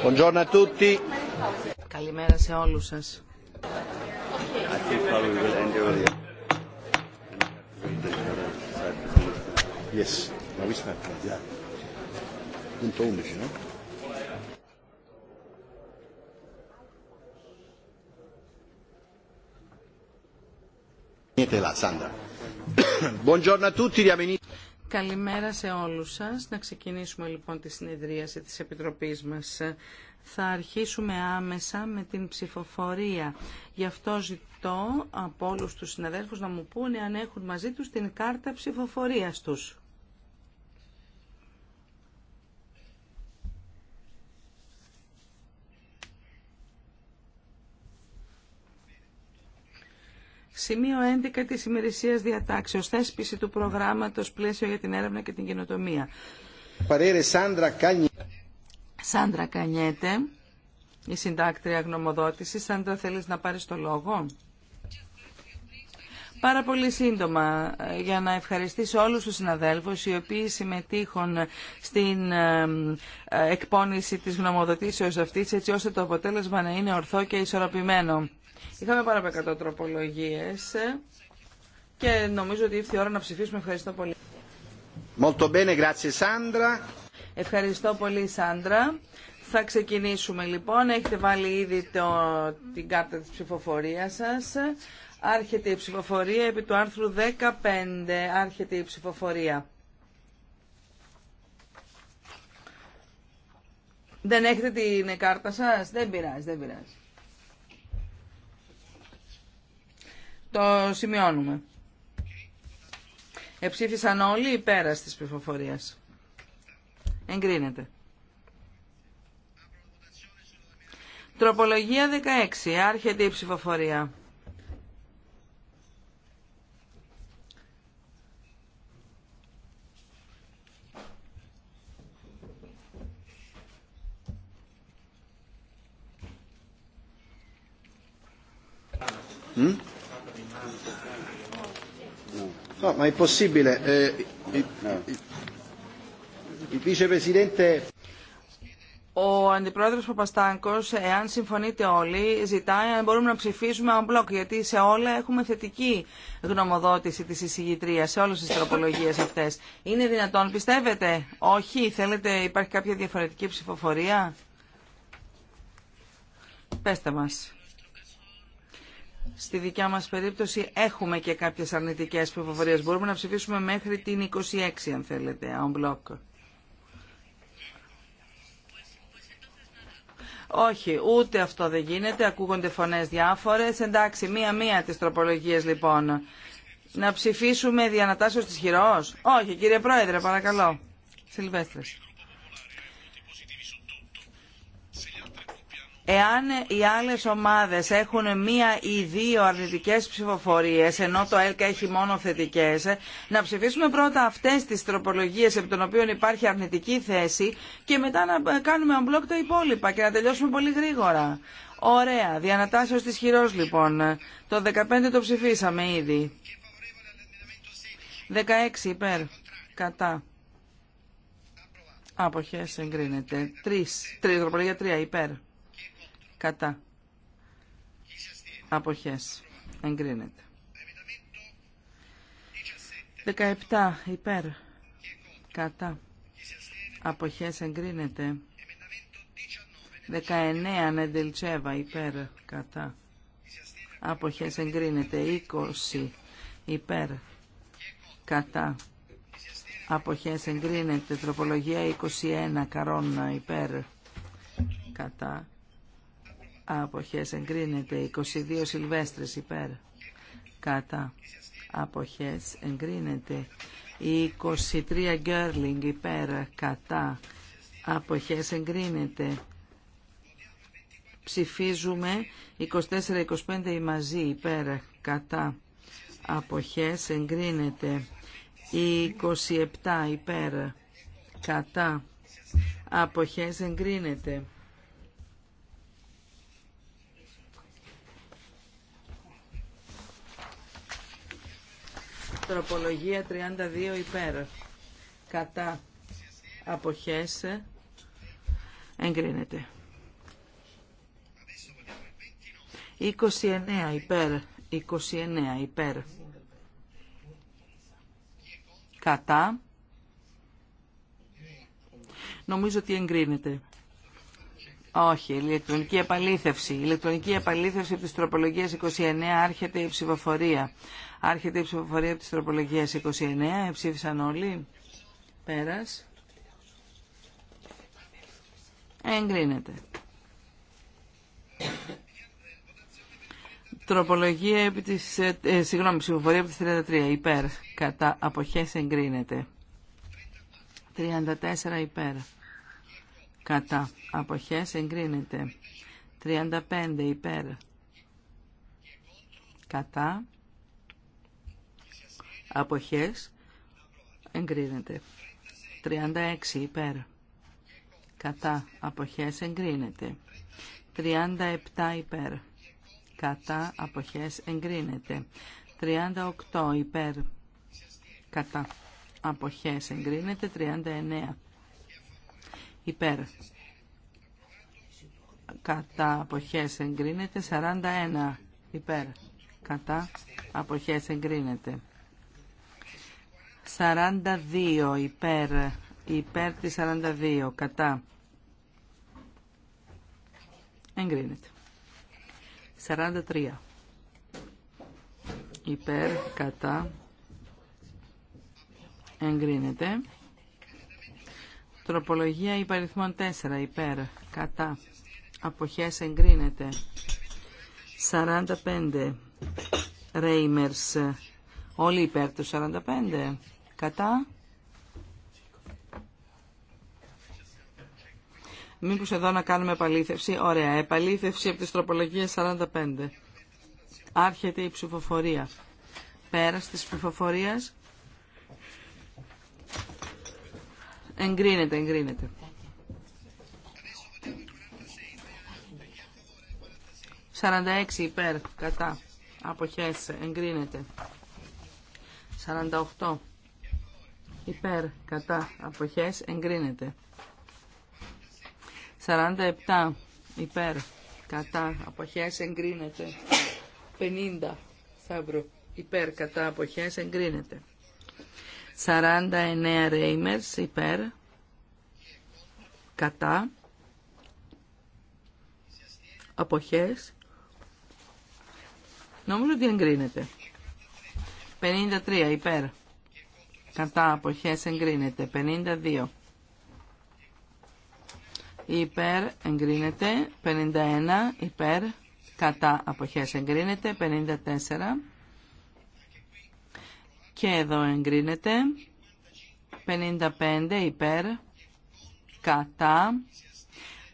Buongiorno a tutti. Καλημέρα σε όλους σας. Yes. Now we start. Yeah. Punto 11, no? Niente là, Sandra. Buongiorno a tutti, Καλημέρα σε όλους σας. Να ξεκινήσουμε λοιπόν τη συνεδρίαση της Επιτροπής μας. Θα αρχίσουμε άμεσα με την ψηφοφορία. Γι' αυτό ζητώ από όλους τους συναδέλφους να μου πούνε αν έχουν μαζί τους την κάρτα ψηφοφορίας τους. Σημείο 11 της ημερησίας διατάξεως, θέσπιση του προγράμματος πλαίσιο για την έρευνα και την καινοτομία. Παρέρε Σάντρα Κανιέτε. Σάντρα Κανιέτε, η συντάκτρια γνωμοδότηση. Σάντρα, θέλεις να πάρεις το λόγο. Πάρα πολύ σύντομα για να ευχαριστήσω όλους τους συναδέλφους οι οποίοι συμμετείχουν στην ε, ε, εκπόνηση της γνωμοδοτήσεως αυτής έτσι ώστε το αποτέλεσμα να είναι ορθό και ισορροπημένο. Είχαμε πάρα από 100 τροπολογίε και νομίζω ότι ήρθε η ώρα να ψηφίσουμε. Ευχαριστώ πολύ. Molto bene, grazie Sandra. Ευχαριστώ πολύ Σάντρα. Θα ξεκινήσουμε λοιπόν. Έχετε βάλει ήδη το, την κάρτα της ψηφοφορίας σας. Άρχεται η ψηφοφορία επί του άρθρου 15. Άρχεται η ψηφοφορία. Δεν έχετε την κάρτα σας. Δεν πειράζει, δεν πειράζει. Το σημειώνουμε. Εψήφισαν όλοι υπέρα τη ψηφοφορία. Εγκρίνεται. Τροπολογία 16. Άρχεται η ψηφοφορία. Mm? Eh, ο αντιπρόεδρο Παπαστάνκο, εάν συμφωνείτε όλοι, ζητάει αν μπορούμε να ψηφίσουμε on μπλοκ. Γιατί σε όλα έχουμε θετική γνωμοδότηση τη εισηγητρία, σε όλε τι τροπολογίε αυτέ. Είναι δυνατόν, πιστεύετε, όχι, θέλετε, υπάρχει κάποια διαφορετική ψηφοφορία. Πέστε μας στη δικιά μας περίπτωση έχουμε και κάποιες αρνητικές ψηφοφορίες. Μπορούμε να ψηφίσουμε μέχρι την 26, αν θέλετε, on block. Όχι, ούτε αυτό δεν γίνεται. Ακούγονται φωνές διάφορες. Εντάξει, μία-μία τις τροπολογίες λοιπόν. Να ψηφίσουμε διανατάσσεως της χειρός. Όχι, κύριε Πρόεδρε, παρακαλώ. Σιλβέστρες. Εάν οι άλλε ομάδε έχουν μία ή δύο αρνητικέ ψηφοφορίε, ενώ το ΕΛΚΑ έχει μόνο θετικέ, να ψηφίσουμε πρώτα αυτέ τι τροπολογίε επί των οποίων υπάρχει αρνητική θέση και μετά να κάνουμε unblock τα υπόλοιπα και να τελειώσουμε πολύ γρήγορα. Ωραία. Διανατάσσεω τη χειρό λοιπόν. Το 15 το ψηφίσαμε ήδη. 16 υπέρ. Κατά. Αποχέ, εγκρίνεται. Τρει. 3 τροπολογία 3 υπέρ κατά αποχές εγκρίνεται 17 υπέρ κατά αποχές εγκρίνεται 19 Νεντελτσέβα υπέρ κατά αποχές εγκρίνεται 20 υπέρ κατά αποχές εγκρίνεται τροπολογία 21 καρόνα υπέρ κατά αποχές εγκρίνεται 22 Σιλβέστρες υπέρ κατά αποχές εγκρίνεται 23 Γκέρλινγκ υπέρ κατά αποχές εγκρίνεται ψηφίζουμε 24-25 μαζί υπέρ κατά αποχές εγκρίνεται 27 υπέρ κατά αποχές εγκρίνεται Τροπολογία 32 υπέρ. Κατά αποχέσε εγκρίνεται. 29 υπέρ. 29 υπέρ. Κατά. Νομίζω ότι εγκρίνεται. Όχι, ηλεκτρονική επαλήθευση. Ηλεκτρονική επαλήθευση της τροπολογίας 29 άρχεται η ψηφοφορία. Άρχεται η ψηφοφορία από τις τροπολογίες 29. Εψήφισαν όλοι. Πέρας. Εγκρίνεται. Τροπολογία επί της, ε, ε συγγνώμη, ψηφοφορία από τις 33. Υπέρ. Κατά αποχές εγκρίνεται. 34 υπέρ. Κατά αποχές εγκρίνεται. 35 υπέρ. Κατά αποχές εγκρίνεται. 36 υπέρ κατά αποχές εγκρίνεται. 37 υπέρ κατά αποχές εγκρίνεται. 38 υπέρ κατά αποχές εγκρίνεται. 39 υπέρ κατά αποχές εγκρίνεται. 41 υπέρ κατά αποχές εγκρίνεται. 42 υπέρ, υπέρ τη 42 κατά. Εγκρίνεται. 43 υπέρ, κατά. Εγκρίνεται. Τροπολογία υπαριθμών 4 υπέρ, κατά. αποχέ. εγκρίνεται. 45 Ρέιμερς. Όλοι υπέρ του 45. Κατά. Μήπως εδώ να κάνουμε επαλήθευση. Ωραία, επαλήθευση από τις τροπολογίες 45. Άρχεται η ψηφοφορία. Πέρας της ψηφοφορίας. Εγκρίνεται, εγκρίνεται. «46 υπέρ, κατά, αποχές, εγκρίνεται. 48 υπέρ κατά αποχές εγκρίνεται. 47 υπέρ κατά αποχές εγκρίνεται. 50 θαύρο υπέρ κατά αποχές εγκρίνεται. 49 Ρέιμερς υπέρ κατά αποχές νομίζω ότι εγκρίνεται. 53 υπέρ κατά αποχές εγκρίνεται 52 υπέρ εγκρίνεται 51 υπέρ κατά αποχές εγκρίνεται 54 και εδώ εγκρίνεται 55 υπέρ κατά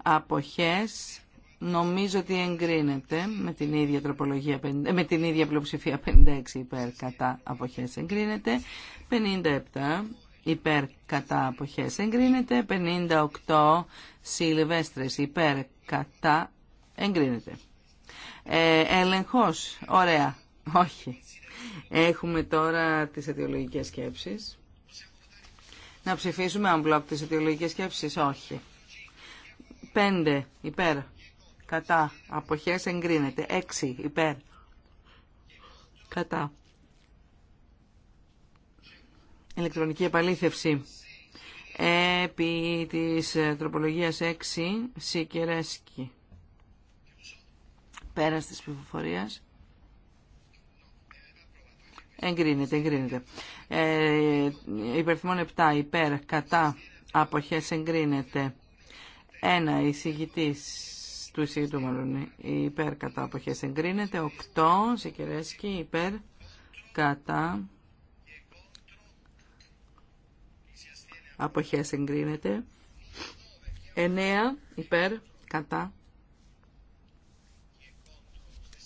αποχές Νομίζω ότι εγκρίνεται με την ίδια, τροπολογία, ε, με την ίδια πλειοψηφία 56 υπέρ κατά αποχές εγκρίνεται, 57 υπέρ κατά αποχές εγκρίνεται, 58 σιλβέστρες υπέρ κατά εγκρίνεται. Ε, έλεγχος, ωραία, όχι. Έχουμε τώρα τις αιτιολογικές σκέψεις. Να ψηφίσουμε αν μπλοκ τις αιτιολογικές σκέψεις, όχι. 5 υπέρ κατά αποχές εγκρίνεται 6 υπέρ κατά ηλεκτρονική επαλήθευση επί της τροπολογίας 6 Σικερέσκι. πέρας της ψηφοφορίας εγκρίνεται, εγκρίνεται ε, υπερθυμών 7 υπέρ κατά αποχές εγκρίνεται ένα εισηγητής του εισηγητού μάλλον υπέρ κατά αποχέ εγκρίνεται 8 Σικερέσκη. υπέρ κατά Αποχέ εγκρίνεται 9 υπέρ κατά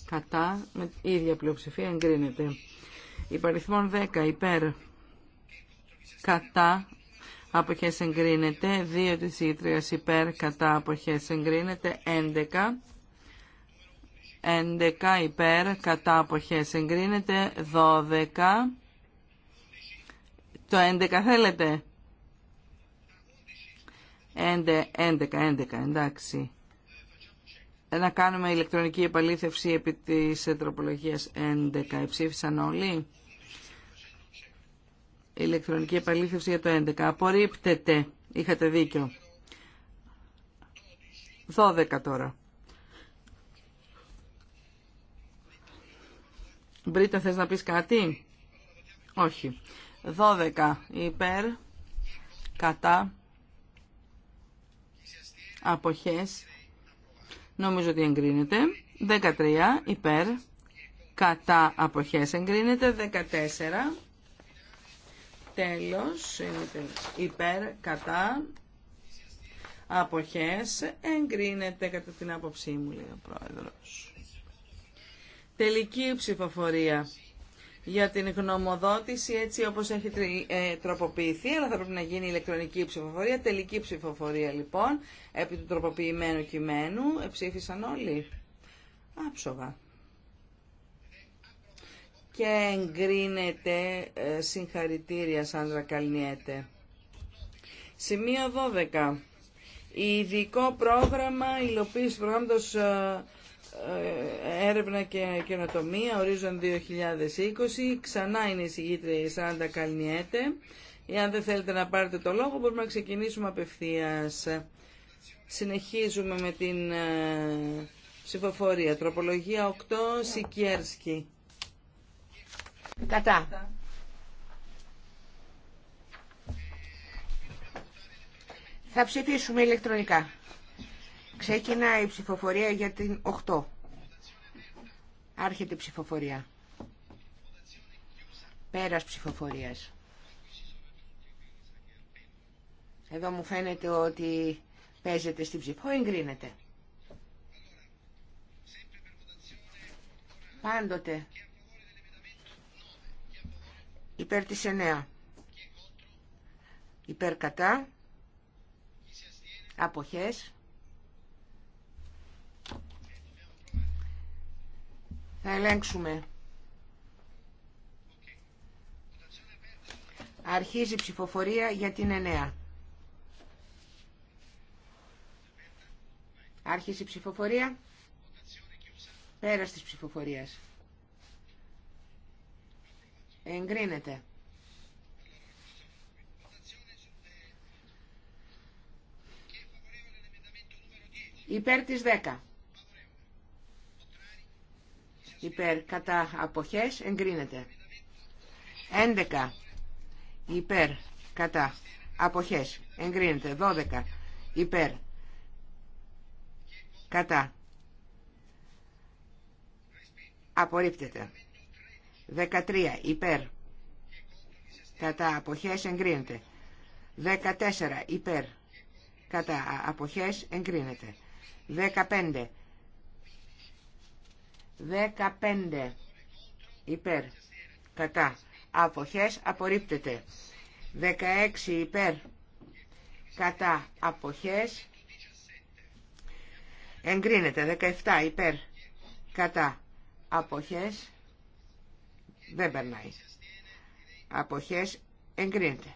κατά με ίδια πλειοψηφία εγκρίνεται Υπαριθμόν 10 υπέρ κατά αποχές εγκρίνεται, 2 της ήτριας υπέρ κατά αποχές εγκρίνεται, 11. 11 υπέρ κατά αποχές εγκρίνεται, 12. Το 11 θέλετε. 11, 11, 11, εντάξει. Να κάνουμε ηλεκτρονική επαλήθευση επί της τροπολογίας 11. Εψήφισαν όλοι ηλεκτρονική επαλήθευση για το 11. Απορρίπτεται. Είχατε δίκιο. 12 τώρα. Μπρίτα, θες να πεις κάτι? Όχι. 12 υπέρ, κατά, αποχές. Νομίζω ότι εγκρίνεται. 13 υπέρ, κατά, αποχές εγκρίνεται. 14 Τέλος, υπέρ, κατά, αποχές, εγκρίνεται κατά την άποψή μου, λέει ο Πρόεδρος. Τελική ψηφοφορία για την γνωμοδότηση έτσι όπως έχει ε, τροποποιηθεί, αλλά θα πρέπει να γίνει ηλεκτρονική ψηφοφορία, τελική ψηφοφορία λοιπόν, επί του τροποποιημένου κειμένου, ψήφισαν όλοι. Άψογα και εγκρίνεται ε, συγχαρητήρια Σάντρα Καλνιέτε. Σημείο 12. Ειδικό πρόγραμμα υλοποίηση προγράμματος ε, ε, έρευνα και καινοτομία ορίζον 2020. Ξανά είναι η συγγήτρια η Σάντα Καλνιέτε. Εάν δεν θέλετε να πάρετε το λόγο μπορούμε να ξεκινήσουμε απευθείας. Συνεχίζουμε με την ψηφοφορία. Τροπολογία 8, Σικιέρσκι. Κατά. Θα ψηφίσουμε ηλεκτρονικά. Ξεκινάει η ψηφοφορία για την 8. Άρχεται η ψηφοφορία. Πέρας ψηφοφορίας. Εδώ μου φαίνεται ότι παίζεται στην ψηφό, εγκρίνεται. Πάντοτε Υπέρ της 9. Υπέρ κατά. Αποχές. Θα ελέγξουμε. Αρχίζει η ψηφοφορία για την 9. Άρχισε η ψηφοφορία. Πέρας της ψηφοφορίας. Εγκρίνεται. Υπέρ της 10. Υπέρ κατά αποχές εγκρίνεται. 11. Υπέρ κατά αποχές εγκρίνεται. 12. Υπέρ κατά απορρίπτεται. 13 υπέρ κατά αποχές εγκρίνεται 14 υπέρ κατά αποχές εγκρίνεται 15 15 υπέρ κατά αποχές απορρίπτεται 16 υπέρ κατά αποχές εγκρίνεται 17 υπέρ κατά αποχές δεν περνάει. Αποχές εγκρίνεται.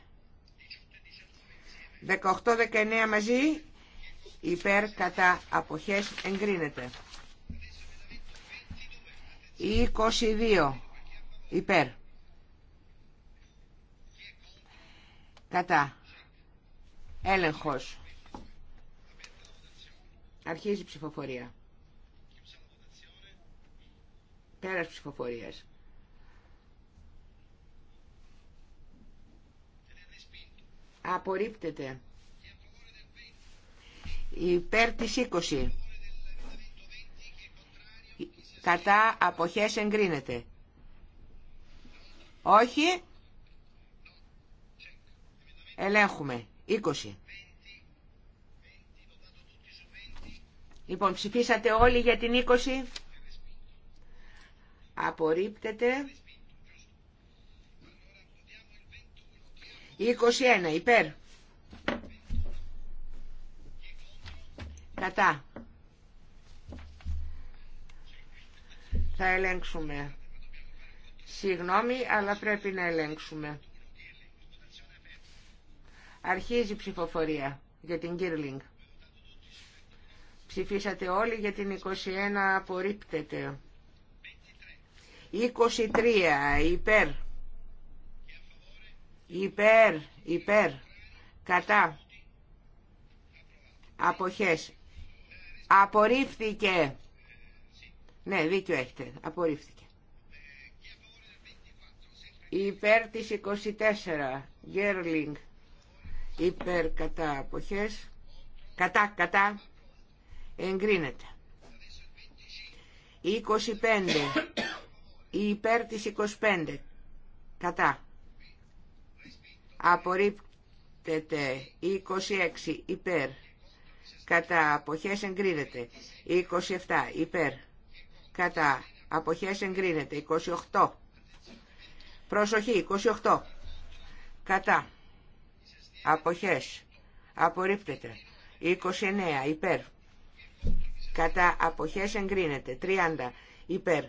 18-19 μαζί υπέρ κατά αποχές εγκρίνεται. 22 υπέρ. Κατά. Έλεγχος. Αρχίζει η ψηφοφορία. Πέρας ψηφοφορίας. απορρίπτεται υπέρ της 20 κατά αποχές εγκρίνεται όχι ελέγχουμε 20 Λοιπόν, ψηφίσατε όλοι για την 20. Απορρίπτεται. 21 υπέρ. Κατά. Θα ελέγξουμε. Συγγνώμη, αλλά πρέπει να ελέγξουμε. Αρχίζει η ψηφοφορία για την Κίρλινγκ. Ψηφίσατε όλοι για την 21 απορρίπτεται. 23 υπέρ υπέρ, υπέρ, κατά, αποχές, απορρίφθηκε. Ναι, δίκιο έχετε, απορρίφθηκε. Υπέρ της 24, Γέρλινγκ, υπέρ κατά αποχές, κατά, κατά, εγκρίνεται. 25, υπέρ της 25, κατά απορρίπτεται 26 υπέρ κατά αποχές εγκρίνεται 27 υπέρ κατά αποχές εγκρίνεται 28 προσοχή 28 κατά αποχές απορρίπτεται 29 υπέρ κατά αποχές εγκρίνεται 30 υπέρ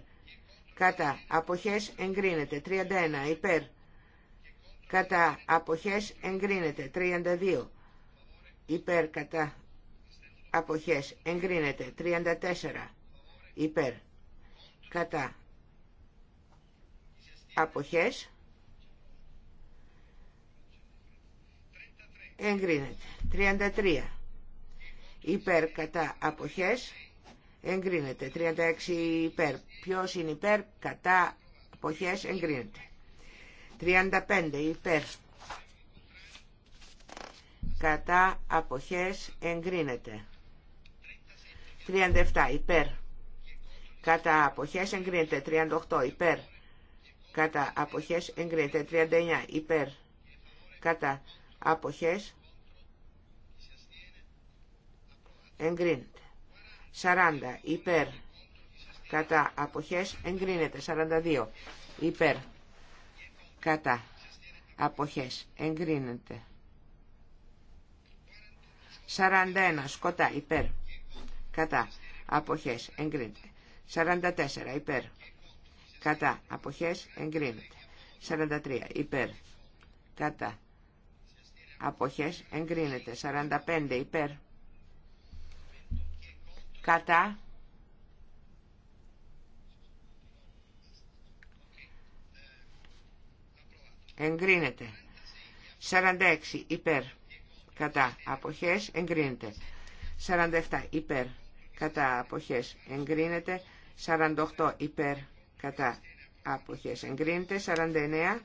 κατά αποχές εγκρίνεται 31 υπέρ κατά αποχές εγκρίνεται 32 υπέρ κατά αποχές εγκρίνεται 34 υπέρ κατά αποχές εγκρίνεται 33 υπέρ κατά αποχές εγκρίνεται 36 υπέρ ποιος είναι υπέρ κατά αποχές εγκρίνεται 35 υπέρ κατά αποχές εγκρίνεται 37 υπέρ κατά αποχές εγκρίνεται 38 υπέρ κατά αποχές εγκρίνεται 39 υπέρ κατά αποχές εγκρίνεται 40 υπέρ κατά αποχές εγκρίνεται 42 υπέρ κατά αποχές εγκρίνεται 41 σκοτά υπέρ κατά αποχές εγκρίνεται 44 υπέρ κατά αποχές εγκρίνεται 43 υπέρ κατά αποχές εγκρίνεται 45 υπέρ κατά εγκρίνεται. 46 υπέρ κατά αποχές εγκρίνεται. 47 υπέρ κατά αποχές εγκρίνεται. 48 υπέρ κατά αποχές εγκρίνεται. 49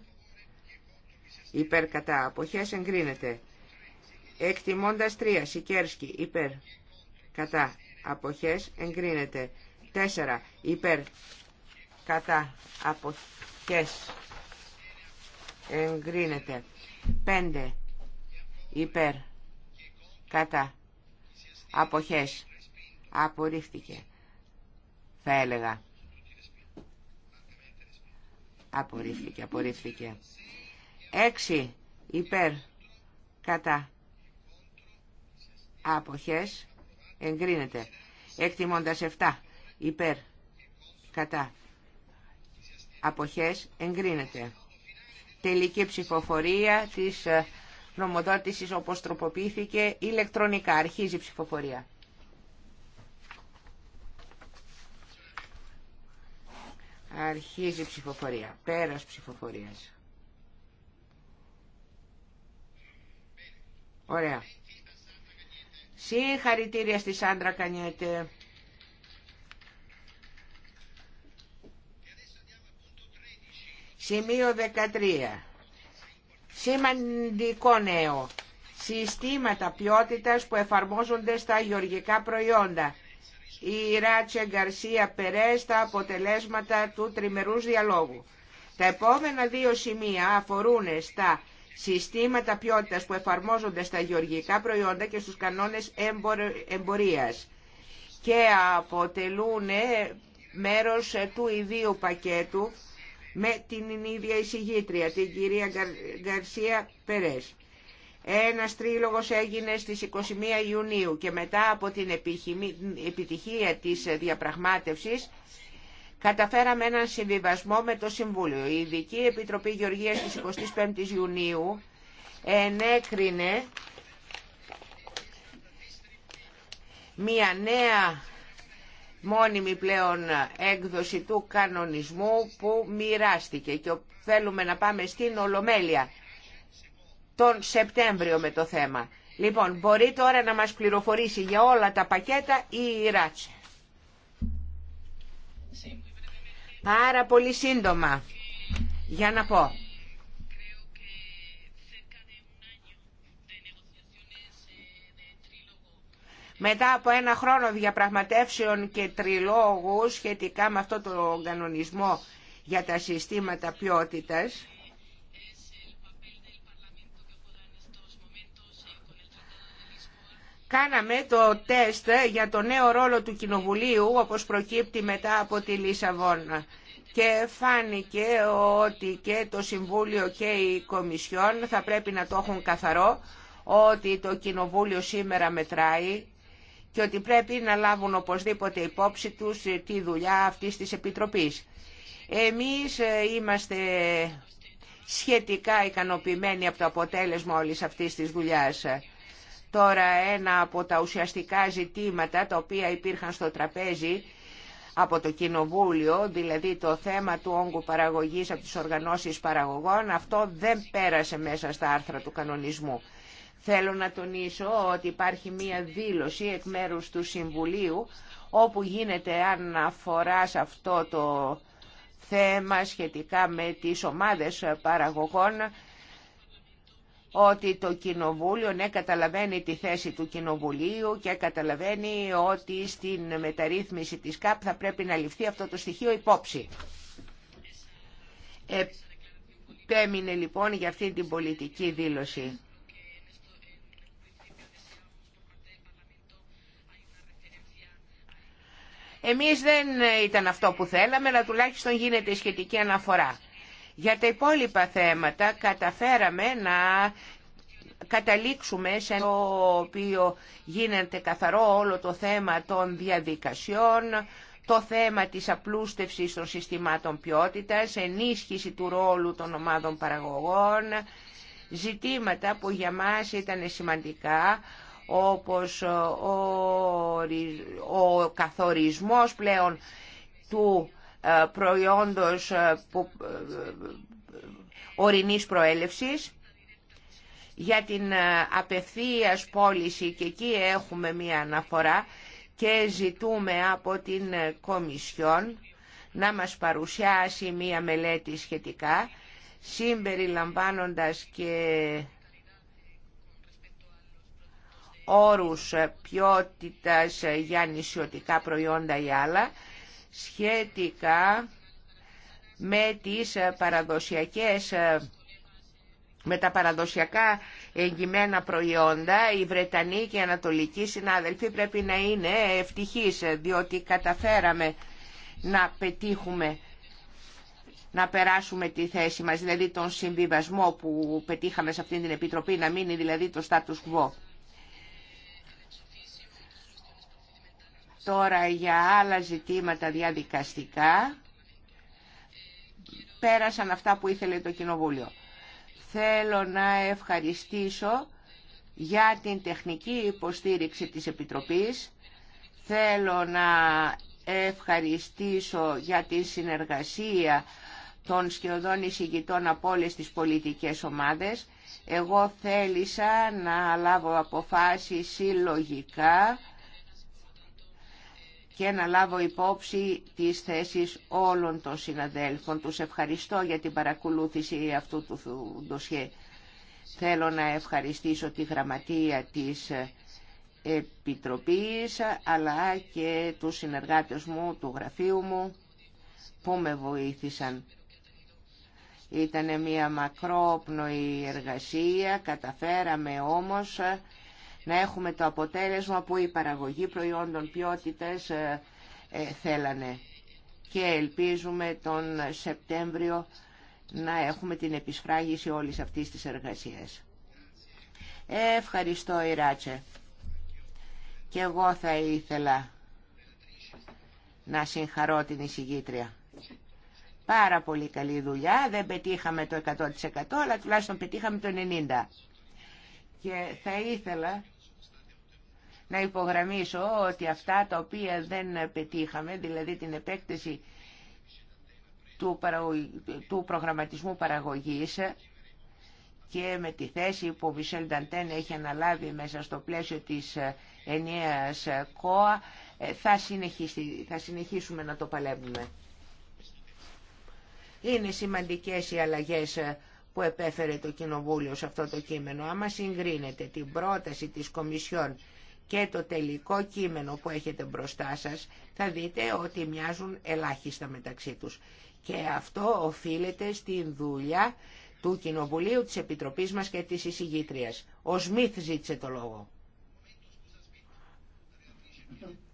υπέρ κατά αποχές εγκρίνεται. Εκτιμώντας 3 Σικέρσκι υπέρ κατά αποχές εγκρίνεται. 4 υπέρ κατά αποχές εγκρίνεται 5 υπέρ κατά αποχές απορρίφθηκε θα έλεγα απορρίφθηκε απορρίφθηκε 6 υπέρ κατά αποχές εγκρίνεται εκτιμώντας 7 υπέρ κατά αποχές εγκρίνεται τελική ψηφοφορία της ε, νομοδότησης όπως τροποποιήθηκε ηλεκτρονικά. Αρχίζει η ψηφοφορία. Αρχίζει η ψηφοφορία. Πέρας ψηφοφορίας. Ωραία. Συγχαρητήρια στη Σάντρα Κανιέτε. Σημείο 13. Σημαντικό νέο. Συστήματα ποιότητας που εφαρμόζονται στα γεωργικά προϊόντα. Η Ράτσε Γκαρσία Περές τα αποτελέσματα του τριμερούς διαλόγου. Τα επόμενα δύο σημεία αφορούν στα συστήματα ποιότητας που εφαρμόζονται στα γεωργικά προϊόντα και στους κανόνες εμπορίας και αποτελούν μέρος του ιδίου πακέτου με την ίδια εισηγήτρια, την κυρία Γκαρσία Περές. Ένας τρίλογος έγινε στις 21 Ιουνίου και μετά από την επιτυχία της διαπραγμάτευσης καταφέραμε έναν συμβιβασμό με το Συμβούλιο. Η Ειδική Επιτροπή Γεωργίας της 25 Ιουνίου ενέκρινε μία νέα μόνιμη πλέον έκδοση του κανονισμού που μοιράστηκε και θέλουμε να πάμε στην Ολομέλεια τον Σεπτέμβριο με το θέμα. Λοιπόν, μπορεί τώρα να μας πληροφορήσει για όλα τα πακέτα η Ράτσε. Πάρα πολύ σύντομα για να πω Μετά από ένα χρόνο διαπραγματεύσεων και τριλόγου σχετικά με αυτό το κανονισμό για τα συστήματα ποιότητας, Κάναμε το τεστ για το νέο ρόλο του Κοινοβουλίου, όπως προκύπτει μετά από τη Λισαβόνα. Και φάνηκε ότι και το Συμβούλιο και η Κομισιόν θα πρέπει να το έχουν καθαρό, ότι το Κοινοβούλιο σήμερα μετράει και ότι πρέπει να λάβουν οπωσδήποτε υπόψη τους ε, τη δουλειά αυτής της Επιτροπής. Εμείς ε, είμαστε σχετικά ικανοποιημένοι από το αποτέλεσμα όλης αυτής της δουλειάς. Τώρα ένα από τα ουσιαστικά ζητήματα τα οποία υπήρχαν στο τραπέζι από το Κοινοβούλιο, δηλαδή το θέμα του όγκου παραγωγής από τις οργανώσεις παραγωγών, αυτό δεν πέρασε μέσα στα άρθρα του κανονισμού. Θέλω να τονίσω ότι υπάρχει μία δήλωση εκ μέρους του Συμβουλίου όπου γίνεται αναφορά σε αυτό το θέμα σχετικά με τις ομάδες παραγωγών ότι το Κοινοβούλιο ναι καταλαβαίνει τη θέση του Κοινοβουλίου και καταλαβαίνει ότι στην μεταρρύθμιση της ΚΑΠ θα πρέπει να ληφθεί αυτό το στοιχείο υπόψη. Επέμεινε λοιπόν για αυτή την πολιτική δήλωση. Εμείς δεν ε, ήταν αυτό που θέλαμε, αλλά τουλάχιστον γίνεται σχετική αναφορά. Για τα υπόλοιπα θέματα καταφέραμε να καταλήξουμε σε το οποίο γίνεται καθαρό όλο το θέμα των διαδικασιών, το θέμα της απλούστευσης των συστημάτων ποιότητας, ενίσχυση του ρόλου των ομάδων παραγωγών, ζητήματα που για μας ήταν σημαντικά, όπως ο καθορισμός πλέον του ε, προϊόντος ε, ε, ορεινής προέλευσης για την απευθείας πώληση και εκεί έχουμε μία αναφορά και ζητούμε από την Κομισιόν να μας παρουσιάσει μία μελέτη σχετικά συμπεριλαμβάνοντας και όρους ε, ποιότητας ε, για νησιωτικά προϊόντα ή άλλα σχετικά με, τις ε, παραδοσιακές, με τα παραδοσιακά εγγυμένα προϊόντα οι Βρετανοί και οι Ανατολικοί συνάδελφοι πρέπει να είναι ευτυχείς διότι καταφέραμε να πετύχουμε να περάσουμε τη θέση μας, δηλαδή τον συμβιβασμό που πετύχαμε σε αυτήν την Επιτροπή, να μείνει δηλαδή το status quo. Τώρα για άλλα ζητήματα διαδικαστικά πέρασαν αυτά που ήθελε το Κοινοβούλιο. Θέλω να ευχαριστήσω για την τεχνική υποστήριξη της Επιτροπής. Θέλω να ευχαριστήσω για τη συνεργασία των σχεδόν εισηγητών από όλες τις πολιτικές ομάδες. Εγώ θέλησα να λάβω αποφάσεις συλλογικά και να λάβω υπόψη τις θέσεις όλων των συναδέλφων. Τους ευχαριστώ για την παρακολούθηση αυτού του ντοσιέ. Θέλω να ευχαριστήσω τη γραμματεία της ε, Επιτροπής, αλλά και του συνεργάτες μου, του γραφείου μου, που με βοήθησαν. Ήταν μια μακρόπνοη εργασία, καταφέραμε όμως να έχουμε το αποτέλεσμα που η παραγωγή προϊόντων ποιότητες ε, ε, θέλανε. Και ελπίζουμε τον Σεπτέμβριο να έχουμε την επισφράγηση όλης αυτής της εργασίας. Ε, ευχαριστώ Ιράτσε. Και εγώ θα ήθελα να συγχαρώ την εισηγήτρια. Πάρα πολύ καλή δουλειά. Δεν πετύχαμε το 100% αλλά τουλάχιστον πετύχαμε το 90%. Και θα ήθελα να υπογραμμίσω ότι αυτά τα οποία δεν πετύχαμε, δηλαδή την επέκταση του, του προγραμματισμού παραγωγής και με τη θέση που ο Βισελ Νταντέν έχει αναλάβει μέσα στο πλαίσιο της ενιαίας ΚΟΑ, ε, θα, θα συνεχίσουμε να το παλεύουμε. Είναι σημαντικές οι αλλαγές που επέφερε το Κοινοβούλιο σε αυτό το κείμενο. Άμα συγκρίνεται την πρόταση της Κομισιόν και το τελικό κείμενο που έχετε μπροστά σας θα δείτε ότι μοιάζουν ελάχιστα μεταξύ τους. Και αυτό οφείλεται στην δουλειά του Κοινοβουλίου, της Επιτροπής μας και της εισηγήτριας. Ο Σμιθ ζήτησε το λόγο.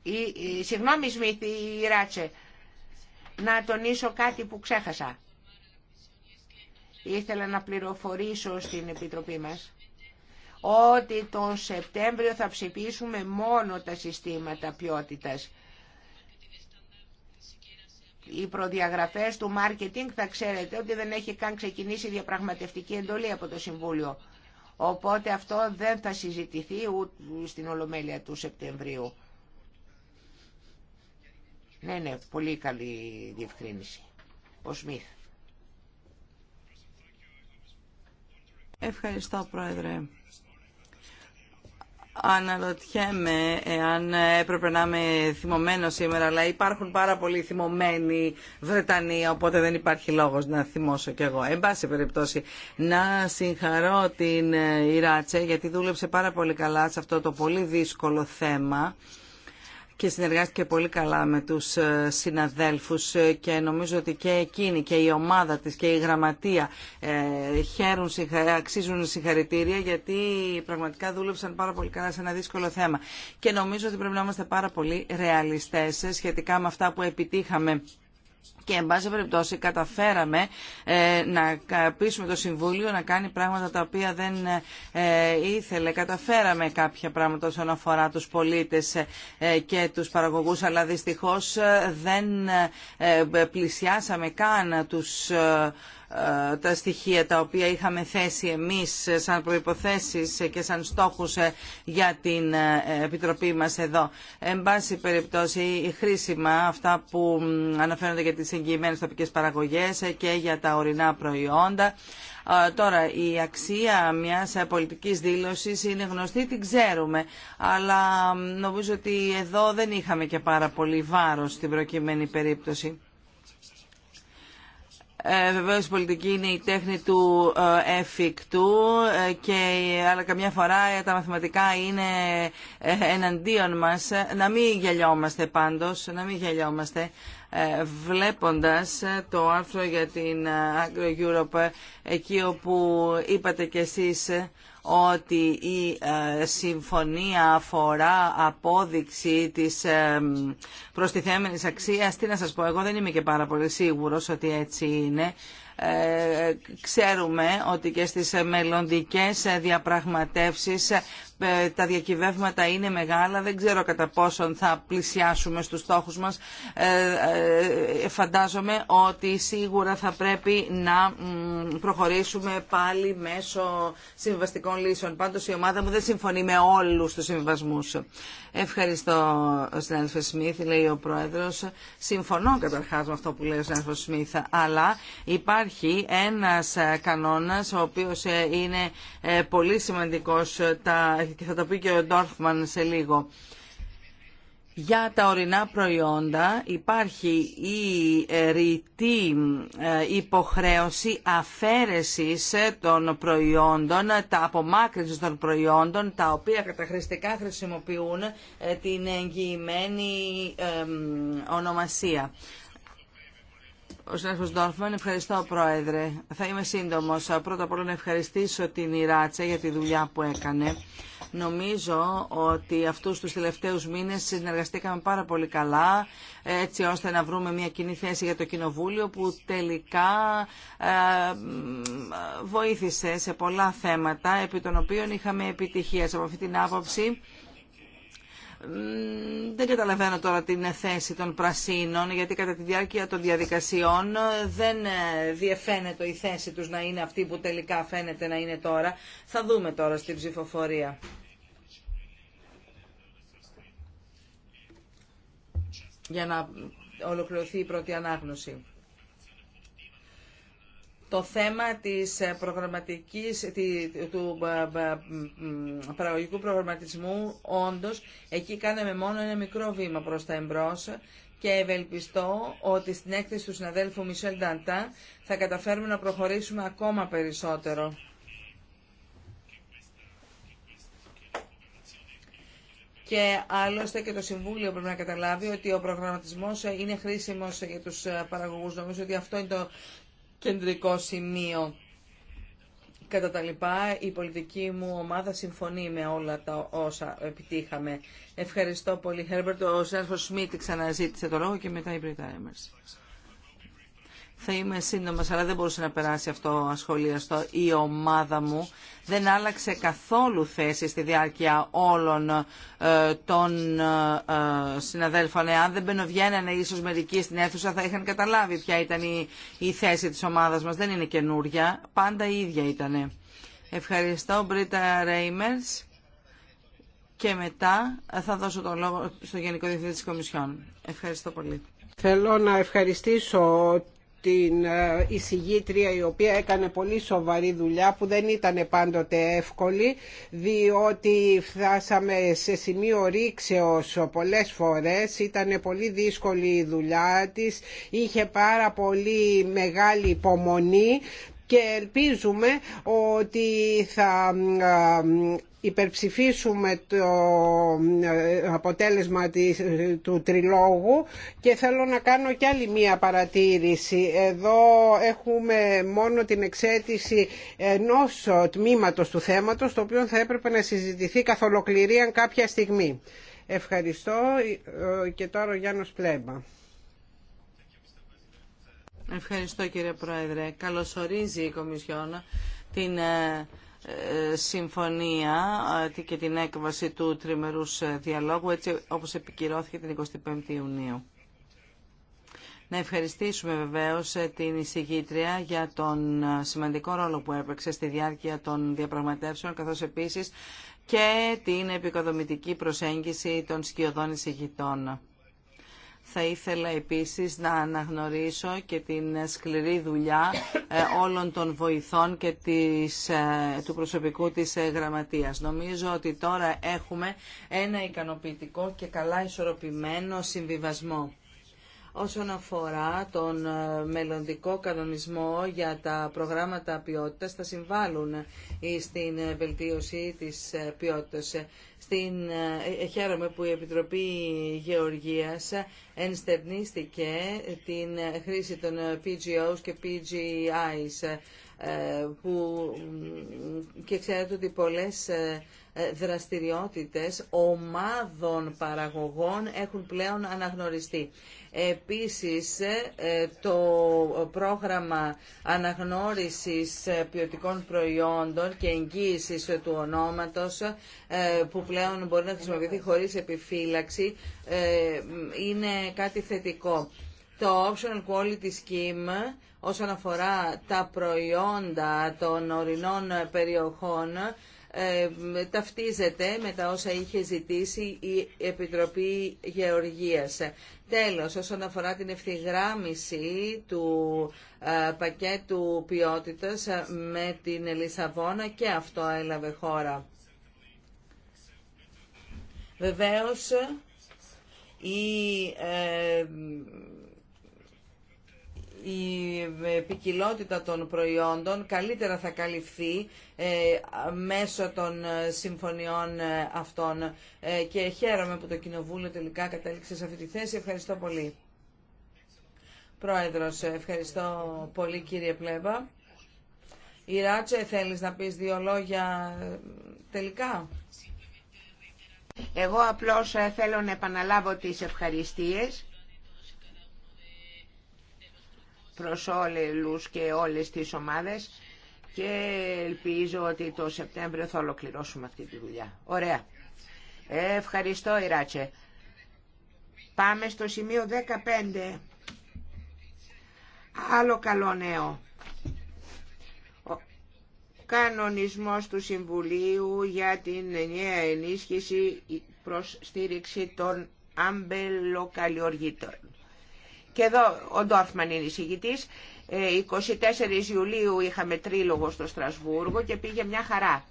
Η, συγγνώμη Σμιθ, η Ράτσε. Να τονίσω κάτι που ξέχασα. Ήθελα να πληροφορήσω στην Επιτροπή μας ότι τον Σεπτέμβριο θα ψηφίσουμε μόνο τα συστήματα ποιότητας. Οι προδιαγραφές του μάρκετινγκ θα ξέρετε ότι δεν έχει καν ξεκινήσει διαπραγματευτική εντολή από το Συμβούλιο. Οπότε αυτό δεν θα συζητηθεί στην Ολομέλεια του Σεπτεμβρίου. Ναι, ναι, πολύ καλή διευκρίνηση. Ο Σμίθ. Ευχαριστώ, Πρόεδρε. Αναρωτιέμαι αν έπρεπε να είμαι θυμωμένο σήμερα, αλλά υπάρχουν πάρα πολλοί θυμωμένοι Βρετανοί, οπότε δεν υπάρχει λόγος να θυμώσω κι εγώ. Εν πάση περιπτώσει, να συγχαρώ την Ιράτσε, ε, γιατί δούλεψε πάρα πολύ καλά σε αυτό το πολύ δύσκολο θέμα και συνεργάστηκε πολύ καλά με τους ε, συναδέλφους ε, και νομίζω ότι και εκείνη και η ομάδα της και η γραμματεία ε, χαίρουν, αξίζουν συγχαρητήρια γιατί πραγματικά δούλεψαν πάρα πολύ καλά σε ένα δύσκολο θέμα. Και νομίζω ότι πρέπει να είμαστε πάρα πολύ ρεαλιστές σχετικά με αυτά που επιτύχαμε και εν πάση περιπτώσει καταφέραμε ε, να πείσουμε το Συμβούλιο να κάνει πράγματα τα οποία δεν ε, ήθελε. Καταφέραμε κάποια πράγματα όσον αφορά τους πολίτες ε, και τους παραγωγούς, αλλά δυστυχώς δεν πλησιάσαμε καν τους τα στοιχεία τα οποία είχαμε θέσει εμείς σαν προϋποθέσεις και σαν στόχους ε, για την ε, Επιτροπή μας εδώ. Εν πάση περιπτώσει, χρήσιμα αυτά που αναφέρονται για τις εγγυημένες τοπικές παραγωγές ε, και για τα ορεινά προϊόντα. Τώρα, η αξία μιας πολιτικής δήλωσης είναι γνωστή, την ξέρουμε, αλλά νομίζω ότι εδώ δεν είχαμε και πάρα πολύ βάρος στην προκειμένη περίπτωση. Ε, Βεβαίω η πολιτική είναι η τέχνη του ε, εφικτού, ε, και, αλλά καμιά φορά τα μαθηματικά είναι ε, εναντίον μας. Να μην γελιόμαστε πάντως, να μην γελιόμαστε. Βλέποντας το άρθρο για την Agro Europe, εκεί όπου είπατε κι εσείς ότι η ε, συμφωνία αφορά απόδειξη της ε, προστιθέμενης αξίας. Τι να σας πω, εγώ δεν είμαι και πάρα πολύ σίγουρος ότι έτσι είναι. Ε, ξέρουμε ότι και στις μελλοντικές διαπραγματεύσεις ε, τα διακυβεύματα είναι μεγάλα. Δεν ξέρω κατά πόσον θα πλησιάσουμε στους στόχους μας. Ε, ε, φαντάζομαι ότι σίγουρα θα πρέπει να προχωρήσουμε πάλι μέσω συμβαστικών λύσεων. Πάντως η ομάδα μου δεν συμφωνεί με όλους τους συμβασμούς. Ευχαριστώ, συνάδελφε Σμίθ, λέει ο Πρόεδρος. Συμφωνώ καταρχάς με αυτό που λέει ο συνάδελφος Σμίθ, αλλά υπάρχει ένας κανόνας ο οποίος είναι πολύ σημαντικός τα και θα το πει και ο Ντόρφμαν σε λίγο. Για τα ορεινά προϊόντα υπάρχει η ε, ρητή ε, υποχρέωση αφαίρεσης των προϊόντων, τα απομάκρυνση των προϊόντων, τα οποία καταχρηστικά χρησιμοποιούν ε, την εγγυημένη ονομασία. Ο συνάδελφο Ντόρφμαν, ευχαριστώ Πρόεδρε. Θα είμαι σύντομος. Πρώτα απ' όλα να ευχαριστήσω την Ιράτσα για τη δουλειά που έκανε. Νομίζω ότι αυτούς τους τελευταίους μήνες συνεργαστήκαμε πάρα πολύ καλά έτσι ώστε να βρούμε μια κοινή θέση για το Κοινοβούλιο που τελικά ε, βοήθησε σε πολλά θέματα επί των οποίων είχαμε επιτυχία. Από αυτή την άποψη δεν καταλαβαίνω τώρα την θέση των πρασίνων, γιατί κατά τη διάρκεια των διαδικασιών ε, δεν ε, διεφαίνεται η θέση τους να είναι αυτή που τελικά φαίνεται να είναι τώρα. Θα δούμε τώρα στην ψηφοφορία. για να ολοκληρωθεί η πρώτη ανάγνωση. Το θέμα της ε, προγραμματικής, του ε, ε, παραγωγικού προγραμματισμού, όντως, εκεί κάναμε μόνο ένα μικρό βήμα προς τα εμπρός και ευελπιστώ ότι στην έκθεση του συναδέλφου Μισελ Νταντά θα καταφέρουμε να προχωρήσουμε ακόμα περισσότερο. και άλλωστε και το Συμβούλιο πρέπει να καταλάβει ότι ο προγραμματισμός είναι χρήσιμος για τους ε, παραγωγούς. Νομίζω ότι αυτό είναι το κεντρικό σημείο. Κατά τα λοιπά, η πολιτική μου ομάδα συμφωνεί με όλα τα όσα επιτύχαμε. Ευχαριστώ πολύ, Χέρμπερτ. Ο Σέρφο Σμίτ ξαναζήτησε το λόγο και μετά η Μπριτάιμερς θα είμαι σύντομα, αλλά δεν μπορούσε να περάσει αυτό ασχολίαστο. Η ομάδα μου δεν άλλαξε καθόλου θέση στη διάρκεια όλων ε, των ε, συναδέλφων. Αν δεν μπαινοβγαίνανε ίσω μερικοί στην αίθουσα θα είχαν καταλάβει ποια ήταν η, θέση τη ομάδα μα. Δεν είναι καινούρια, πάντα η ίδια ήταν. Ευχαριστώ, Μπρίτα Ρέιμερ. Και μετά ε, θα δώσω τον λόγο στο Γενικό Διευθυντή τη Κομισιόν. Ευχαριστώ πολύ. Θέλω να ευχαριστήσω την ε, εισηγήτρια η οποία έκανε πολύ σοβαρή δουλειά που δεν ήταν πάντοτε εύκολη διότι φτάσαμε σε σημείο ρήξεως πολλές φορές ήταν πολύ δύσκολη η δουλειά της είχε πάρα πολύ μεγάλη υπομονή και ελπίζουμε ότι θα υπερψηφίσουμε το ε, αποτέλεσμα του τριλόγου και θέλω να κάνω κι άλλη μία παρατήρηση. Εδώ έχουμε μόνο την εξέτηση ενός τμήματος του θέματος, το οποίο θα έπρεπε να συζητηθεί καθ' ολοκληρία κάποια στιγμή. Ευχαριστώ ε, και τώρα ο Γιάννος Πλέμπα. Ευχαριστώ κύριε Πρόεδρε. Καλωσορίζει η Κομισιόν την ε, ε, συμφωνία ε, και την έκβαση του τριμερούς διαλόγου έτσι όπως επικυρώθηκε την 25η Ιουνίου. Να ευχαριστήσουμε βεβαίως την εισηγήτρια για τον σημαντικό ρόλο που έπαιξε στη διάρκεια των διαπραγματεύσεων καθώς επίσης και την επικοδομητική προσέγγιση των σκιωδών εισηγητών. Θα ήθελα επίσης να αναγνωρίσω και την σκληρή δουλειά ε, όλων των βοηθών και της, ε, του προσωπικού της ε, γραμματείας. Νομίζω ότι τώρα έχουμε ένα ικανοποιητικό και καλά ισορροπημένο συμβιβασμό. Όσον αφορά τον μελλοντικό κανονισμό για τα προγράμματα ποιότητας, θα συμβάλλουν στην βελτίωση της ποιότητας στην, ε, ε, χαίρομαι που η Επιτροπή Γεωργίας ενστερνίστηκε την χρήση των PGOs και PGIs ε, που, και ξέρετε ότι πολλές δραστηριότητες ομάδων παραγωγών έχουν πλέον αναγνωριστεί. Επίσης, ε, το πρόγραμμα αναγνώρισης ε, ποιοτικών προϊόντων και εγγύησης ε, του ονόματος που πλέον μπορεί να χρησιμοποιηθεί χωρίς επιφύλαξη είναι κάτι θετικό. Το Optional Quality Scheme όσον αφορά τα προϊόντα των ορεινών περιοχών ταυτίζεται με τα όσα είχε ζητήσει η Επιτροπή Γεωργίας. Τέλος, όσον αφορά την ευθυγράμμιση του ε, πακέτου ποιότητας ε, με την Λισαβόνα και αυτό έλαβε χώρα. Βεβαίως, η ε, η ποικιλότητα των προϊόντων καλύτερα θα καλυφθεί ε, μέσω των ε, συμφωνιών ε, αυτών. Και χαίρομαι που το Κοινοβούλιο τελικά κατέληξε σε αυτή τη θέση. Ευχαριστώ πολύ. Πρόεδρος, ευχαριστώ πολύ κύριε Πλέμπα. Η θέλεις να πεις δύο λόγια τελικά. Εγώ απλώς θέλω να επαναλάβω τις ευχαριστίες προς όλους και όλες τις ομάδες και ελπίζω ότι το Σεπτέμβριο θα ολοκληρώσουμε αυτή τη δουλειά. Ωραία. Ευχαριστώ Ιράτσε. Πάμε στο σημείο 15. Άλλο καλό νέο. Ο κανονισμός του Συμβουλίου για την ενιαία ενίσχυση προς στήριξη των αμπελοκαλλιοργητών. Και εδώ ο Ντόρφμαν είναι εισηγητή. 24 ε, Ιουλίου είχαμε τρίλογο στο Στρασβούργο και πήγε μια χαρά.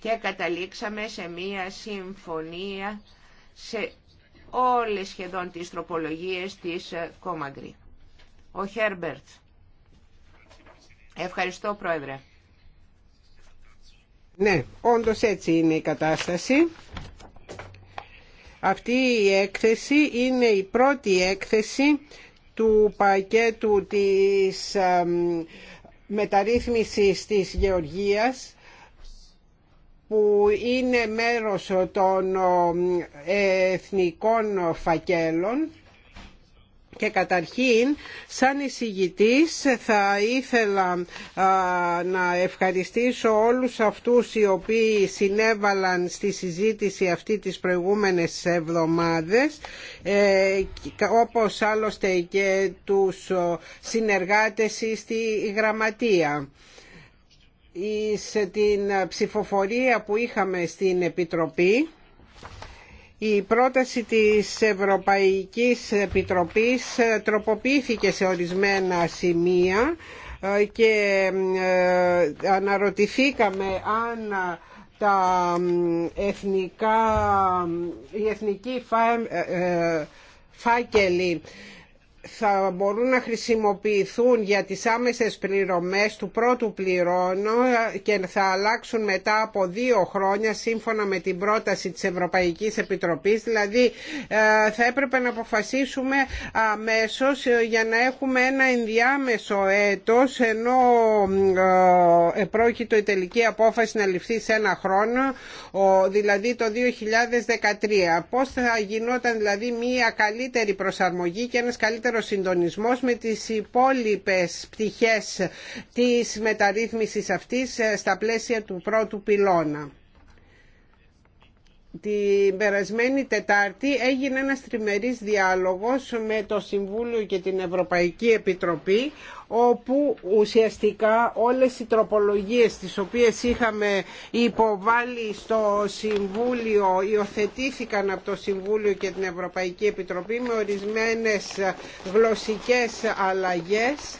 Και καταλήξαμε σε μια συμφωνία σε όλες σχεδόν τις τροπολογίες της ε, Κόμαγκρη. Ο Χέρμπερτ. Ευχαριστώ Πρόεδρε. Ναι, όντως έτσι είναι η κατάσταση. Αυτή η έκθεση είναι η πρώτη έκθεση του πακέτου της μεταρρύθμισης της γεωργίας που είναι μέρος των εθνικών φακέλων και καταρχήν σαν εισηγητής θα ήθελα να ευχαριστήσω όλους αυτούς οι οποίοι συνέβαλαν στη συζήτηση αυτή τις προηγούμενες εβδομάδες ε, όπως άλλωστε και τους συνεργάτες στη γραμματεία σε την ψηφοφορία που είχαμε στην Επιτροπή η πρόταση της Ευρωπαϊκής Επιτροπής τροποποιήθηκε σε ορισμένα σημεία ε, και ε, αναρωτηθήκαμε αν τα εθνικά, η εθνική ε, φάκελη θα μπορούν να χρησιμοποιηθούν για τις άμεσες πληρωμές του πρώτου πληρώνω και θα αλλάξουν μετά από δύο χρόνια σύμφωνα με την πρόταση της Ευρωπαϊκής Επιτροπής. Δηλαδή ε, θα έπρεπε να αποφασίσουμε αμέσως για να έχουμε ένα ενδιάμεσο έτος ενώ ε, πρόκειται η τελική απόφαση να ληφθεί σε ένα χρόνο, δηλαδή το 2013. Πώς θα γινόταν δηλαδή μια καλύτερη προσαρμογή και ένας καλύτερος ο συντονισμό με τις υπόλοιπε πτυχές της μεταρρύθμισης αυτής ε, στα πλαίσια του πρώτου πυλώνα την περασμένη Τετάρτη έγινε ένας τριμερής διάλογος με το Συμβούλιο και την Ευρωπαϊκή Επιτροπή όπου ουσιαστικά όλες οι τροπολογίες τις οποίες είχαμε υποβάλει στο Συμβούλιο υιοθετήθηκαν από το Συμβούλιο και την Ευρωπαϊκή Επιτροπή με ορισμένες γλωσσικές αλλαγές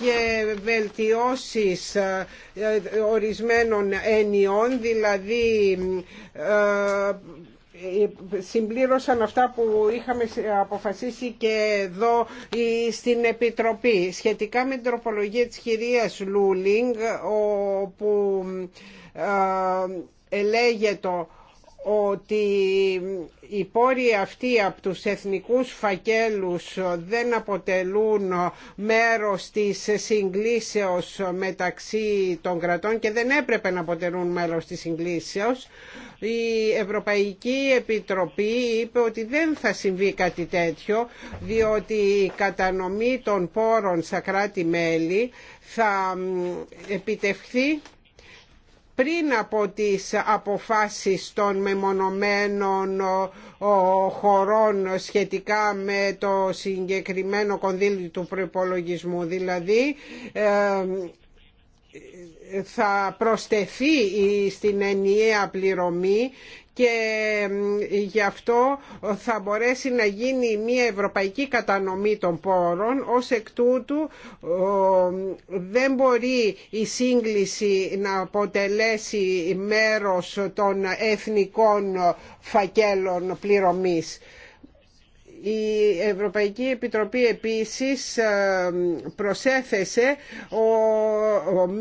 και βελτιώσεις ε, ε, ορισμένων ενιών, δηλαδή ε, συμπλήρωσαν αυτά που είχαμε αποφασίσει και εδώ στην Επιτροπή. Σχετικά με την τροπολογία της κυρίας Λούλινγκ, όπου ελέγεται ότι οι πόροι αυτοί από τους εθνικούς φακέλους δεν αποτελούν μέρος της συγκλήσεως μεταξύ των κρατών και δεν έπρεπε να αποτελούν μέρος της συγκλήσεως. Η Ευρωπαϊκή Επιτροπή είπε ότι δεν θα συμβεί κάτι τέτοιο διότι η κατανομή των πόρων στα κράτη-μέλη θα επιτευχθεί πριν από τις αποφάσεις των μεμονωμένων χωρών σχετικά με το συγκεκριμένο κονδύλι του προϋπολογισμού. Δηλαδή θα προστεθεί στην ενιαία πληρωμή και γι' αυτό θα μπορέσει να γίνει μια ευρωπαϊκή κατανομή των πόρων ως εκ τούτου δεν μπορεί η σύγκληση να αποτελέσει μέρος των εθνικών φακέλων πληρωμής. Η Ευρωπαϊκή Επιτροπή επίσης ε, προσέθεσε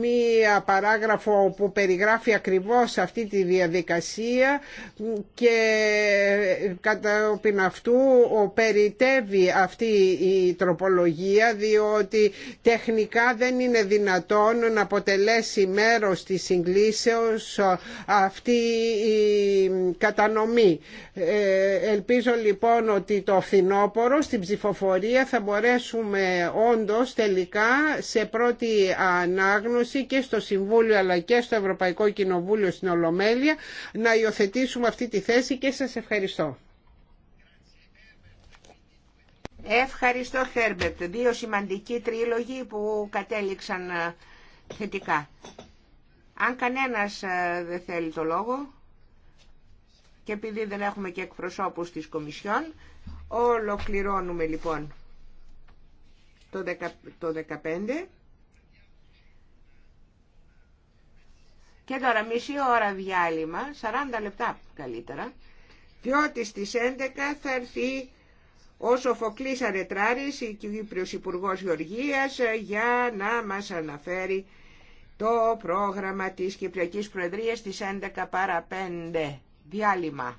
μία παράγραφο που περιγράφει ακριβώς αυτή τη διαδικασία και όπιν αυτού περιτεύει αυτή η τροπολογία διότι τεχνικά δεν είναι δυνατόν να αποτελέσει μέρος της συγκλήσεως αυτή η κατανομή. Ε, ελπίζω λοιπόν ότι το φθινόπωρο στην ψηφοφορία θα μπορέσουμε όντως τελικά σε πρώτη ανάγνωση και στο Συμβούλιο αλλά και στο Ευρωπαϊκό Κοινοβούλιο στην Ολομέλεια να υιοθετήσουμε αυτή τη θέση και σας ευχαριστώ. Ευχαριστώ Χέρμπερτ. Δύο σημαντικοί τρίλογοι που κατέληξαν ε, θετικά. Αν κανένας ε, δεν θέλει το λόγο και επειδή δεν έχουμε και εκπροσώπους της Κομισιόν, Ολοκληρώνουμε λοιπόν το 15. Και τώρα μισή ώρα διάλειμμα, 40 λεπτά καλύτερα, διότι στις 11 θα έρθει ο Σοφοκλής Αρετράρης, ο Κύπριος Υπουργός Γεωργίας, για να μας αναφέρει το πρόγραμμα της Κυπριακής Προεδρίας στις 11 παρα 5. Διάλειμμα.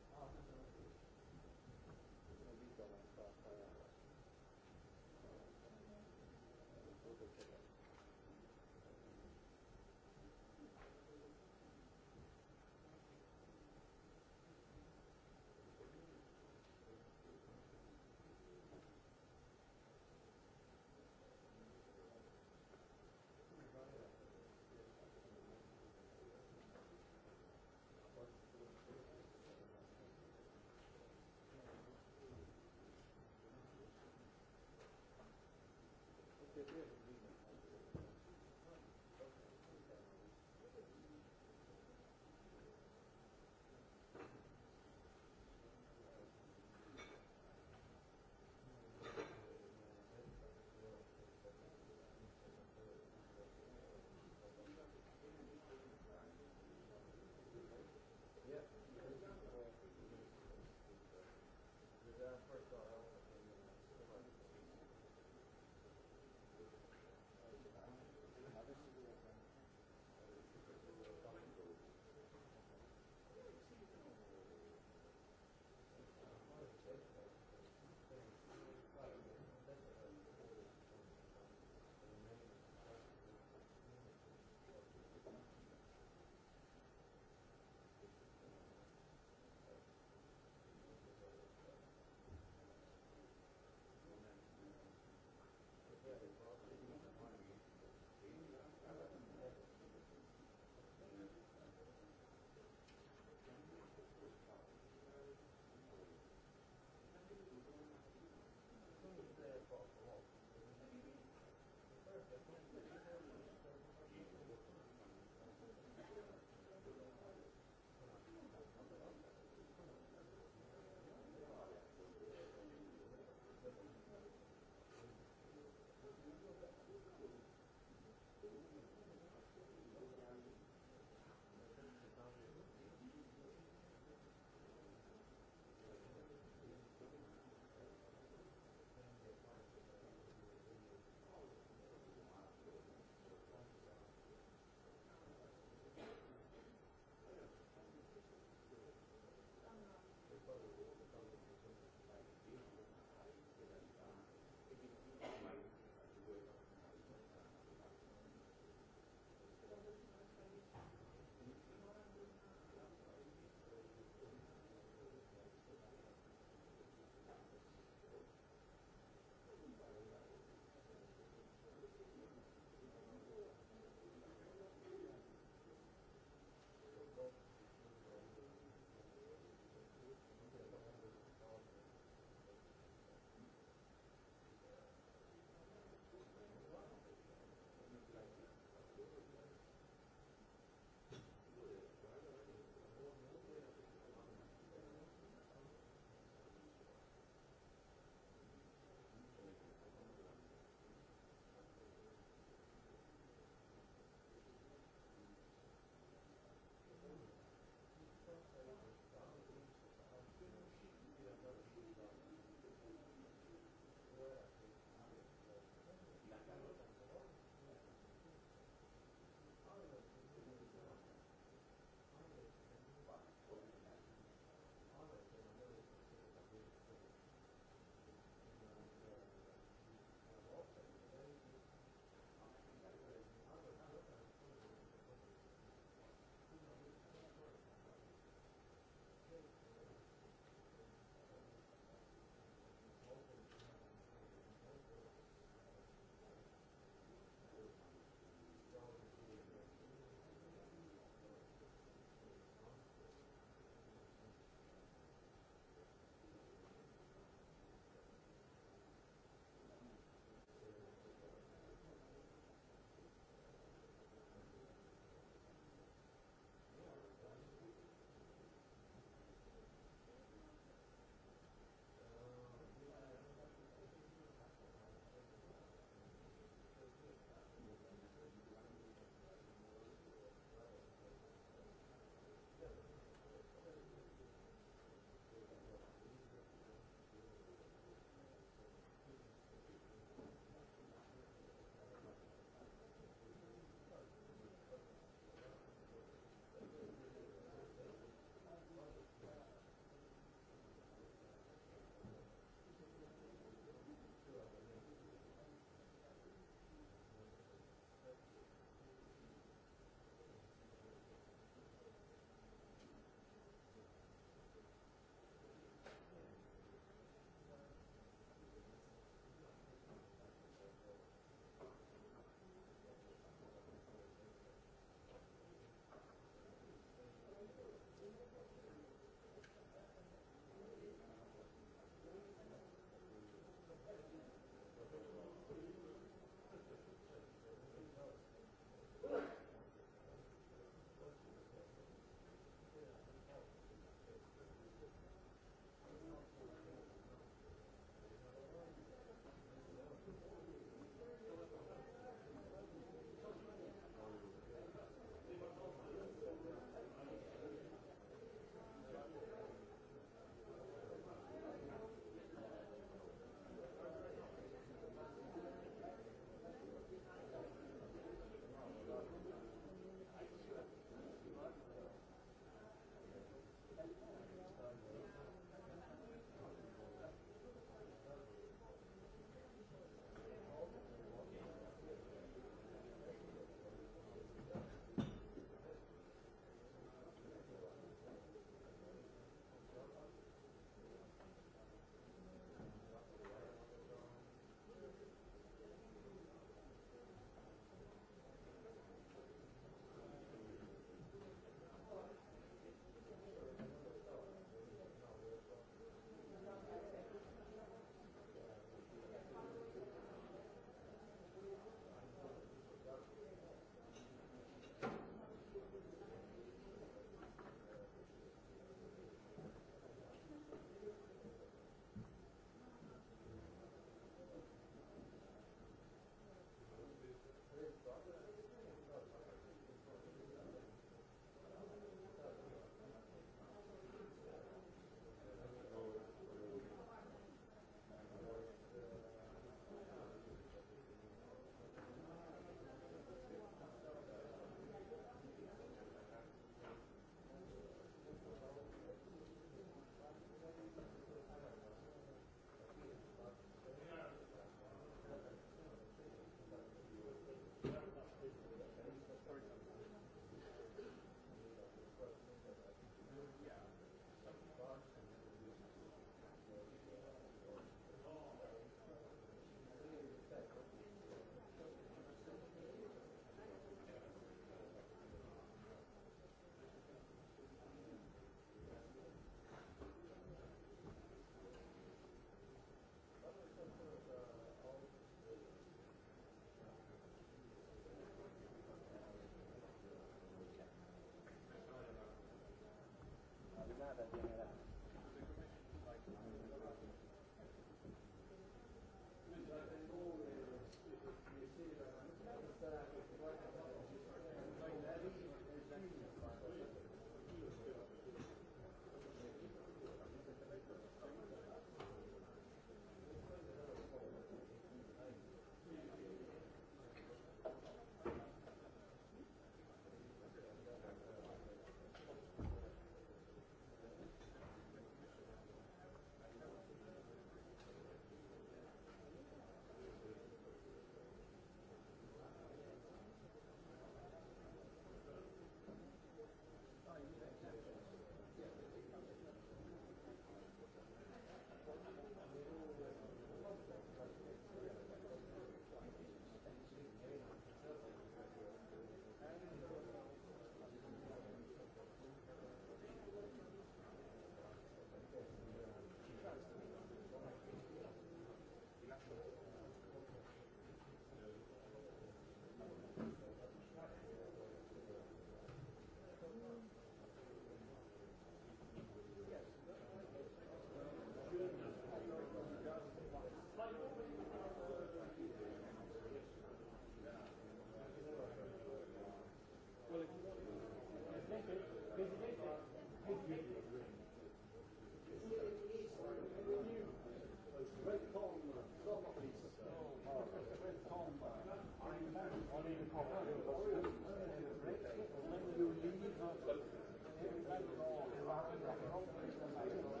Ελλάδα, η Ελλάδα, η Ελλάδα, η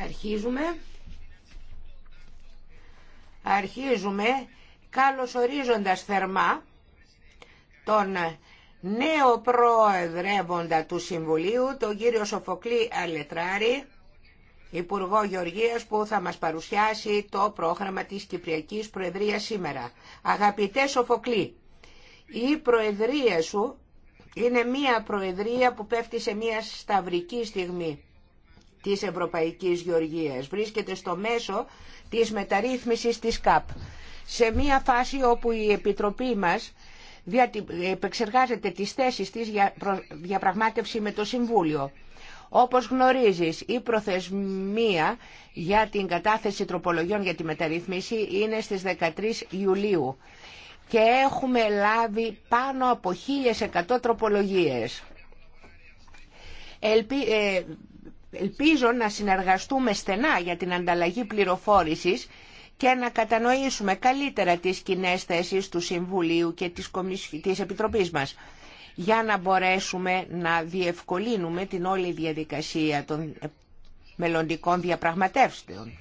Αρχίζουμε. Αρχίζουμε καλωσορίζοντας θερμά τον νέο προεδρεύοντα του Συμβουλίου, τον κύριο Σοφοκλή Αλετράρη, Υπουργό Γεωργίας που θα μας παρουσιάσει το πρόγραμμα της Κυπριακής Προεδρίας σήμερα. Αγαπητέ Σοφοκλή, η Προεδρία σου είναι μία προεδρία που πέφτει σε μία σταυρική στιγμή της Ευρωπαϊκής Γεωργίας. Βρίσκεται στο μέσο της μεταρρύθμισης της ΚΑΠ. Σε μία φάση όπου η Επιτροπή μας επεξεργάζεται τις θέσεις της για διαπραγμάτευση με το Συμβούλιο. Όπως γνωρίζεις, η προθεσμία για την κατάθεση τροπολογιών για τη μεταρρύθμιση είναι στις 13 Ιουλίου και έχουμε λάβει πάνω από 1.100 τροπολογίες. Ε, ελπίζω να συνεργαστούμε στενά για την ανταλλαγή πληροφόρησης και να κατανοήσουμε καλύτερα τις κοινέ θέσει του Συμβουλίου και της, Κομισ... της Επιτροπής μας για να μπορέσουμε να διευκολύνουμε την όλη διαδικασία των μελλοντικών διαπραγματεύσεων.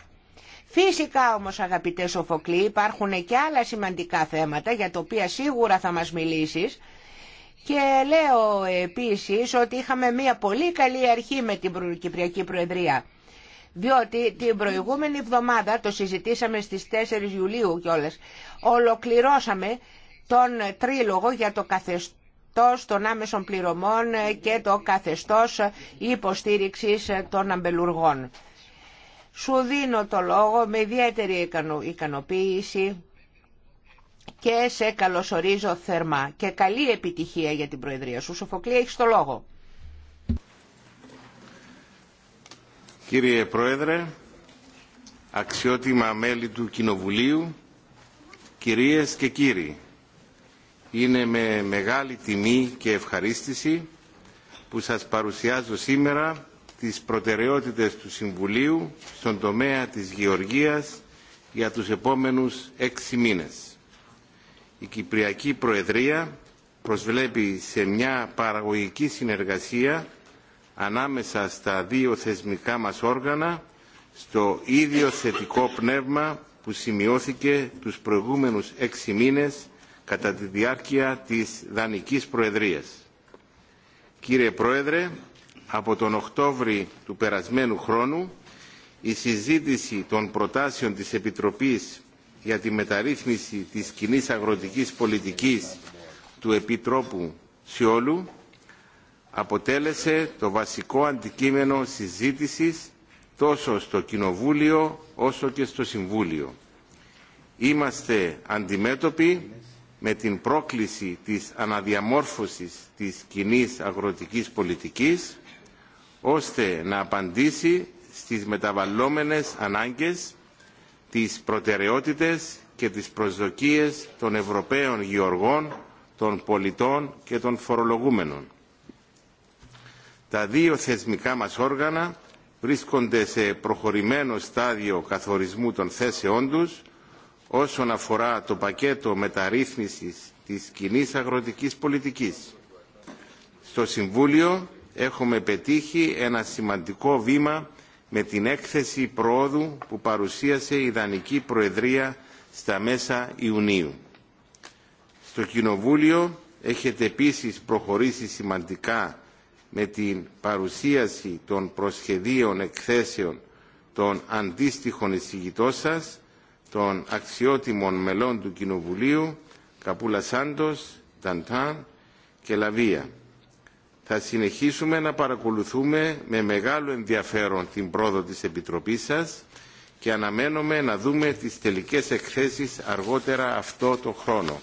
Φυσικά όμως αγαπητέ Σοφοκλή υπάρχουν και άλλα σημαντικά θέματα για τα οποία σίγουρα θα μας μιλήσεις και λέω επίσης ότι είχαμε μια πολύ καλή αρχή με την Κυπριακή Προεδρία διότι την προηγούμενη εβδομάδα το συζητήσαμε στις 4 Ιουλίου κιόλας ολοκληρώσαμε τον τρίλογο για το καθεστώς των άμεσων πληρωμών και το καθεστώς υποστήριξης των αμπελουργών. Σου δίνω το λόγο με ιδιαίτερη ικανοποίηση και σε καλωσορίζω θερμά και καλή επιτυχία για την Προεδρία σου. Σοφοκλή, έχεις το λόγο. Κύριε Πρόεδρε, αξιότιμα μέλη του Κοινοβουλίου, κυρίες και κύριοι, είναι με μεγάλη τιμή και ευχαρίστηση που σας παρουσιάζω σήμερα τις προτεραιότητες του Συμβουλίου στον τομέα της γεωργίας για τους επόμενους έξι μήνες. Η Κυπριακή Προεδρία προσβλέπει σε μια παραγωγική συνεργασία ανάμεσα στα δύο θεσμικά μας όργανα στο ίδιο θετικό πνεύμα που σημειώθηκε τους προηγούμενους έξι μήνες κατά τη διάρκεια της Δανικής Προεδρίας. Κύριε Πρόεδρε, από τον Οκτώβρη του περασμένου χρόνου η συζήτηση των προτάσεων της Επιτροπής για τη μεταρρύθμιση της κοινή αγροτικής πολιτικής του Επιτρόπου Σιόλου αποτέλεσε το βασικό αντικείμενο συζήτησης τόσο στο Κοινοβούλιο όσο και στο Συμβούλιο. Είμαστε αντιμέτωποι με την πρόκληση της αναδιαμόρφωσης της κοινή αγροτικής πολιτικής ώστε να απαντήσει στις μεταβαλλόμενες ανάγκες, τις προτεραιότητες και τις προσδοκίες των Ευρωπαίων γεωργών, των πολιτών και των φορολογούμενων. Τα δύο θεσμικά μας όργανα βρίσκονται σε προχωρημένο στάδιο καθορισμού των θέσεών τους όσον αφορά το πακέτο μεταρρύθμισης της κοινή αγροτικής πολιτικής. Στο Συμβούλιο έχουμε πετύχει ένα σημαντικό βήμα με την έκθεση προόδου που παρουσίασε η Δανική Προεδρία στα μέσα Ιουνίου. Στο Κοινοβούλιο έχετε επίσης προχωρήσει σημαντικά με την παρουσίαση των προσχεδίων εκθέσεων των αντίστοιχων εισηγητών σας, των αξιότιμων μελών του Κοινοβουλίου, Καπούλα Σάντος, Ταντάν και Λαβία θα συνεχίσουμε να παρακολουθούμε με μεγάλο ενδιαφέρον την πρόοδο της Επιτροπής σας και αναμένουμε να δούμε τις τελικές εκθέσεις αργότερα αυτό το χρόνο.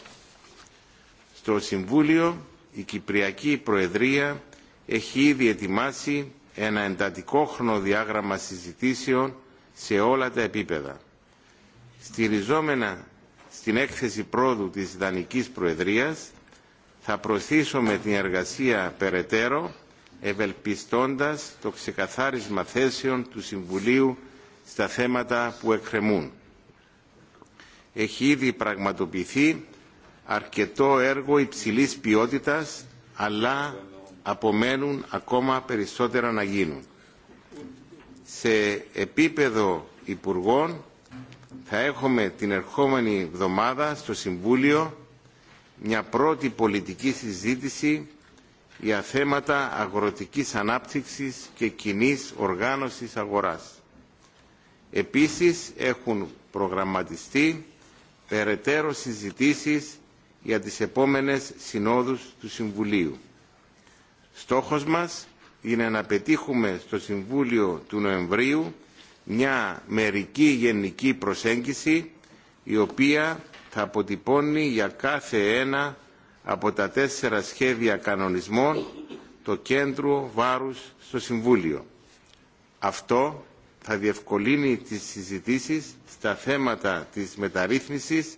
Στο Συμβούλιο η Κυπριακή Προεδρία έχει ήδη ετοιμάσει ένα εντατικό χρονοδιάγραμμα συζητήσεων σε όλα τα επίπεδα. Στηριζόμενα στην έκθεση πρόοδου της Δανικής Προεδρίας θα προωθήσουμε την εργασία περαιτέρω ευελπιστώντας το ξεκαθάρισμα θέσεων του Συμβουλίου στα θέματα που εκκρεμούν. Έχει ήδη πραγματοποιηθεί αρκετό έργο υψηλής ποιότητας, αλλά απομένουν ακόμα περισσότερα να γίνουν. Σε επίπεδο Υπουργών θα έχουμε την ερχόμενη εβδομάδα στο Συμβούλιο μια πρώτη πολιτική συζήτηση για θέματα αγροτικής ανάπτυξης και κοινή οργάνωσης αγοράς. Επίσης έχουν προγραμματιστεί περαιτέρω συζητήσεις για τις επόμενες συνόδους του Συμβουλίου. Στόχος μας είναι να πετύχουμε στο Συμβούλιο του Νοεμβρίου μια μερική γενική προσέγγιση η οποία θα αποτυπώνει για κάθε ένα από τα τέσσερα σχέδια κανονισμών το κέντρο βάρους στο Συμβούλιο. Αυτό θα διευκολύνει τις συζητήσεις στα θέματα της μεταρρύθμισης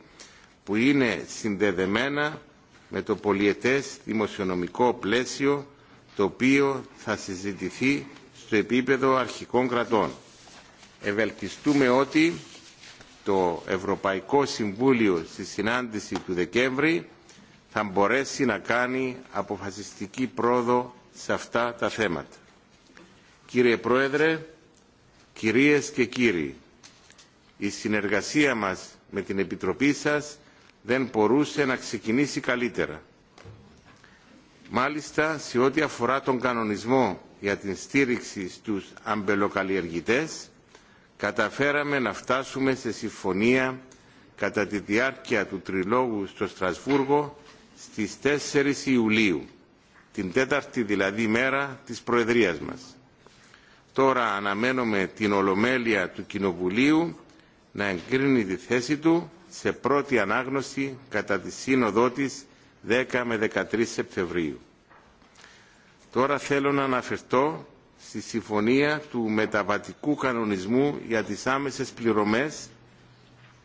που είναι συνδεδεμένα με το πολιετές δημοσιονομικό πλαίσιο το οποίο θα συζητηθεί στο επίπεδο αρχικών κρατών. Ευελπιστούμε ότι το Ευρωπαϊκό Συμβούλιο στη συνάντηση του Δεκέμβρη θα μπορέσει να κάνει αποφασιστική πρόοδο σε αυτά τα θέματα. Κύριε Πρόεδρε, κυρίες και κύριοι, η συνεργασία μας με την Επιτροπή σας δεν μπορούσε να ξεκινήσει καλύτερα. Μάλιστα, σε ό,τι αφορά τον κανονισμό για την στήριξη στους αμπελοκαλλιεργητές, καταφέραμε να φτάσουμε σε συμφωνία κατά τη διάρκεια του τριλόγου στο Στρασβούργο στις 4 Ιουλίου, την τέταρτη δηλαδή μέρα της Προεδρίας μας. Τώρα αναμένουμε την Ολομέλεια του Κοινοβουλίου να εγκρίνει τη θέση του σε πρώτη ανάγνωση κατά τη σύνοδό της 10 με 13 Σεπτεμβρίου. Τώρα θέλω να αναφερθώ στη συμφωνία του μεταβατικού κανονισμού για τις άμεσες πληρωμές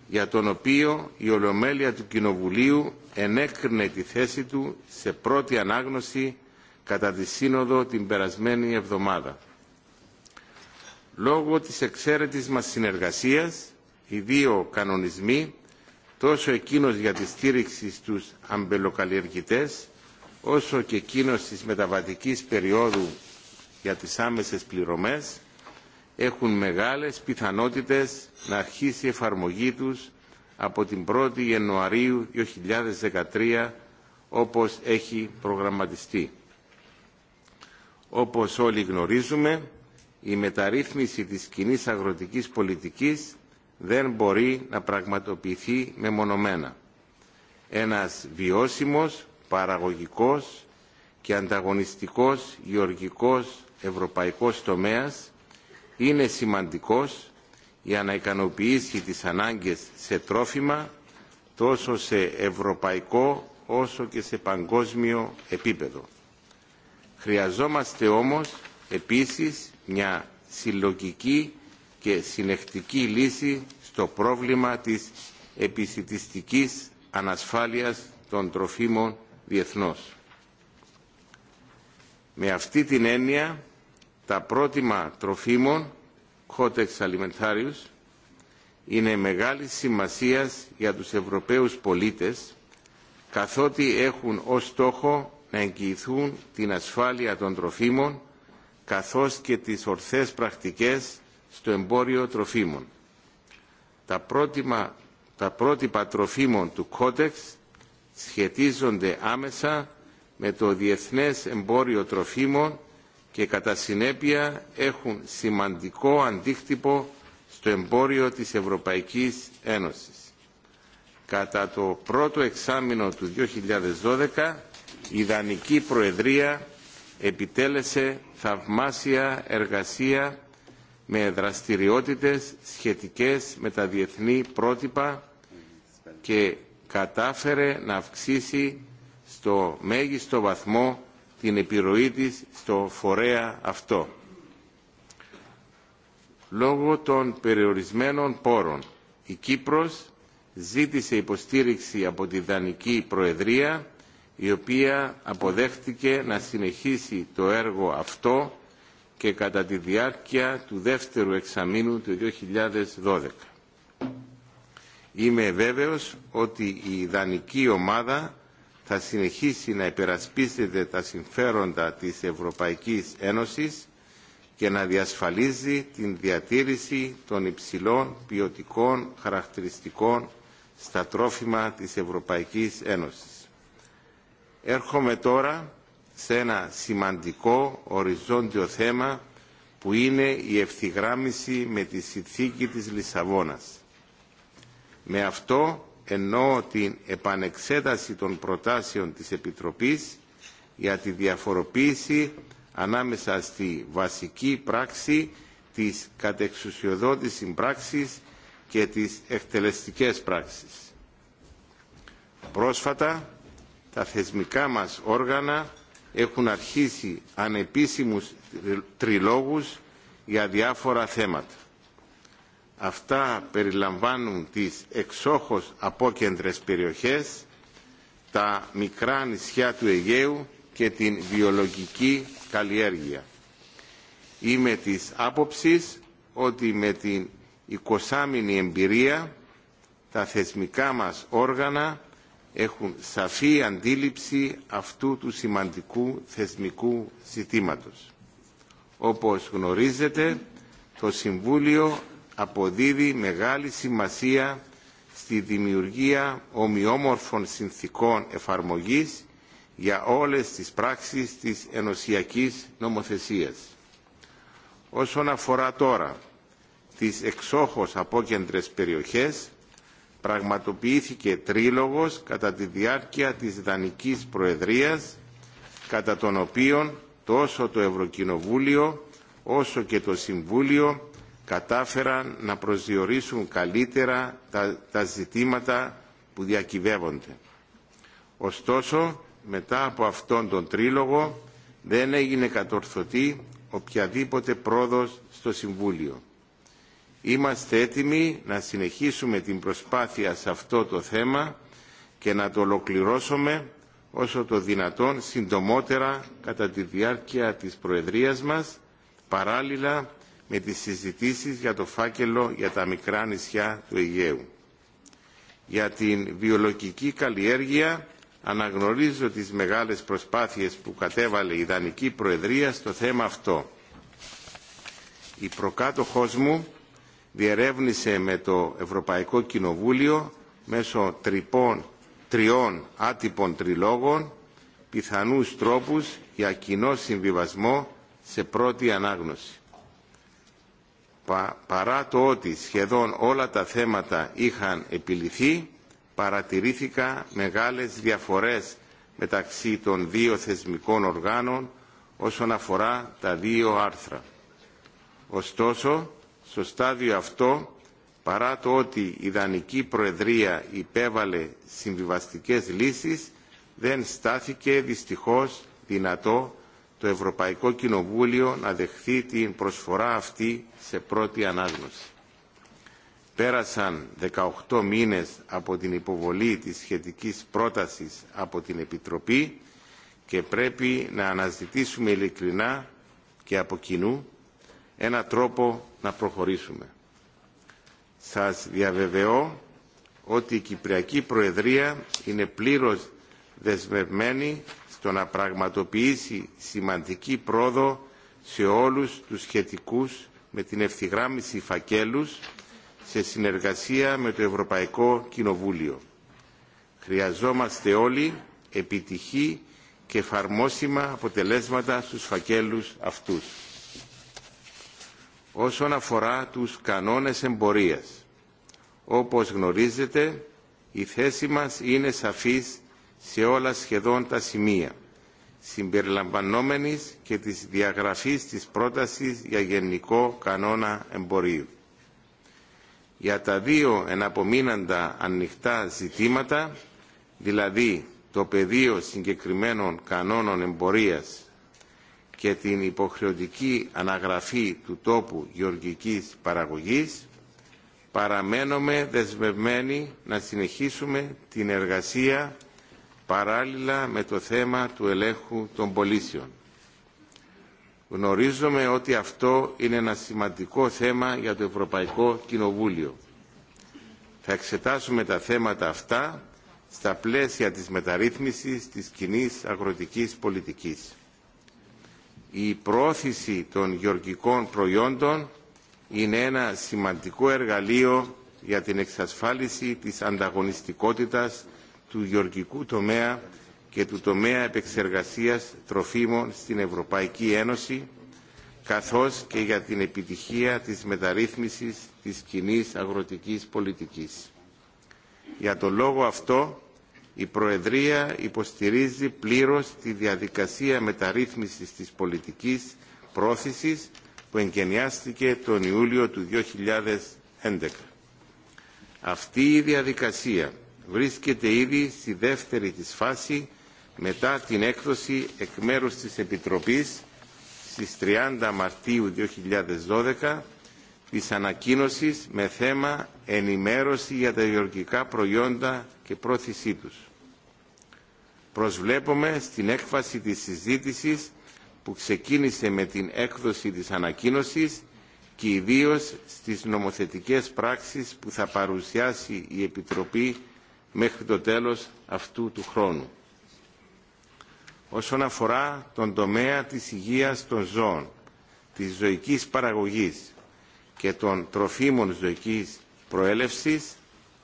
για τον οποίο η Ολομέλεια του Κοινοβουλίου ενέκρινε τη θέση του σε πρώτη ανάγνωση κατά τη Σύνοδο την περασμένη εβδομάδα. Λόγω της εξαίρετης μας συνεργασίας, οι δύο κανονισμοί, τόσο εκείνος για τη στήριξη στους αμπελοκαλλιεργητές, όσο και εκείνος της μεταβατικής περίοδου για τις άμεσες πληρωμές έχουν μεγάλες πιθανότητες να αρχίσει η εφαρμογή τους από την 1η Ιανουαρίου 2013 όπως έχει προγραμματιστεί. Όπως όλοι γνωρίζουμε, η μεταρρύθμιση της κοινή αγροτικής πολιτικής δεν μπορεί να πραγματοποιηθεί μεμονωμένα. Ένας βιώσιμος, παραγωγικός και ανταγωνιστικός γεωργικός ευρωπαϊκός τομέας είναι σημαντικός για να ικανοποιήσει τις ανάγκες σε τρόφιμα τόσο σε ευρωπαϊκό όσο και σε παγκόσμιο επίπεδο. Χρειαζόμαστε όμως επίσης μια συλλογική και συνεχτική λύση στο πρόβλημα της επισητιστικής ανασφάλειας των τροφίμων διεθνώς. Με αυτή την έννοια τα πρότιμα τροφίμων COTEX Alimentarius είναι μεγάλη σημασία για τους Ευρωπαίους πολίτες καθότι έχουν ως στόχο να εγγυηθούν την ασφάλεια των τροφίμων καθώς και τις ορθές πρακτικές στο εμπόριο τροφίμων. Τα, πρότιμα, τα πρότυπα τροφίμων του Κότεξ σχετίζονται άμεσα με το διεθνές εμπόριο τροφίμων και κατά συνέπεια έχουν σημαντικό αντίκτυπο στο εμπόριο της Ευρωπαϊκής Ένωσης. Κατά το πρώτο εξάμεινο του 2012 η Δανική Προεδρία επιτέλεσε θαυμάσια εργασία με δραστηριότητες σχετικές με τα διεθνή πρότυπα και κατάφερε να αυξήσει στο μέγιστο βαθμό την επιρροή της στο φορέα αυτό. Λόγω των περιορισμένων πόρων, η Κύπρος ζήτησε υποστήριξη από τη Δανική Προεδρία, η οποία αποδέχτηκε να συνεχίσει το έργο αυτό και κατά τη διάρκεια του δεύτερου εξαμήνου του 2012. Είμαι βέβαιος ότι η Δανική ομάδα θα συνεχίσει να υπερασπίσεται τα συμφέροντα της Ευρωπαϊκής Ένωσης και να διασφαλίζει την διατήρηση των υψηλών ποιοτικών χαρακτηριστικών στα τρόφιμα της Ευρωπαϊκής Ένωσης. Έρχομαι τώρα σε ένα σημαντικό οριζόντιο θέμα που είναι η ευθυγράμμιση με τη συνθήκη της Λισαβόνας. Με αυτό ενώ την επανεξέταση των προτάσεων της Επιτροπής για τη διαφοροποίηση ανάμεσα στη βασική πράξη της κατεξουσιοδότηση πράξης και τις εκτελεστικές πράξεις. Πρόσφατα, τα θεσμικά μας όργανα έχουν αρχίσει ανεπίσημους τριλόγους για διάφορα θέματα. Αυτά περιλαμβάνουν τις εξόχως απόκεντρες περιοχές, τα μικρά νησιά του Αιγαίου και την βιολογική καλλιέργεια. Είμαι της άποψης ότι με την 20 εμπειρία τα θεσμικά μας όργανα έχουν σαφή αντίληψη αυτού του σημαντικού θεσμικού ζητήματος. Όπως γνωρίζετε, το Συμβούλιο αποδίδει μεγάλη σημασία στη δημιουργία ομοιόμορφων συνθήκων εφαρμογής για όλες τις πράξεις της ενωσιακής νομοθεσίας. Όσον αφορά τώρα τις εξόχως απόκεντρες περιοχές, πραγματοποιήθηκε τρίλογος κατά τη διάρκεια της Δανικής Προεδρίας, κατά τον οποίον τόσο το Ευρωκοινοβούλιο όσο και το Συμβούλιο κατάφεραν να προσδιορίσουν καλύτερα τα, ζητήματα που διακυβεύονται. Ωστόσο, μετά από αυτόν τον τρίλογο δεν έγινε κατορθωτή οποιαδήποτε πρόοδος στο Συμβούλιο. Είμαστε έτοιμοι να συνεχίσουμε την προσπάθεια σε αυτό το θέμα και να το ολοκληρώσουμε όσο το δυνατόν συντομότερα κατά τη διάρκεια της Προεδρίας μας, παράλληλα με τις συζητήσεις για το φάκελο για τα μικρά νησιά του Αιγαίου. Για την βιολογική καλλιέργεια αναγνωρίζω τις μεγάλες προσπάθειες που κατέβαλε η Δανική Προεδρία στο θέμα αυτό. Η προκάτοχός μου διερεύνησε με το Ευρωπαϊκό Κοινοβούλιο μέσω τρυπών, τριών άτυπων τριλόγων πιθανούς τρόπους για κοινό συμβιβασμό σε πρώτη ανάγνωση παρά το ότι σχεδόν όλα τα θέματα είχαν επιληθεί, παρατηρήθηκα μεγάλες διαφορές μεταξύ των δύο θεσμικών οργάνων όσον αφορά τα δύο άρθρα. Ωστόσο, στο στάδιο αυτό, παρά το ότι η Δανική Προεδρία υπέβαλε συμβιβαστικές λύσεις, δεν στάθηκε δυστυχώς δυνατό το Ευρωπαϊκό Κοινοβούλιο να δεχθεί την προσφορά αυτή σε πρώτη ανάγνωση. Πέρασαν 18 μήνες από την υποβολή της σχετικής πρότασης από την Επιτροπή και πρέπει να αναζητήσουμε ειλικρινά και από κοινού ένα τρόπο να προχωρήσουμε. Σας διαβεβαιώ ότι η Κυπριακή Προεδρία είναι πλήρως δεσμευμένη στο να πραγματοποιήσει σημαντική πρόοδο σε όλους τους σχετικούς με την ευθυγράμμιση φακέλους σε συνεργασία με το Ευρωπαϊκό Κοινοβούλιο. Χρειαζόμαστε όλοι επιτυχή και εφαρμόσιμα αποτελέσματα στους φακέλους αυτούς. Όσον αφορά τους κανόνες εμπορίας, όπως γνωρίζετε, η θέση μας είναι σαφής σε όλα σχεδόν τα σημεία, συμπεριλαμβανόμενης και της διαγραφής της πρότασης για γενικό κανόνα εμπορίου. Για τα δύο εναπομείναντα ανοιχτά ζητήματα, δηλαδή το πεδίο συγκεκριμένων κανόνων εμπορίας και την υποχρεωτική αναγραφή του τόπου γεωργικής παραγωγής, παραμένουμε δεσμευμένοι να συνεχίσουμε την εργασία παράλληλα με το θέμα του ελέγχου των πολίσεων. Γνωρίζουμε ότι αυτό είναι ένα σημαντικό θέμα για το Ευρωπαϊκό Κοινοβούλιο. Θα εξετάσουμε τα θέματα αυτά στα πλαίσια της μεταρρύθμισης της κοινή αγροτικής πολιτικής. Η πρόθεση των γεωργικών προϊόντων είναι ένα σημαντικό εργαλείο για την εξασφάλιση της ανταγωνιστικότητας του γεωργικού τομέα και του τομέα επεξεργασίας τροφίμων στην Ευρωπαϊκή Ένωση, καθώς και για την επιτυχία της μεταρρύθμισης της κοινή αγροτικής πολιτικής. Για τον λόγο αυτό, η Προεδρία υποστηρίζει πλήρως τη διαδικασία μεταρρύθμισης της πολιτικής πρόθεσης που εγκαινιάστηκε τον Ιούλιο του 2011. Αυτή η διαδικασία βρίσκεται ήδη στη δεύτερη της φάση μετά την έκδοση εκ μέρους της Επιτροπής στις 30 Μαρτίου 2012 της ανακοίνωσης με θέμα ενημέρωση για τα γεωργικά προϊόντα και πρόθεσή τους. Προσβλέπουμε στην έκφαση της συζήτησης που ξεκίνησε με την έκδοση της ανακοίνωσης και ιδίως στις νομοθετικές πράξεις που θα παρουσιάσει η Επιτροπή μέχρι το τέλος αυτού του χρόνου. Όσον αφορά τον τομέα της υγείας των ζώων, της ζωικής παραγωγής και των τροφίμων ζωικής προέλευσης,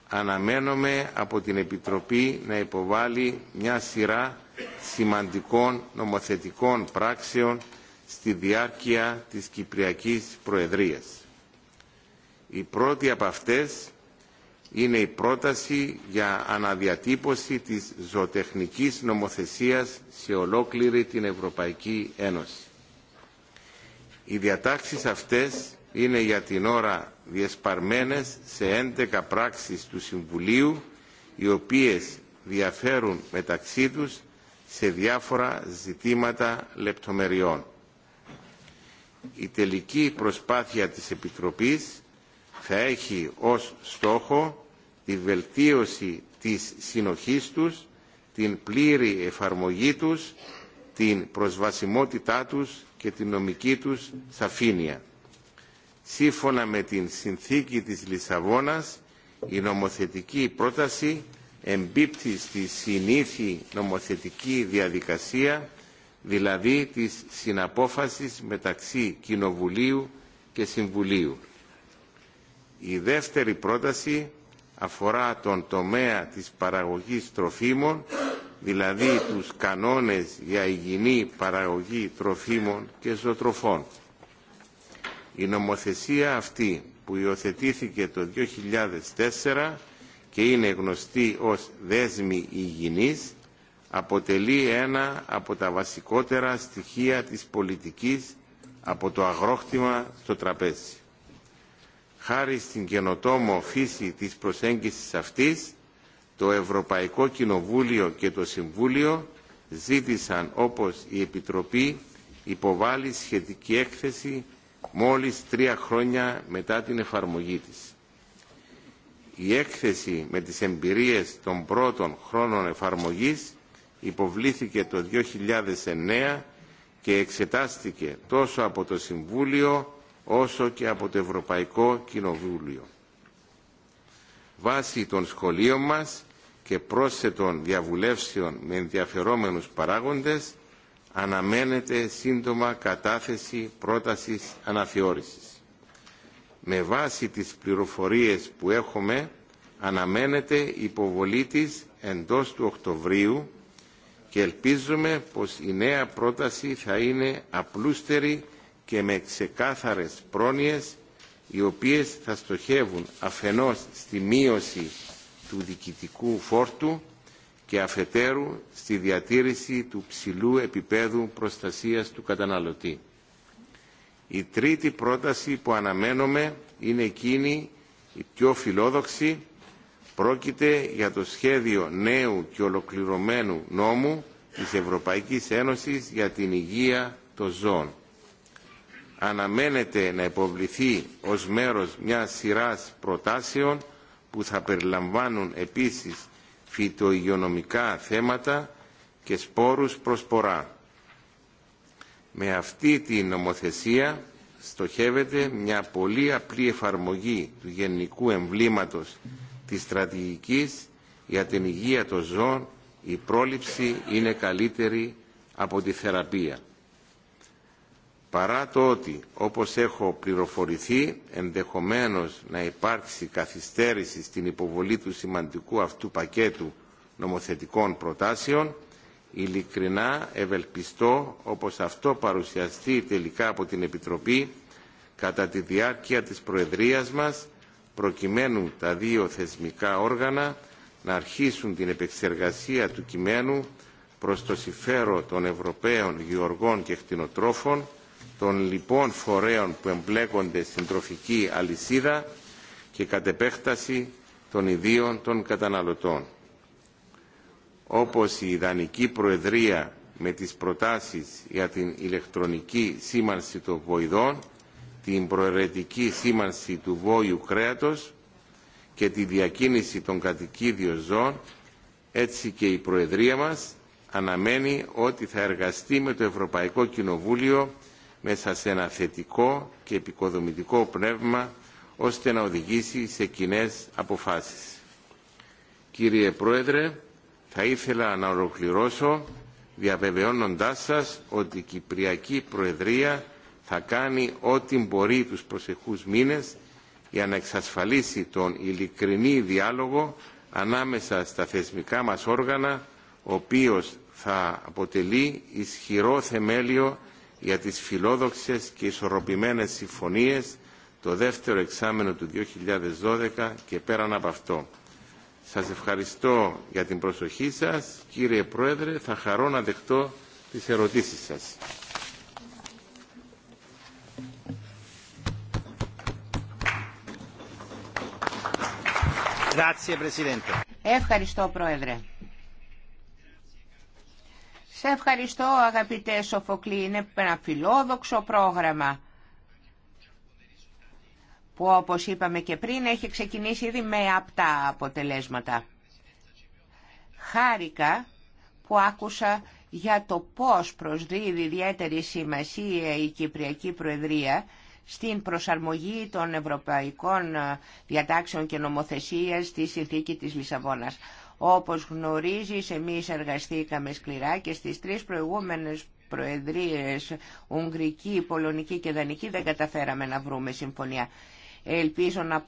αναμένουμε από την Επιτροπή να υποβάλει μια σειρά σημαντικών νομοθετικών πράξεων στη διάρκεια της Κυπριακής Προεδρίας. Η πρώτη από αυτές είναι η πρόταση για αναδιατύπωση της ζωοτεχνικής νομοθεσίας σε ολόκληρη την Ευρωπαϊκή Ένωση. Οι διατάξεις αυτές είναι για την ώρα διεσπαρμένες σε 11 πράξεις του Συμβουλίου, οι οποίες διαφέρουν μεταξύ τους σε διάφορα ζητήματα λεπτομεριών. Η τελική προσπάθεια της Επιτροπής θα έχει ως στόχο τη βελτίωση της συνοχής τους, την πλήρη εφαρμογή τους, την προσβασιμότητά τους και την νομική τους σαφήνεια. Σύμφωνα με την Συνθήκη της Λισαβόνας, η νομοθετική πρόταση εμπίπτει στη συνήθη νομοθετική διαδικασία, δηλαδή της συναπόφασης μεταξύ Κοινοβουλίου και Συμβουλίου. Η δεύτερη πρόταση αφορά τον τομέα της παραγωγής τροφίμων, δηλαδή τους κανόνες για υγιεινή παραγωγή τροφίμων και ζωοτροφών. Η νομοθεσία αυτή που υιοθετήθηκε το 2004 και είναι γνωστή ως δέσμη υγιεινής, αποτελεί ένα από τα βασικότερα στοιχεία της πολιτικής από το αγρόκτημα στο τραπέζι χάρη στην καινοτόμο φύση της προσέγγισης αυτής, το Ευρωπαϊκό Κοινοβούλιο και το Συμβούλιο ζήτησαν όπως η Επιτροπή υποβάλει σχετική έκθεση μόλις τρία χρόνια μετά την εφαρμογή της. Η έκθεση με τις εμπειρίες των πρώτων χρόνων εφαρμογής υποβλήθηκε το 2009 και εξετάστηκε τόσο από το Συμβούλιο όσο και από το Ευρωπαϊκό Κοινοβούλιο. Βάσει των σχολείων μας και πρόσθετων διαβουλεύσεων με ενδιαφερόμενους παράγοντες αναμένεται σύντομα κατάθεση πρότασης αναθεώρησης. Με βάση τις πληροφορίες που έχουμε αναμένεται υποβολή της εντός του Οκτωβρίου και ελπίζουμε πως η νέα πρόταση θα είναι απλούστερη και με ξεκάθαρες πρόνοιες οι οποίες θα στοχεύουν αφενός στη μείωση του διοικητικού φόρτου και αφετέρου στη διατήρηση του ψηλού επίπεδου προστασίας του καταναλωτή. Η τρίτη πρόταση που αναμένουμε είναι εκείνη η πιο φιλόδοξη. Πρόκειται για το σχέδιο νέου και ολοκληρωμένου νόμου της Ευρωπαϊκής Ένωσης για την υγεία των ζώων αναμένεται να υποβληθεί ως μέρος μιας σειράς προτάσεων που θα περιλαμβάνουν επίσης φυτογιονομικά θέματα και σπόρους προσπορά. Με αυτή την νομοθεσία στοχεύεται μια πολύ απλή εφαρμογή του γενικού εμβλήματος της στρατηγικής για την υγεία των ζώων η πρόληψη είναι καλύτερη από τη θεραπεία παρά το ότι, όπως έχω πληροφορηθεί, ενδεχομένως να υπάρξει καθυστέρηση στην υποβολή του σημαντικού αυτού πακέτου νομοθετικών προτάσεων, ειλικρινά ευελπιστώ όπως αυτό παρουσιαστεί τελικά από την Επιτροπή κατά τη διάρκεια της Προεδρίας μας, προκειμένου τα δύο θεσμικά όργανα να αρχίσουν την επεξεργασία του κειμένου προς το συμφέρον των Ευρωπαίων Γεωργών και Χτινοτρόφων των λοιπόν φορέων που εμπλέκονται στην τροφική αλυσίδα και κατ' επέκταση των ιδίων των καταναλωτών. Όπως η Ιδανική Προεδρία με τις προτάσεις για την ηλεκτρονική σήμανση των βοηδών, την προαιρετική σήμανση του βόηου κρέατος και τη διακίνηση των κατοικίδιων ζώων, έτσι και η Προεδρία μας αναμένει ότι θα εργαστεί με το Ευρωπαϊκό Κοινοβούλιο μέσα σε ένα θετικό και επικοδομητικό πνεύμα ώστε να οδηγήσει σε κοινέ αποφάσεις. Κύριε Πρόεδρε, θα ήθελα να ολοκληρώσω διαβεβαιώνοντάς σας ότι η Κυπριακή Προεδρία θα κάνει ό,τι μπορεί τους προσεχούς μήνες για να εξασφαλίσει τον ειλικρινή διάλογο ανάμεσα στα θεσμικά μας όργανα, ο οποίος θα αποτελεί ισχυρό θεμέλιο για τις φιλόδοξες και ισορροπημένες συμφωνίες το δεύτερο εξάμενο του 2012 και πέραν από αυτό. Σας ευχαριστώ για την προσοχή σας. Κύριε Πρόεδρε, θα χαρώ να δεχτώ τις ερωτήσεις σας. Ευχαριστώ, Πρόεδρε. Σε ευχαριστώ αγαπητέ Σοφοκλή, είναι ένα φιλόδοξο πρόγραμμα που όπως είπαμε και πριν έχει ξεκινήσει ήδη με απτά αποτελέσματα. Χάρηκα που άκουσα για το πώς προσδίδει ιδιαίτερη σημασία η Κυπριακή Προεδρία στην προσαρμογή των ευρωπαϊκών ε, διατάξεων και νομοθεσίας στη συνθήκη της Λισαβόνας. Όπως γνωρίζεις, εμείς εργαστήκαμε σκληρά και στις τρεις προηγούμενες προεδρίες, Ουγγρική, Πολωνική και Δανική, δεν καταφέραμε να βρούμε συμφωνία. Ελπίζω να,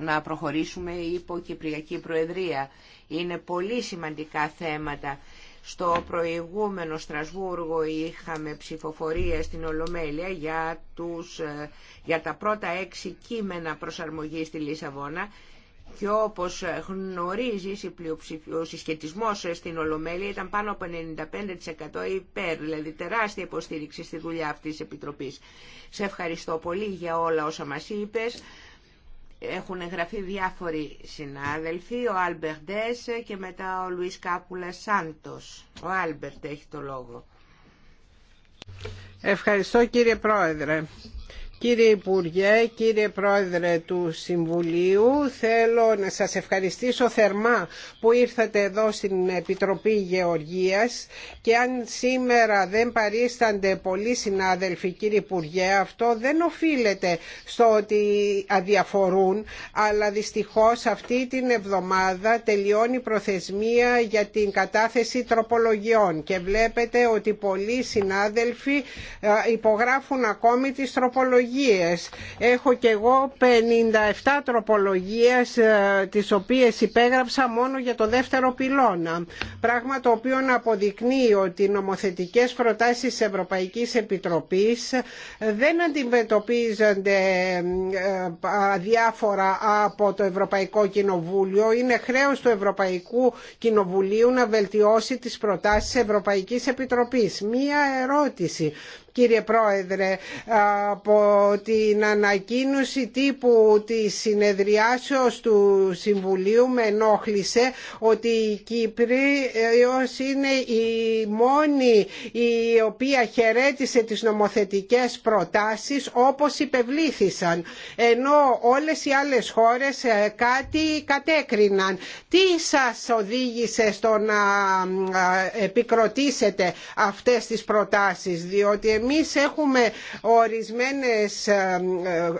να προχωρήσουμε η Κυπριακή Προεδρία. Είναι πολύ σημαντικά θέματα. Στο προηγούμενο Στρασβούργο είχαμε ψηφοφορία στην Ολομέλεια για, τους, ε, για τα πρώτα έξι κείμενα προσαρμογής στη Λισαβόνα και όπως ε, γνωρίζεις, ο συσχετισμός ε, στην Ολομέλεια ήταν πάνω από 95% υπέρ, δηλαδή τεράστια υποστήριξη στη δουλειά αυτής της Επιτροπής. Σε ευχαριστώ πολύ για όλα όσα μας είπες. Έχουν εγγραφεί διάφοροι συνάδελφοι, ο Άλμπερτ και μετά ο Λουίς Κάπουλα Σάντος. Ο Άλμπερτ έχει το λόγο. Ευχαριστώ κύριε Πρόεδρε. Κύριε Υπουργέ, κύριε Πρόεδρε του Συμβουλίου, θέλω να σας ευχαριστήσω θερμά που ήρθατε εδώ στην Επιτροπή Γεωργίας και αν σήμερα δεν παρίστανται πολλοί συνάδελφοι κύριε Υπουργέ, αυτό δεν οφείλεται στο ότι αδιαφορούν, αλλά δυστυχώς αυτή την εβδομάδα τελειώνει η προθεσμία για την κατάθεση τροπολογιών και βλέπετε ότι πολλοί συνάδελφοι ε, υπογράφουν ακόμη τις τροπολογίες Έχω και εγώ 57 τροπολογίες ε, τις οποίες υπέγραψα μόνο για το δεύτερο πυλώνα. Πράγμα το οποίο αποδεικνύει ότι οι νομοθετικές προτάσεις της Ευρωπαϊκής Επιτροπής δεν αντιμετωπίζονται ε, διάφορα από το Ευρωπαϊκό Κοινοβούλιο. Είναι χρέος του Ευρωπαϊκού Κοινοβουλίου να βελτιώσει τις προτάσεις της Ευρωπαϊκής Επιτροπής. Μία ερώτηση κύριε Πρόεδρε από την ανακοίνωση τύπου της συνεδριάσεως του Συμβουλίου με ενόχλησε ότι η Κύπριος είναι η μόνη η οποία χαιρέτησε τις νομοθετικές προτάσεις όπως υπευλήθησαν ενώ όλες οι άλλες χώρες ε, κάτι κατέκριναν. Τι σας οδήγησε στο να ε, επικροτήσετε αυτές τις προτάσεις διότι εμείς έχουμε ορισμένες ε, ε,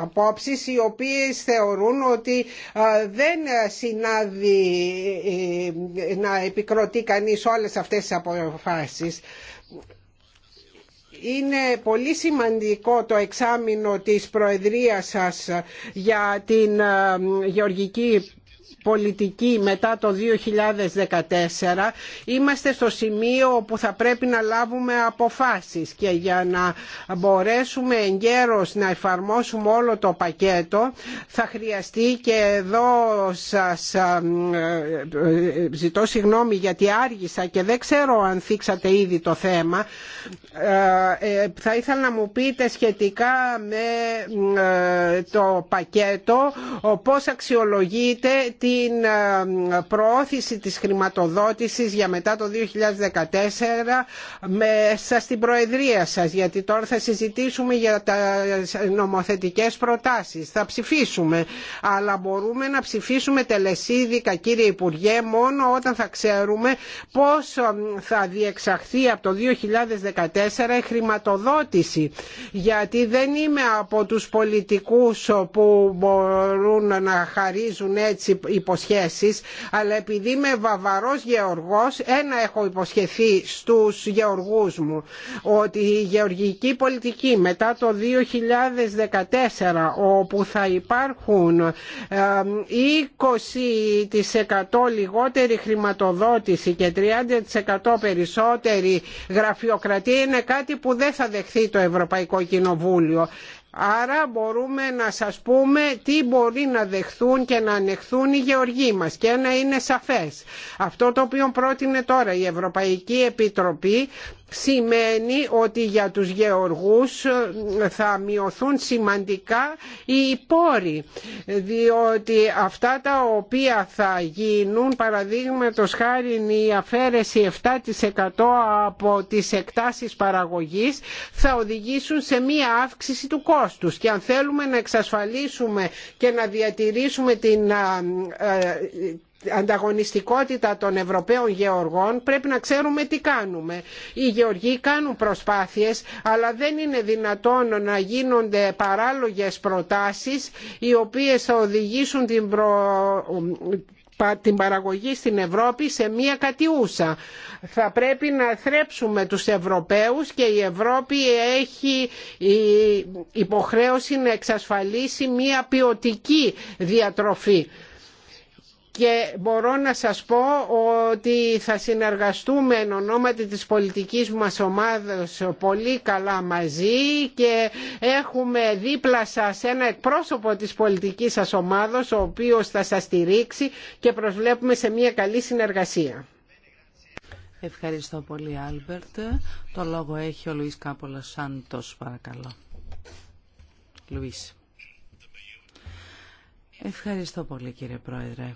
απόψεις οι οποίες θεωρούν ότι ε, δεν συνάδει να επικροτεί κανείς όλες αυτές τις αποφάσεις είναι πολύ σημαντικό το εξάμεινο της Προεδρίας σας για την γεωργική πολιτική μετά το 2014 είμαστε στο σημείο όπου θα πρέπει να λάβουμε αποφάσεις και για να μπορέσουμε εγκαίρως να εφαρμόσουμε όλο το πακέτο θα χρειαστεί και εδώ σας ε, ε, ζητώ συγγνώμη γιατί άργησα και δεν ξέρω αν θίξατε ήδη το θέμα ε, θα ήθελα να μου πείτε σχετικά με το πακέτο πώς αξιολογείται τι την ε, προώθηση της χρηματοδότησης για μετά το 2014 μέσα στην Προεδρία σας γιατί τώρα θα συζητήσουμε για τα νομοθετικές προτάσεις θα ψηφίσουμε αλλά μπορούμε να ψηφίσουμε τελεσίδικα κύριε Υπουργέ μόνο όταν θα ξέρουμε πώς ε, θα διεξαχθεί από το 2014 η χρηματοδότηση γιατί δεν είμαι από τους πολιτικούς που μπορούν να χαρίζουν έτσι υποσχέσεις αλλά επειδή είμαι βαβαρός γεωργός ένα έχω υποσχεθεί στους γεωργούς μου ότι η γεωργική πολιτική μετά το 2014 όπου θα υπάρχουν 20% λιγότερη χρηματοδότηση και 30% περισσότερη γραφειοκρατία είναι κάτι που δεν θα δεχθεί το Ευρωπαϊκό Κοινοβούλιο. Άρα μπορούμε να σας πούμε τι μπορεί να δεχθούν και να ανεχθούν οι γεωργοί μας και να είναι σαφές. Αυτό το οποίο πρότεινε τώρα η Ευρωπαϊκή Επιτροπή σημαίνει ότι για τους γεωργούς ε, θα μειωθούν σημαντικά οι πόροι διότι αυτά τα οποία θα γίνουν παραδείγματο χάρη η αφαίρεση 7% από τις εκτάσεις παραγωγής θα οδηγήσουν σε μία αύξηση του κόστους και αν θέλουμε να εξασφαλίσουμε και να διατηρήσουμε την ε, ε, ανταγωνιστικότητα των Ευρωπαίων γεωργών πρέπει να ξέρουμε τι κάνουμε. Οι γεωργοί κάνουν προσπάθειες αλλά δεν είναι δυνατόν να γίνονται παράλογες προτάσεις οι οποίες θα οδηγήσουν την παραγωγή στην Ευρώπη σε μία κατιούσα. Θα πρέπει να θρέψουμε τους Ευρωπαίους και η Ευρώπη έχει υποχρέωση να εξασφαλίσει μία ποιοτική διατροφή και μπορώ να σας πω ότι θα συνεργαστούμε εν ονόματι της πολιτικής μας ομάδας πολύ καλά μαζί και έχουμε δίπλα σας ένα εκπρόσωπο της πολιτικής σας ομάδος ο οποίος θα σας στηρίξει και προσβλέπουμε σε μια καλή συνεργασία. Ευχαριστώ πολύ Άλμπερτ. Το λόγο έχει ο Λουίς Κάπολος Σάντος παρακαλώ. Λουίς. Ευχαριστώ πολύ κύριε Πρόεδρε.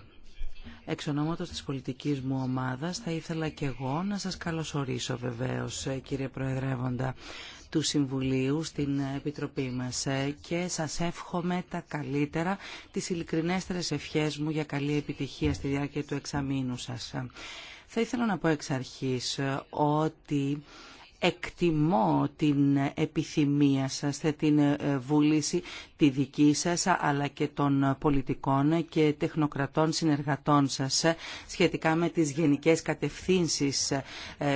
Εξ ονόματος της πολιτικής μου ομάδας θα ήθελα και εγώ να σας καλωσορίσω βεβαίως ε, κύριε Προεδρεύοντα του Συμβουλίου στην Επιτροπή μας ε, και σας εύχομαι τα καλύτερα, τις ειλικρινέστερες ευχές μου για καλή επιτυχία στη διάρκεια του εξαμήνου σας. Θα ήθελα να πω εξ αρχής ε, ότι εκτιμώ την επιθυμία σας, την βούληση τη δική σας αλλά και των πολιτικών και τεχνοκρατών συνεργατών σας σχετικά με τις γενικές κατευθύνσεις ε,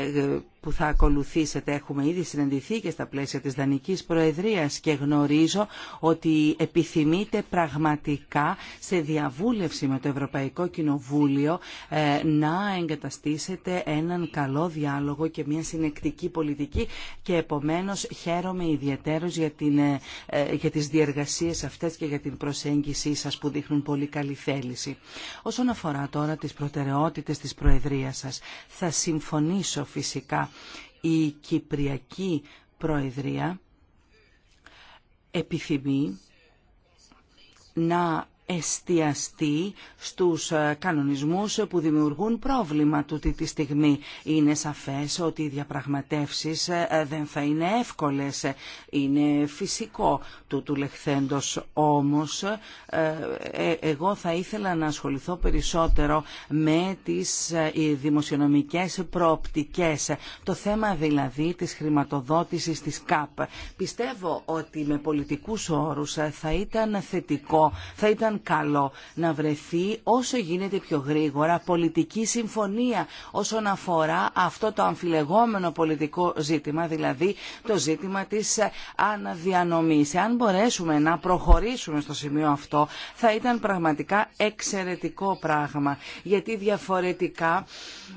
που θα ακολουθήσετε. Έχουμε ήδη συναντηθεί και στα πλαίσια της Δανικής Προεδρίας και γνωρίζω ότι επιθυμείτε πραγματικά σε διαβούλευση με το Ευρωπαϊκό Κοινοβούλιο ε, να εγκαταστήσετε έναν καλό διάλογο και μια συνεκτική πολιτική και επομένως χαίρομαι ιδιαίτερως για, την, ε, για τις διεργασίες σε αυτές και για την προσέγγιση σας που δείχνουν πολύ καλή θέληση. Όσον αφορά τώρα τις προτεραιότητες της Προεδρίας σας, θα συμφωνήσω φυσικά η Κυπριακή Προεδρία επιθυμεί να εστιαστεί στους ε, κανονισμούς που δημιουργούν πρόβλημα τούτη τη στιγμή. Είναι σαφές ότι οι διαπραγματεύσεις ε, ε, δεν θα είναι εύκολες. Είναι φυσικό του λεχθέντος όμως. Εγώ θα ήθελα να ασχοληθώ περισσότερο με τις δημοσιονομικές προοπτικές. Το θέμα δηλαδή της χρηματοδότησης της ΚΑΠ. Πιστεύω ότι με πολιτικούς όρους θα ήταν θετικό, θα ήταν καλό να βρεθεί όσο γίνεται πιο γρήγορα πολιτική συμφωνία όσον αφορά αυτό το αμφιλεγόμενο πολιτικό ζήτημα, δηλαδή το ζήτημα της ε, αναδιανομής. Αν μπορέσουμε να προχωρήσουμε στο σημείο αυτό, θα ήταν πραγματικά εξαιρετικό πράγμα, γιατί διαφορετικά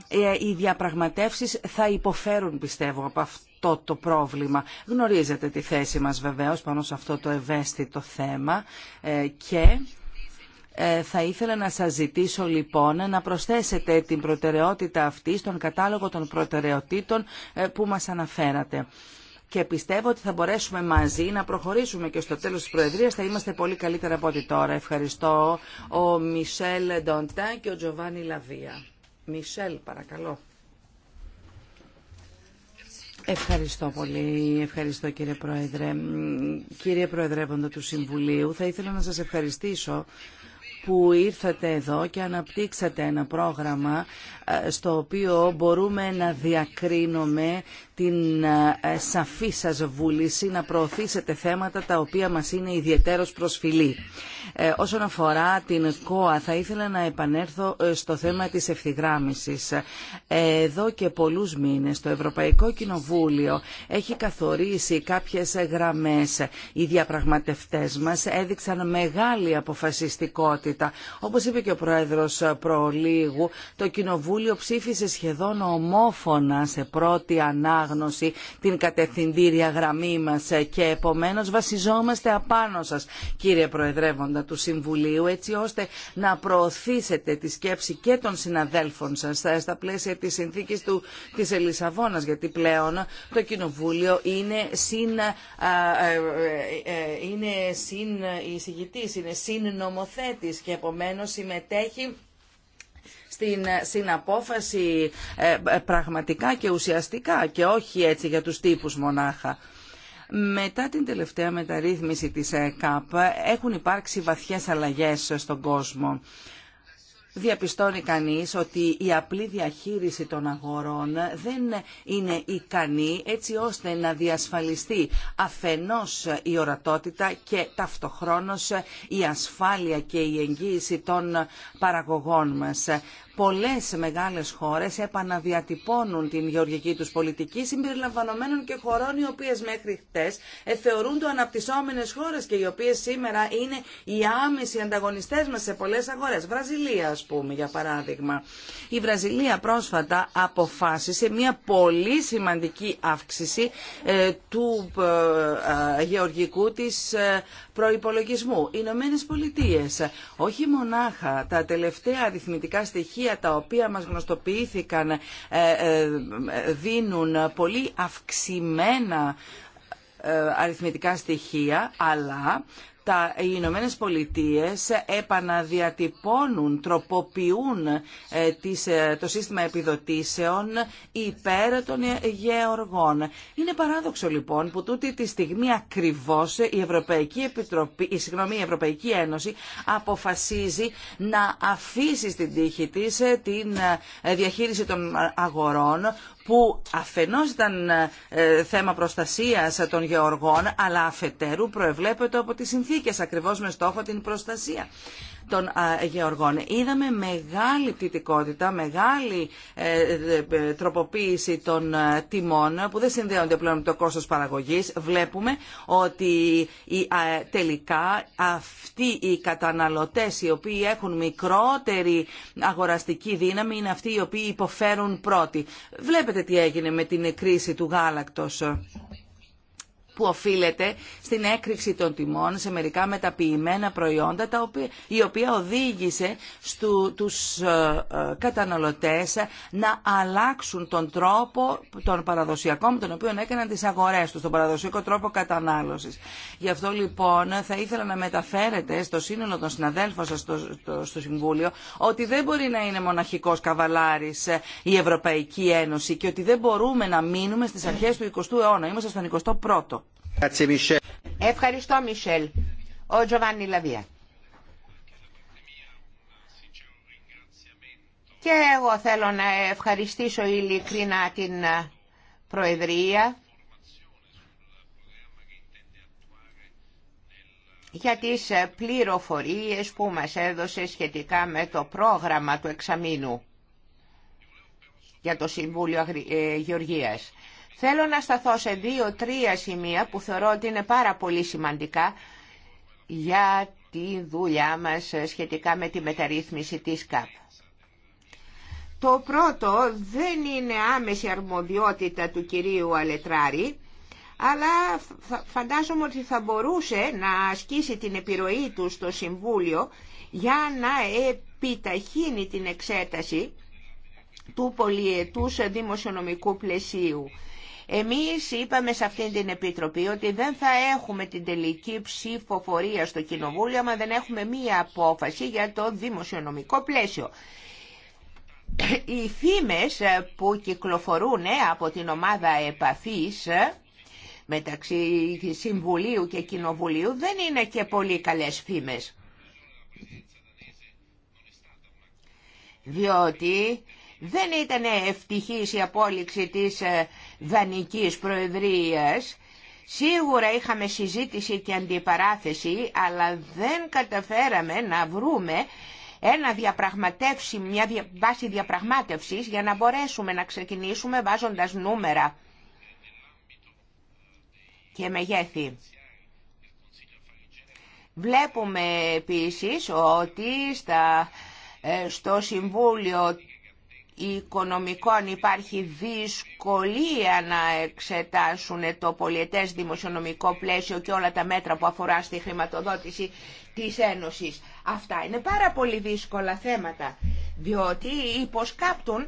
ε, οι διαπραγματεύσεις θα υποφέρουν, πιστεύω, από αυτό το πρόβλημα. Γνωρίζετε τη θέση μας βεβαίως πάνω σε αυτό το ευαίσθητο θέμα ε, και ε, θα ήθελα να σας ζητήσω λοιπόν να προσθέσετε την προτεραιότητα αυτή στον κατάλογο των προτεραιοτήτων ε, που μας αναφέρατε. Και πιστεύω ότι θα μπορέσουμε μαζί να προχωρήσουμε και στο τέλος της Προεδρίας θα είμαστε πολύ καλύτερα από ό,τι τώρα. Ευχαριστώ ο Μισελ Ντοντά και ο Τζοβάνι Λαβία. Μισελ παρακαλώ. Ευχαριστώ πολύ. Ευχαριστώ κύριε Πρόεδρε. Κύριε Προεδρεύοντα του Συμβουλίου, θα ήθελα να σας ευχαριστήσω που ήρθατε εδώ και αναπτύξατε ένα πρόγραμμα ε, στο οποίο μπορούμε να διακρίνουμε την ε, ε, σαφή σας βούληση να προωθήσετε θέματα τα οποία μας είναι ιδιαίτερος προσφυλή. Ε, όσον αφορά την ΚΟΑ, θα ήθελα να επανέλθω στο θέμα της ευθυγράμμισης. Εδώ και πολλούς μήνες το Ευρωπαϊκό Κοινοβούλιο έχει καθορίσει κάποιες γραμμές. Οι διαπραγματευτές μας έδειξαν μεγάλη αποφασιστικότητα. Όπως είπε και ο Πρόεδρος προλίγου, το Κοινοβούλιο ψήφισε σχεδόν ομόφωνα σε πρώτη ανάγκη την κατευθυντήρια γραμμή μας και επομένως βασιζόμαστε απάνω σας κύριε Προεδρεύοντα του Συμβουλίου έτσι ώστε να προωθήσετε τη σκέψη και των συναδέλφων σας στα πλαίσια της συνθήκης του, της Ελισαβόνας γιατί πλέον το Κοινοβούλιο είναι συν, ε, ε, ε, είναι συν είναι συν νομοθέτης και επομένως συμμετέχει στην ε, συναπόφαση ε, ε, πραγματικά και ουσιαστικά και όχι έτσι για τους τύπους μονάχα. Μετά την τελευταία μεταρρύθμιση της ΕΚΑΠ έχουν υπάρξει βαθιές αλλαγές στον κόσμο. Διαπιστώνει κανείς ότι η απλή διαχείριση των αγορών δεν είναι ικανή έτσι ώστε να διασφαλιστεί αφενός η ορατότητα και ταυτοχρόνως η ασφάλεια και η εγγύηση των παραγωγών μας πολλές μεγάλες χώρες επαναδιατυπώνουν την γεωργική τους πολιτική συμπεριλαμβανομένων και χωρών οι οποίες μέχρι χτες ε, θεωρούν το αναπτυσσόμενες χώρες και οι οποίες σήμερα είναι οι άμεση ανταγωνιστές μας σε πολλές αγορές. Βραζιλία ας πούμε για παράδειγμα. Η Βραζιλία πρόσφατα αποφάσισε μια πολύ σημαντική αύξηση ε, του ε, γεωργικού της προϋπολογισμού. Οι Ηνωμένε Πολιτείε, όχι μονάχα τα τελευταία αριθμητικά στοιχεία τα οποία μας γνωστοποιήθηκαν ε, ε, δίνουν πολύ αυξημένα ε, αριθμητικά στοιχεία, αλλά τα, οι Ηνωμένε Πολιτείε επαναδιατυπώνουν, τροποποιούν ε, ε, το σύστημα επιδοτήσεων υπέρ των γεωργών. Είναι παράδοξο λοιπόν που τούτη τη στιγμή ακριβώς η Ευρωπαϊκή, Επιτροπή, η, συγγνώμη, Ευρωπαϊκή Ένωση αποφασίζει να αφήσει στην τύχη της ε, την διαχείριση των αγορών που αφενός ήταν ε, θέμα προστασίας των γεωργών αλλά αφετέρου προεβλέπεται από τις συνθήκες ακριβώς με στόχο την προστασία των γεωργών. Είδαμε μεγάλη πτυτικότητα, μεγάλη ε, ε, τροποποίηση των ε, τιμών που δεν συνδέονται πλέον με το κόστος παραγωγής. Βλέπουμε ότι τελικά αυτοί οι καταναλωτές οι οποίοι έχουν μικρότερη αγοραστική δύναμη είναι αυτοί οι οποίοι υποφέρουν πρώτοι. Βλέπετε τι έγινε με την κρίση του γάλακτος που οφείλεται στην έκρηξη των τιμών σε μερικά μεταποιημένα προϊόντα, τα οποία, η οποία οδήγησε στου, τους ε, ε, καταναλωτές να αλλάξουν τον τρόπο των παραδοσιακών, με τον οποίο έκαναν τις αγορές τους, τον παραδοσιακό τρόπο κατανάλωσης. Γι' αυτό λοιπόν θα ήθελα να μεταφέρετε στο σύνολο των συναδέλφων σας στο, στο, στο Συμβούλιο ότι δεν μπορεί να είναι μοναχικός καβαλάρης ε, η Ευρωπαϊκή Ένωση και ότι δεν μπορούμε να μείνουμε στις αρχές του 20ου αιώνα. Είμαστε στον 21ο. Ευχαριστώ Μισελ. Ο Τζοβάνι Λαβία. Και εγώ θέλω να ευχαριστήσω ειλικρινά την ε, Προεδρία για τις ε, πληροφορίες που μας έδωσε σχετικά με το πρόγραμμα του εξαμήνου για το Συμβούλιο ε, Γεωργίας. Θέλω να σταθώ σε δύο-τρία σημεία που θεωρώ ότι είναι πάρα πολύ σημαντικά για τη δουλειά μας σχετικά με τη μεταρρύθμιση της ΚΑΠ. Το πρώτο δεν είναι άμεση αρμοδιότητα του κυρίου Αλετράρη, αλλά φαντάζομαι ότι θα μπορούσε να ασκήσει την επιρροή του στο Συμβούλιο για να επιταχύνει την εξέταση του πολιετούς δημοσιονομικού πλαισίου. Εμείς είπαμε σε αυτήν την Επιτροπή ότι δεν θα έχουμε την τελική ψηφοφορία στο Κοινοβούλιο αλλά δεν έχουμε μία απόφαση για το δημοσιονομικό πλαίσιο. Οι φήμες που κυκλοφορούν από την ομάδα επαφής μεταξύ Συμβουλίου και Κοινοβουλίου δεν είναι και πολύ καλές φήμες. Διότι δεν ήταν ευτυχής η απόλυξη της ε, δανικής προεδρίας. Σίγουρα είχαμε συζήτηση και αντιπαράθεση, αλλά δεν καταφέραμε να βρούμε ένα διαπραγματεύσει, μια βάση διαπραγμάτευσης για να μπορέσουμε να ξεκινήσουμε βάζοντας νούμερα και μεγέθη. Βλέπουμε επίσης ότι ε, στο Συμβούλιο οικονομικών υπάρχει δυσκολία να εξετάσουν το πολιετές δημοσιονομικό πλαίσιο και όλα τα μέτρα που αφορά στη χρηματοδότηση της Ένωσης. Αυτά είναι πάρα πολύ δύσκολα θέματα, διότι υποσκάπτουν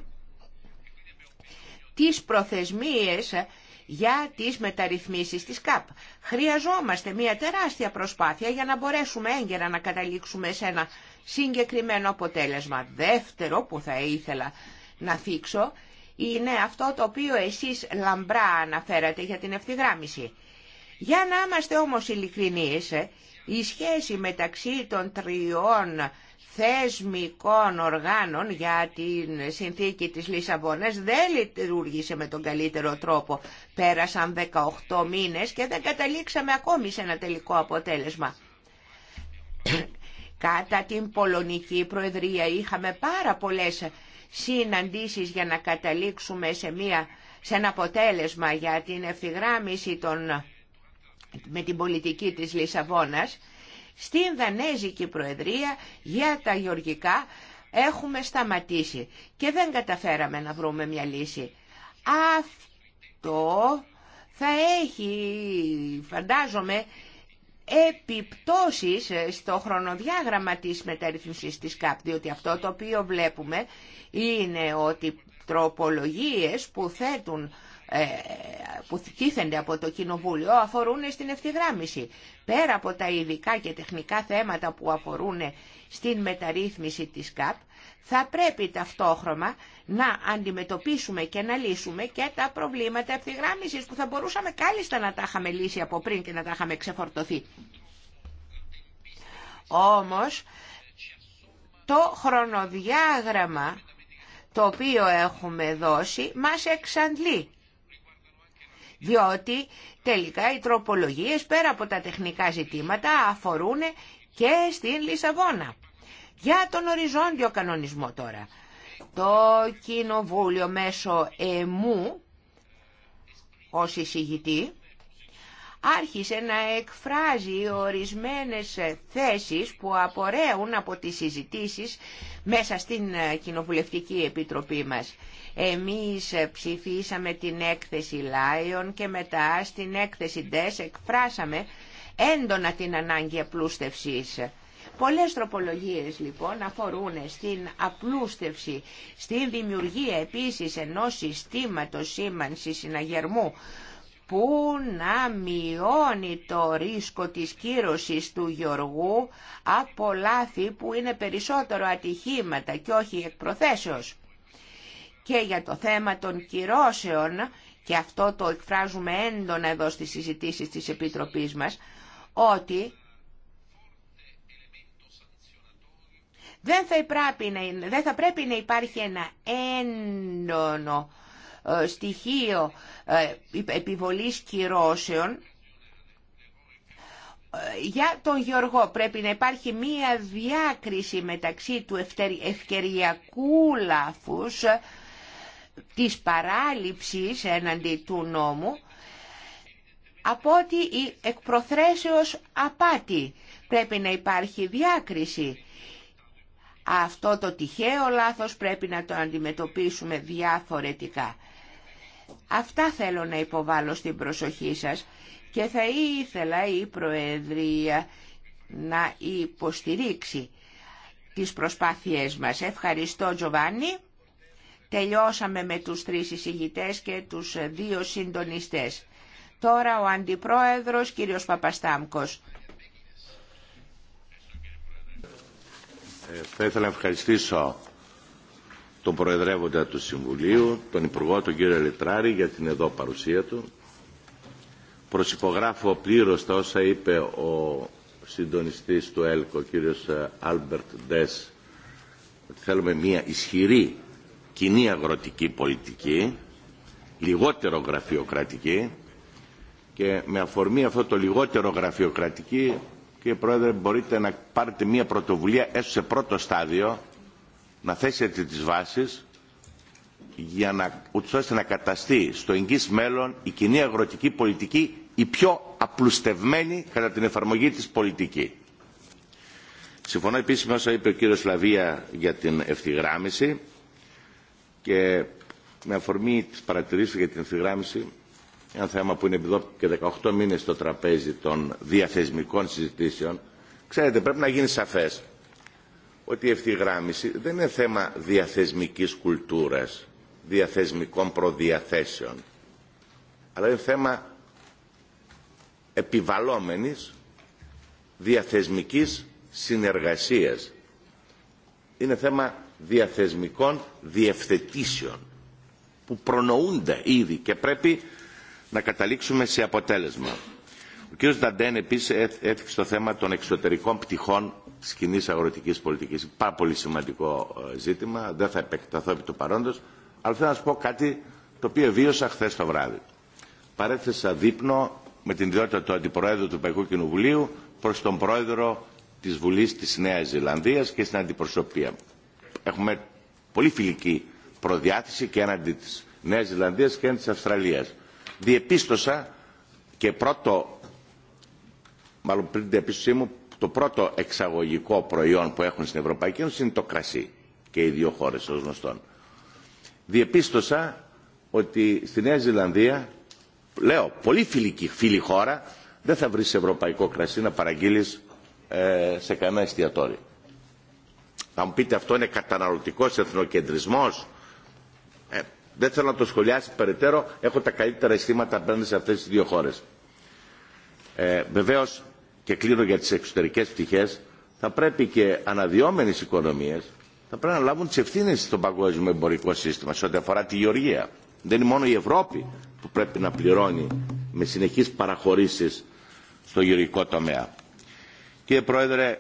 τις προθεσμίες για τις μεταρρυθμίσεις της ΚΑΠ. Χρειαζόμαστε μια τεράστια προσπάθεια για να μπορέσουμε έγκαιρα να καταλήξουμε σε ένα συγκεκριμένο αποτέλεσμα. Δεύτερο που θα ήθελα να θίξω είναι αυτό το οποίο εσείς λαμπρά αναφέρατε για την ευθυγράμμιση. Για να είμαστε όμως ειλικρινείς, η σχέση μεταξύ των τριών θεσμικών οργάνων για την συνθήκη της Λισαβόνας δεν λειτουργήσε με τον καλύτερο τρόπο. Πέρασαν 18 μήνες και δεν καταλήξαμε ακόμη σε ένα τελικό αποτέλεσμα. Κατά την Πολωνική Προεδρία είχαμε πάρα πολλές συναντήσεις για να καταλήξουμε σε, μια, σε ένα αποτέλεσμα για την ευθυγράμμιση των, με την πολιτική της Λισαβόνας, στην Δανέζικη Προεδρία για τα γεωργικά έχουμε σταματήσει και δεν καταφέραμε να βρούμε μια λύση. Αυτό θα έχει, φαντάζομαι, επιπτώσεις ε, στο χρονοδιάγραμμα της μεταρρύθμισης της ΚΑΠ, διότι αυτό το οποίο βλέπουμε είναι ότι τροπολογίες που θέτουν ε, που τίθενται από το Κοινοβούλιο αφορούν στην ευθυγράμμιση. Πέρα από τα ειδικά και τεχνικά θέματα που αφορούν στην μεταρρύθμιση της ΚΑΠ, θα πρέπει ταυτόχρονα να αντιμετωπίσουμε και να λύσουμε και τα προβλήματα ευθυγράμμισης που θα μπορούσαμε κάλλιστα να τα είχαμε λύσει από πριν και να τα είχαμε ξεφορτωθεί. Όμως το χρονοδιάγραμμα το οποίο έχουμε δώσει μας εξαντλεί. Διότι τελικά οι τροπολογίες πέρα από τα τεχνικά ζητήματα αφορούν και στην Λισαβόνα. Για τον οριζόντιο κανονισμό τώρα. Το Κοινοβούλιο μέσω εμού, ως εισηγητή, άρχισε να εκφράζει ορισμένες θέσεις που απορρέουν από τις συζητήσεις μέσα στην Κοινοβουλευτική Επιτροπή μας. Εμείς ψηφίσαμε την έκθεση Λάιον και μετά στην έκθεση ΔΕΣ εκφράσαμε έντονα την ανάγκη απλούστευσης. Πολλές τροπολογίες λοιπόν αφορούν στην απλούστευση, στην δημιουργία επίσης ενός συστήματος σήμανσης συναγερμού που να μειώνει το ρίσκο της κύρωσης του Γιωργού από λάθη που είναι περισσότερο ατυχήματα και όχι εκ Και για το θέμα των κυρώσεων, και αυτό το εκφράζουμε έντονα εδώ στις συζητήσεις της Επιτροπής μας, ότι Δεν θα, πρέπει να, θα πρέπει να υπάρχει ένα έντονο ε, στοιχείο ε, επιβολής κυρώσεων ε, για τον Γεωργό πρέπει να υπάρχει μία διάκριση μεταξύ του ευκαιριακού λάφους της παράληψης έναντι του νόμου από ότι η εκπροθρέσεως απάτη πρέπει να υπάρχει διάκριση αυτό το τυχαίο λάθος πρέπει να το αντιμετωπίσουμε διαφορετικά. Αυτά θέλω να υποβάλω στην προσοχή σας και θα ήθελα η Προεδρία να υποστηρίξει τις προσπάθειές μας. Ευχαριστώ Τζοβάνι. Τελειώσαμε με τους τρεις εισηγητές και τους δύο συντονιστές. Τώρα ο Αντιπρόεδρος, κύριος Παπαστάμκος. Ε, θα ήθελα να ευχαριστήσω τον Προεδρεύοντα του Συμβουλίου, τον Υπουργό, τον κύριο Λετράρη, για την εδώ παρουσία του. Προσυπογράφω πλήρως τα όσα είπε ο συντονιστής του ΕΛΚΟ, ο κύριος ε, Άλμπερτ Ντες, ότι θέλουμε μια ισχυρή κοινή αγροτική πολιτική, λιγότερο γραφειοκρατική και με αφορμή αυτό το λιγότερο γραφειοκρατική κύριε Πρόεδρε, μπορείτε να πάρετε μια πρωτοβουλία έστω σε πρώτο στάδιο, να θέσετε τις βάσεις, για να, ούτως ώστε να καταστεί στο εγγύς μέλλον η κοινή αγροτική πολιτική η πιο απλουστευμένη κατά την εφαρμογή της πολιτική. Συμφωνώ επίσης με όσα είπε ο κύριος Λαβία για την ευθυγράμμιση και με αφορμή της παρατηρήσεων για την ευθυγράμμιση ένα θέμα που είναι εδώ και 18 μήνες στο τραπέζι των διαθεσμικών συζητήσεων, ξέρετε πρέπει να γίνει σαφές ότι η ευθυγράμμιση δεν είναι θέμα διαθεσμικής κουλτούρας, διαθεσμικών προδιαθέσεων, αλλά είναι θέμα επιβαλόμενης διαθεσμικής συνεργασίας. Είναι θέμα διαθεσμικών διευθετήσεων που προνοούνται ήδη και πρέπει να καταλήξουμε σε αποτέλεσμα. Ο κ. Νταντέν επίση έθιξε το θέμα των εξωτερικών πτυχών τη κοινή αγροτική πολιτική. Πάρα πολύ σημαντικό ε, ζήτημα. Δεν θα επεκταθώ επί του παρόντο. Αλλά θέλω να σα πω κάτι το οποίο βίωσα χθε το βράδυ. Παρέθεσα δείπνο με την ιδιότητα του Αντιπροέδρου του Παϊκού Κοινοβουλίου προ τον Πρόεδρο τη Βουλή τη Νέα Ζηλανδία και στην αντιπροσωπεία. Έχουμε πολύ φιλική προδιάθεση και έναντι τη Νέα Ζηλανδία και έναντι τη Αυστραλία διεπίστωσα και πρώτο, μάλλον πριν την διαπίστωσή μου, το πρώτο εξαγωγικό προϊόν που έχουν στην Ευρωπαϊκή Ένωση είναι το κρασί και οι δύο χώρες ως γνωστόν. Διεπίστωσα ότι στη Νέα Ζηλανδία, λέω, πολύ φιλική φίλη χώρα, δεν θα βρεις ευρωπαϊκό κρασί να παραγγείλεις ε, σε κανένα εστιατόριο. Θα μου πείτε αυτό είναι καταναλωτικός εθνοκεντρισμός δεν θέλω να το σχολιάσει περαιτέρω. Έχω τα καλύτερα αισθήματα απέναντι σε αυτέ τι δύο χώρε. Ε, Βεβαίω και κλείνω για τι εξωτερικέ πτυχέ. Θα πρέπει και αναδυόμενε οικονομίε θα πρέπει να λάβουν τι ευθύνε στο παγκόσμιο εμπορικό σύστημα σε ό,τι αφορά τη γεωργία. Δεν είναι μόνο η Ευρώπη που πρέπει να πληρώνει με συνεχείς παραχωρήσει στο γεωργικό τομέα. Κύριε Πρόεδρε,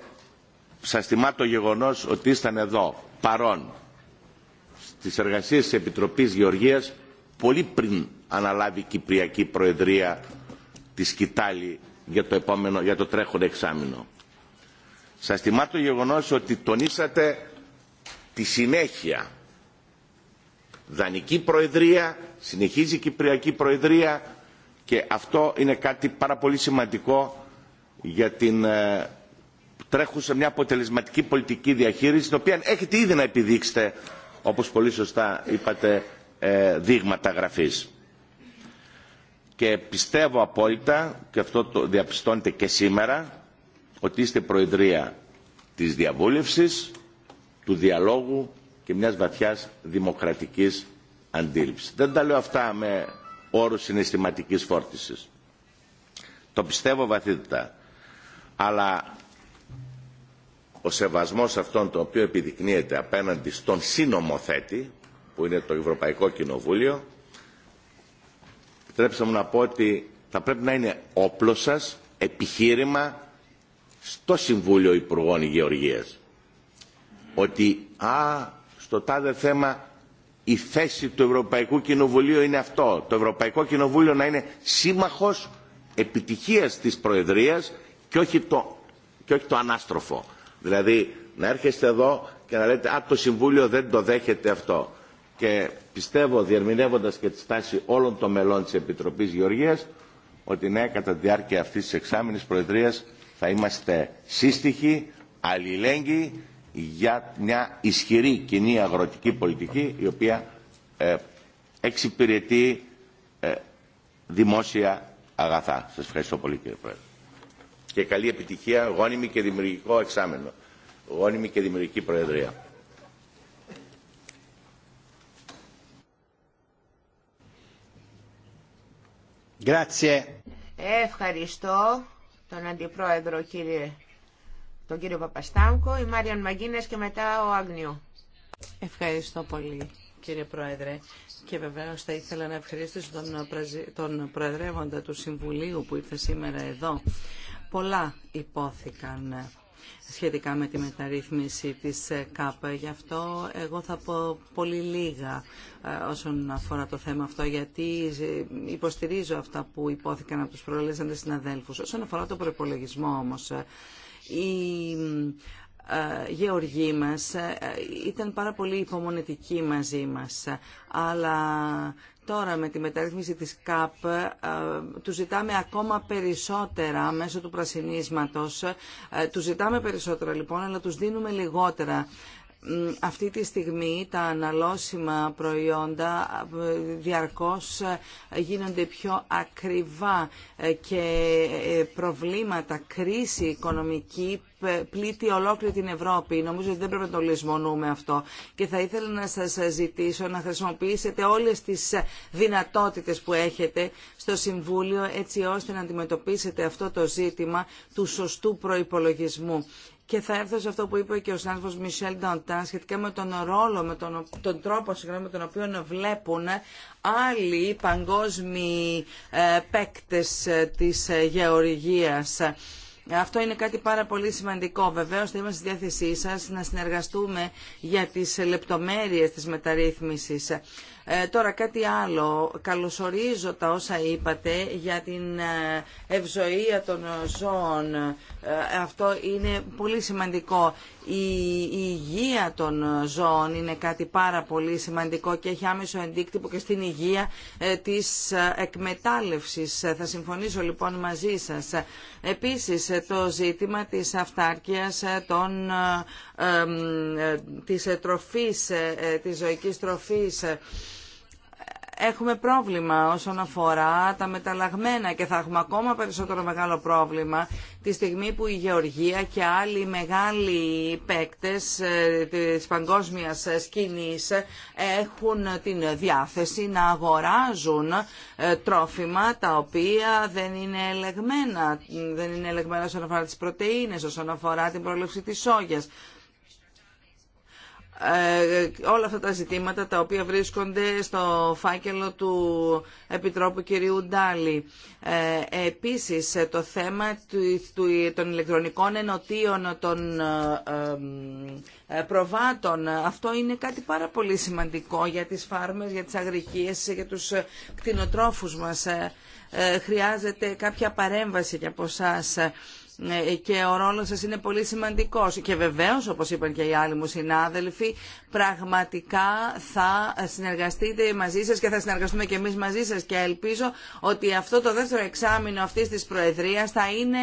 σα θυμάται το γεγονός ότι ήσταν εδώ παρόν τις εργασίες της Επιτροπής Γεωργίας πολύ πριν αναλάβει η Κυπριακή Προεδρία τη σκητάλη για το, επόμενο, για το τρέχον εξάμεινο. Σας θυμά το γεγονός ότι τονίσατε τη συνέχεια. Δανική Προεδρία, συνεχίζει η Κυπριακή Προεδρία και αυτό είναι κάτι πάρα πολύ σημαντικό για την ε, τρέχουσα μια αποτελεσματική πολιτική διαχείριση, την οποία έχετε ήδη να επιδείξετε όπως πολύ σωστά είπατε, ε, δείγματα γραφής. Και πιστεύω απόλυτα, και αυτό το διαπιστώνετε και σήμερα, ότι είστε Προεδρία της διαβούλευσης, του διαλόγου και μιας βαθιάς δημοκρατικής αντίληψης. Δεν τα λέω αυτά με όρους συναισθηματικής φόρτισης. Το πιστεύω βαθύτητα. Αλλά ο σεβασμός αυτόν το οποίο επιδεικνύεται απέναντι στον συνομοθέτη, που είναι το Ευρωπαϊκό Κοινοβούλιο, επιτρέψτε μου να πω ότι θα πρέπει να είναι όπλο σας επιχείρημα στο Συμβούλιο Υπουργών Γεωργίας. Ότι, α, στο τάδε θέμα η θέση του Ευρωπαϊκού Κοινοβουλίου είναι αυτό. Το Ευρωπαϊκό Κοινοβούλιο να είναι σύμμαχος επιτυχίας της Προεδρίας και όχι το, και όχι το ανάστροφο. Δηλαδή να έρχεστε εδώ και να λέτε «Α, το Συμβούλιο δεν το δέχεται αυτό». Και πιστεύω, διερμηνεύοντας και τη στάση όλων των μελών της Επιτροπής Γεωργίας, ότι ναι, κατά τη διάρκεια αυτής της εξάμηνης Προεδρίας θα είμαστε σύστοιχοι, αλληλέγγυοι για μια ισχυρή κοινή αγροτική πολιτική η οποία ε, εξυπηρετεί ε, δημόσια αγαθά. Σας ευχαριστώ πολύ κύριε Πρόεδρε και καλή επιτυχία, γόνιμη και δημιουργικό εξάμενο. Γόνιμη και δημιουργική προεδρία. Ευχαριστώ τον Αντιπρόεδρο κύριε, τον κύριο Παπαστάνκο, η Μάριον Μαγκίνες και μετά ο Αγνιού. Ευχαριστώ πολύ κύριε Πρόεδρε και βεβαίως θα ήθελα να ευχαριστήσω τον, τον Προεδρεύοντα του Συμβουλίου που ήρθε σήμερα εδώ πολλά υπόθηκαν σχετικά με τη μεταρρύθμιση της ΚΑΠ. Γι' αυτό εγώ θα πω πολύ λίγα ε, όσον αφορά το θέμα αυτό, γιατί υποστηρίζω αυτά που υπόθηκαν από τους προελέσαντες συναδέλφους. Όσον αφορά το προπολογισμό όμως, ε, η ε, γεωργή μας ήταν πάρα πολύ υπομονετική μαζί μας αλλά Τώρα με τη μεταρρύθμιση της ΚΑΠ ε, του ζητάμε ακόμα περισσότερα μέσω του πρασινίσματος. Ε, του ζητάμε περισσότερα λοιπόν, αλλά τους δίνουμε λιγότερα αυτή τη στιγμή τα αναλώσιμα προϊόντα διαρκώς ε, γίνονται πιο ακριβά ε, και ε, προβλήματα, κρίση οικονομική πλήττει ολόκληρη την Ευρώπη. Νομίζω ότι δεν πρέπει να το λησμονούμε αυτό. Και θα ήθελα να σας ζητήσω να χρησιμοποιήσετε όλες τις δυνατότητες που έχετε στο Συμβούλιο έτσι ώστε να αντιμετωπίσετε αυτό το ζήτημα του σωστού προϋπολογισμού. Και θα έρθω σε αυτό που είπε και ο συνάδελφος Μισελ Νταντάν σχετικά με τον ρόλο, με τον, τρόπο συγγνώμη, με τον οποίο βλέπουν άλλοι παγκόσμιοι ε, τη ε, της ε, γεωργίας. Αυτό είναι κάτι πάρα πολύ σημαντικό. βεβαίω θα είμαστε στη διάθεσή σα να συνεργαστούμε για τι λεπτομέρειε τη μεταρρύθμισης. Ε, τώρα κάτι άλλο. Καλωσορίζω τα όσα είπατε για την ε, ευζοία των ζώων. Ε, αυτό είναι πολύ σημαντικό η υγεία των ζώων είναι κάτι πάρα πολύ σημαντικό και έχει άμεσο αντίκτυπο και στην υγεία ε, της ε, εκμετάλλευσης. Θα συμφωνήσω λοιπόν μαζί σας. Επίσης ε, το ζήτημα της αυτάρκειας των, της, τροφής, της ζωικής τροφής έχουμε πρόβλημα όσον αφορά τα μεταλλαγμένα και θα έχουμε ακόμα περισσότερο μεγάλο πρόβλημα τη στιγμή που η Γεωργία και άλλοι μεγάλοι παίκτες ε, της παγκόσμιας σκηνής έχουν την διάθεση να αγοράζουν ε, τρόφιμα τα οποία δεν είναι ελεγμένα. Δεν είναι ελεγμένα όσον αφορά τις πρωτεΐνες, όσον αφορά την πρόληψη της σόγιας ε, όλα αυτά τα ζητήματα τα οποία βρίσκονται στο φάκελο του Επιτρόπου κυρίου Ντάλη. Ε, επίσης ε, το θέμα των ηλεκτρονικών ενωτίων των προβάτων. Αυτό είναι κάτι πάρα πολύ σημαντικό για τις φάρμες, για τις αγρικίες, για τους κτηνοτρόφους μας. Χρειάζεται κάποια παρέμβαση και από εσά ναι, και ο ρόλο σα είναι πολύ σημαντικό. Και βεβαίω, όπω είπαν και οι άλλοι μου συνάδελφοι, πραγματικά θα συνεργαστείτε μαζί σα και θα συνεργαστούμε και εμεί μαζί σα και ελπίζω ότι αυτό το δεύτερο εξάμεινο αυτή τη Προεδρία θα είναι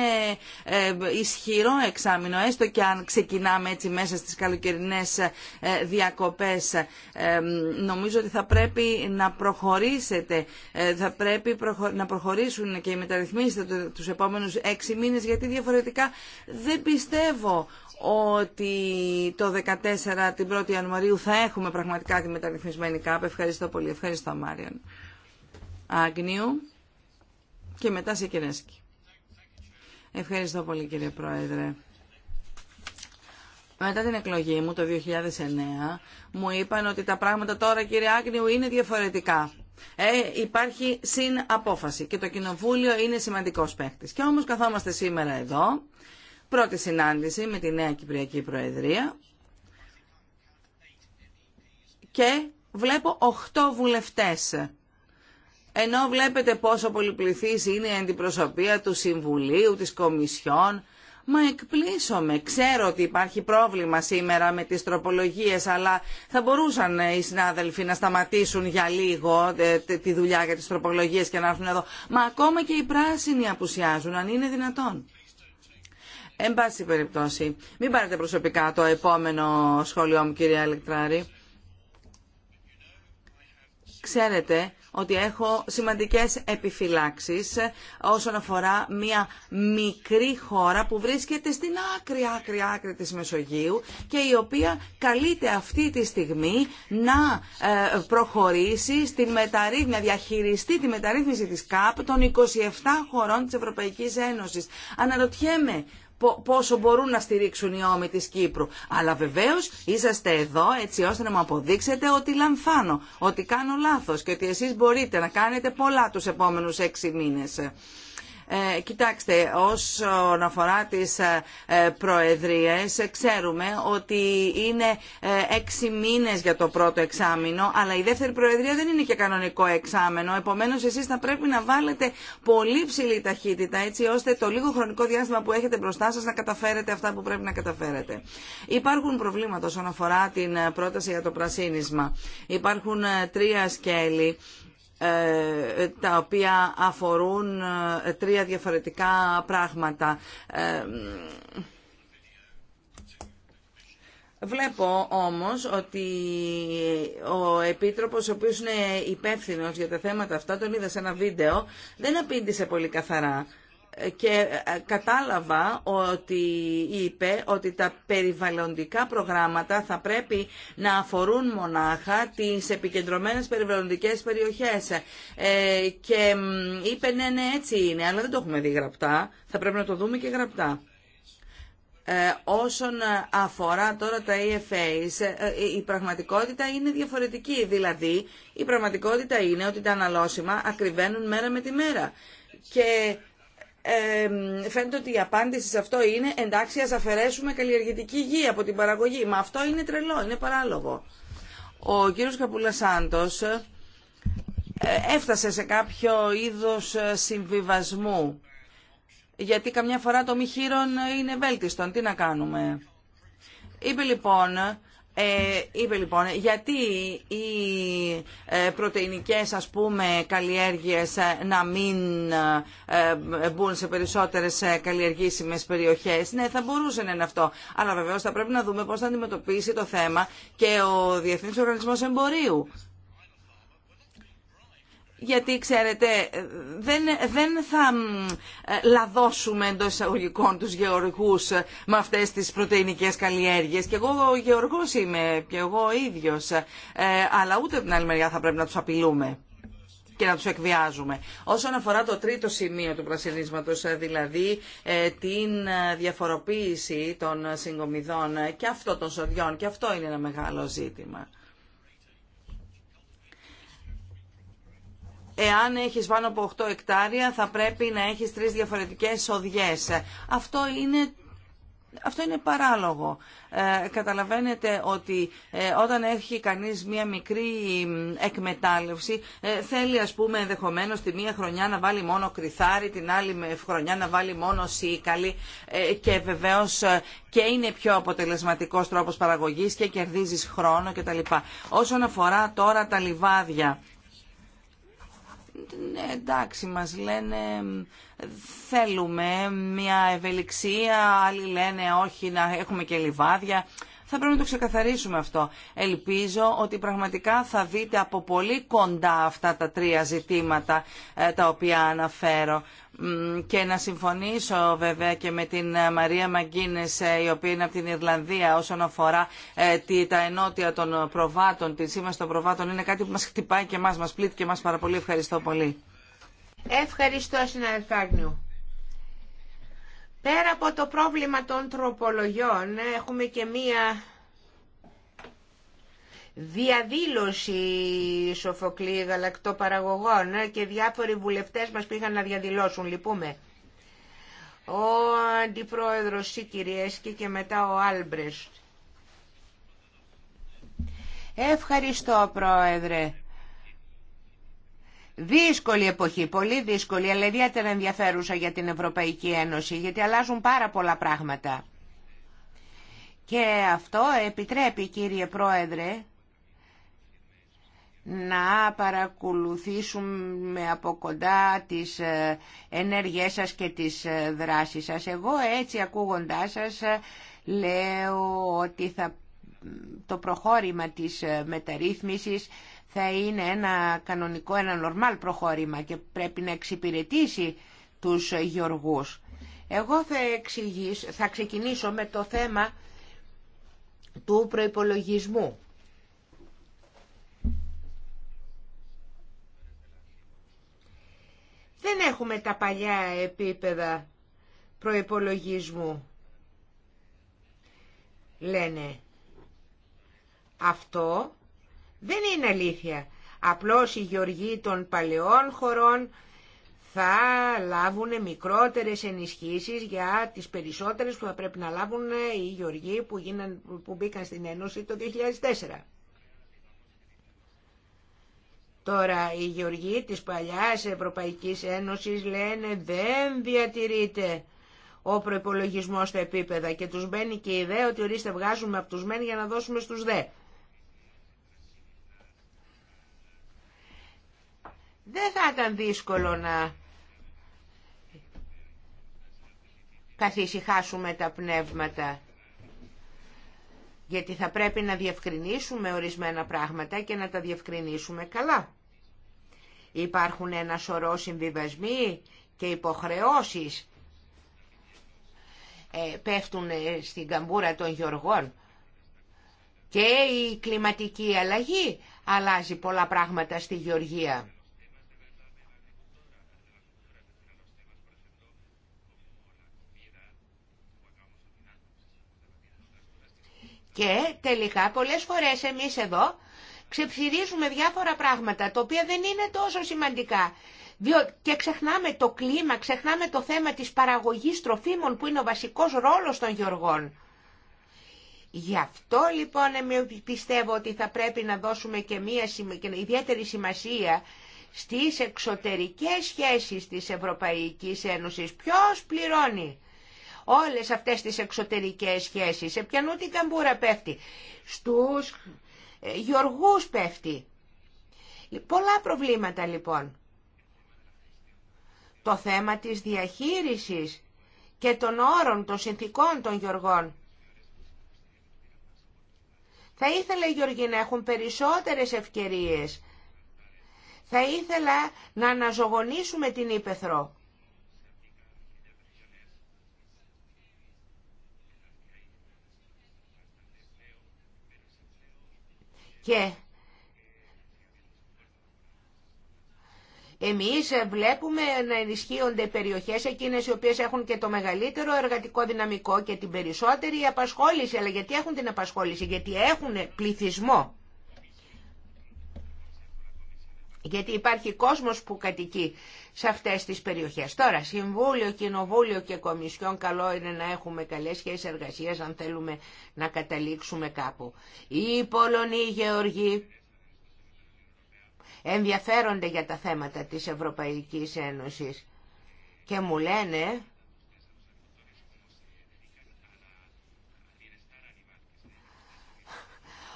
ε, ισχυρό εξάμεινο, έστω και αν ξεκινάμε έτσι μέσα στις καλοκαιρινές ε, διακοπές. Ε, νομίζω ότι θα πρέπει να προχωρήσετε, θα πρέπει να προχωρήσουν και οι μεταρρυθμίσεις του επόμενου έξι μήνε γιατί διαφορετικά δεν πιστεύω ότι το 14 την 1η Ιανουαρίου θα έχουμε πραγματικά τη μεταρρυθμισμένη ΚΑΠ. Ευχαριστώ πολύ. Ευχαριστώ Μάριον. Άγνιου και μετά σε Ευχαριστώ πολύ κύριε Πρόεδρε. Μετά την εκλογή μου το 2009 μου είπαν ότι τα πράγματα τώρα κύριε Άγνιου είναι διαφορετικά. Ε, υπάρχει συν απόφαση και το Κοινοβούλιο είναι σημαντικός παίχτης. Και όμως καθόμαστε σήμερα εδώ, πρώτη συνάντηση με τη Νέα Κυπριακή Προεδρία και βλέπω 8 βουλευτές. Ενώ βλέπετε πόσο πολυπληθής είναι η αντιπροσωπεία του Συμβουλίου, της Κομισιόν, Μα εκπλήσωμαι. Ξέρω ότι υπάρχει πρόβλημα σήμερα με τις τροπολογίες, αλλά θα μπορούσαν οι συνάδελφοι να σταματήσουν για λίγο ε, τη δουλειά για τις τροπολογίες και να έρθουν εδώ. Μα ακόμα και οι πράσινοι απουσιάζουν, αν είναι δυνατόν. Εν πάση περιπτώσει, μην πάρετε προσωπικά το επόμενο σχόλιο μου, κυρία Ελεκτράρη. Ξέρετε ότι έχω σημαντικές επιφυλάξεις όσον αφορά μια μικρή χώρα που βρίσκεται στην άκρη, άκρη, άκρη της Μεσογείου και η οποία καλείται αυτή τη στιγμή να ε, προχωρήσει στην μεταρρύθμιση, να διαχειριστεί τη μεταρρύθμιση της ΚΑΠ των 27 χωρών της Ευρωπαϊκής Ένωσης. Αναρωτιέμαι πόσο μπορούν να στηρίξουν οι ώμοι της Κύπρου. Αλλά βεβαίως είσαστε εδώ έτσι ώστε να μου αποδείξετε ότι λανθάνω, ότι κάνω λάθος και ότι εσείς μπορείτε να κάνετε πολλά τους επόμενους έξι μήνες. Ε, κοιτάξτε, όσον αφορά τις ε, ε, προεδρίες, ξέρουμε ότι είναι έξι μήνες για το πρώτο εξάμεινο, αλλά η δεύτερη προεδρία δεν είναι και κανονικό εξάμενο. Επομένως, εσείς θα πρέπει να βάλετε πολύ ψηλή ταχύτητα, έτσι ώστε το λίγο χρονικό διάστημα που έχετε μπροστά σας να καταφέρετε αυτά που πρέπει να καταφέρετε. Υπάρχουν προβλήματα όσον αφορά την πρόταση για το πρασίνισμα. Υπάρχουν τρία σκέλη ε, τα οποία αφορούν ε, τρία διαφορετικά πράγματα. Ε, βλέπω όμως ότι ο Επίτροπος, ο οποίος είναι υπεύθυνος για τα θέματα αυτά, τον είδα σε ένα βίντεο, δεν απήντησε πολύ καθαρά και ε, κατάλαβα ότι είπε ότι τα περιβαλλοντικά προγράμματα θα πρέπει να αφορούν μονάχα τις επικεντρωμένες περιβαλλοντικές περιοχές. Ε, και είπε ναι, ναι, έτσι είναι, αλλά δεν το έχουμε δει γραπτά. Θα πρέπει να το δούμε και γραπτά. Ε, όσον αφορά τώρα τα EFA η πραγματικότητα είναι διαφορετική. Δηλαδή, η πραγματικότητα είναι ότι τα αναλώσιμα ακριβένουν μέρα με τη μέρα. Και φαίνεται ότι η απάντηση σε αυτό είναι εντάξει ας αφαιρέσουμε καλλιεργητική γη από την παραγωγή. Μα αυτό είναι τρελό, είναι παράλογο. Ο κύριος Καπουλασάντος ε, έφτασε σε κάποιο είδος ε, συμβιβασμού. Γιατί καμιά φορά το μη είναι βέλτιστον. Τι να κάνουμε. Είπε λοιπόν ε, είπε λοιπόν, γιατί οι ε, πρωτεϊνικές ας πούμε καλλιέργειες ε, να μην ε, μπουν σε περισσότερες ε, καλλιεργήσιμες περιοχές. Ναι, θα μπορούσε να είναι αυτό. Αλλά βεβαίως θα πρέπει να δούμε πώς θα αντιμετωπίσει το θέμα και ο Διεθνής Οργανισμός Εμπορίου γιατί ξέρετε δεν, δεν θα ε, λαδώσουμε εντό εισαγωγικών τους γεωργούς ε, με αυτές τις πρωτεϊνικές καλλιέργειες και εγώ γεωργός είμαι και εγώ ίδιος ε, αλλά ούτε την άλλη μεριά θα πρέπει να τους απειλούμε και να τους εκβιάζουμε. Όσον αφορά το τρίτο σημείο του πρασινίσματος, δηλαδή την διαφοροποίηση των συγκομιδών και αυτό των σοδιών και αυτό είναι ένα μεγάλο ζήτημα. Εάν έχεις πάνω από 8 εκτάρια θα πρέπει να έχεις τρεις διαφορετικές οδιές. Αυτό είναι αυτό είναι παράλογο. Ε, καταλαβαίνετε ότι ε, όταν έχει κανείς μία μικρή εκμετάλλευση ε, θέλει ας πούμε ενδεχομένως τη μία χρονιά να βάλει μόνο κρυθάρι, την άλλη χρονιά να βάλει μόνο σίκαλι ε, και βεβαίως και είναι πιο αποτελεσματικός τρόπος παραγωγής και κερδίζεις χρόνο κτλ. Όσον αφορά τώρα τα λιβάδια ναι, εντάξει, μας λένε θέλουμε μια ευελιξία, άλλοι λένε όχι να έχουμε και λιβάδια. Θα πρέπει να το ξεκαθαρίσουμε αυτό. Ελπίζω ότι πραγματικά θα δείτε από πολύ κοντά αυτά τα τρία ζητήματα ε, τα οποία αναφέρω και να συμφωνήσω βέβαια και με την ε, Μαρία Μαγκίνες ε, η οποία είναι από την Ιρλανδία όσον αφορά τα ενότια των προβάτων, τη σήμαση των προβάτων είναι κάτι που μας χτυπάει και μας, μας πλήττει και μας πάρα πολύ. Ευχαριστώ πολύ. Ευχαριστώ συναδελφάγνιου. Πέρα από το πρόβλημα των τροπολογιών έχουμε και μία διαδήλωση σοφοκλή γαλακτοπαραγωγών και διάφοροι βουλευτές μας πήγαν να διαδηλώσουν, λυπούμε. Ο αντιπρόεδρος η και μετά ο Άλμπρεστ. Ευχαριστώ πρόεδρε. Δύσκολη εποχή, πολύ δύσκολη, αλλά ιδιαίτερα ενδιαφέρουσα για την Ευρωπαϊκή Ένωση, γιατί αλλάζουν πάρα πολλά πράγματα. Και αυτό επιτρέπει, κύριε Πρόεδρε, να παρακολουθήσουμε από κοντά τις ε, ενέργειές σας και τις ε, δράσεις σας. Εγώ έτσι ακούγοντάς σας ε, λέω ότι θα, το προχώρημα της μεταρρύθμισης θα είναι ένα κανονικό, ένα νορμάλ προχώρημα και πρέπει να εξυπηρετήσει τους γεωργούς. Εγώ θα, εξηγήσω, θα ξεκινήσω με το θέμα του προϋπολογισμού. Δεν έχουμε τα παλιά επίπεδα προϋπολογισμού, λένε. Αυτό δεν είναι αλήθεια. Απλώς οι γεωργοί των παλαιών χωρών θα λάβουν μικρότερες ενισχύσεις για τις περισσότερες που θα πρέπει να λάβουν οι γεωργοί που, γίναν, που μπήκαν στην Ένωση το 2004. Τώρα οι γεωργοί της παλιάς Ευρωπαϊκής Ένωσης λένε δεν διατηρείται ο προπολογισμό στα επίπεδα και τους μπαίνει και η ιδέα ότι ορίστε βγάζουμε από τους μεν για να δώσουμε στους δε. δεν θα ήταν δύσκολο να καθησυχάσουμε τα πνεύματα γιατί θα πρέπει να διευκρινίσουμε ορισμένα πράγματα και να τα διευκρινίσουμε καλά. Υπάρχουν ένα σωρό συμβιβασμοί και υποχρεώσεις ε, πέφτουν ε, στην καμπούρα των γεωργών και η κλιματική αλλαγή αλλάζει πολλά πράγματα στη γεωργία. Και τελικά πολλές φορές εμείς εδώ ξεψυρίζουμε διάφορα πράγματα τα οποία δεν είναι τόσο σημαντικά. Και ξεχνάμε το κλίμα, ξεχνάμε το θέμα της παραγωγής τροφίμων που είναι ο βασικός ρόλος των γεωργών. Γι' αυτό λοιπόν πιστεύω ότι θα πρέπει να δώσουμε και μια ιδιαίτερη σημασία στις εξωτερικές σχέσεις της Ευρωπαϊκής Ένωσης. Ποιος πληρώνει όλες αυτές τις εξωτερικές σχέσεις. Σε ποιανού την καμπούρα πέφτει. Στους γιοργούς πέφτει. Πολλά προβλήματα λοιπόν. Το θέμα της διαχείρισης και των όρων, των συνθήκων των γιοργών. Θα ήθελα οι γιοργοί να έχουν περισσότερες ευκαιρίες. Θα ήθελα να αναζωογονήσουμε την Ήπεθρο. Και εμείς βλέπουμε να ενισχύονται περιοχές εκείνες οι οποίες έχουν και το μεγαλύτερο εργατικό δυναμικό και την περισσότερη απασχόληση. Αλλά γιατί έχουν την απασχόληση, γιατί έχουν πληθυσμό. Γιατί υπάρχει κόσμος που κατοικεί σε αυτές τις περιοχές. Τώρα, Συμβούλιο, Κοινοβούλιο και Κομισιόν καλό είναι να έχουμε καλές σχέσεις εργασίας αν θέλουμε να καταλήξουμε κάπου. Οι Πολωνοί, οι Γεωργοί ενδιαφέρονται για τα θέματα της Ευρωπαϊκής Ένωσης και μου λένε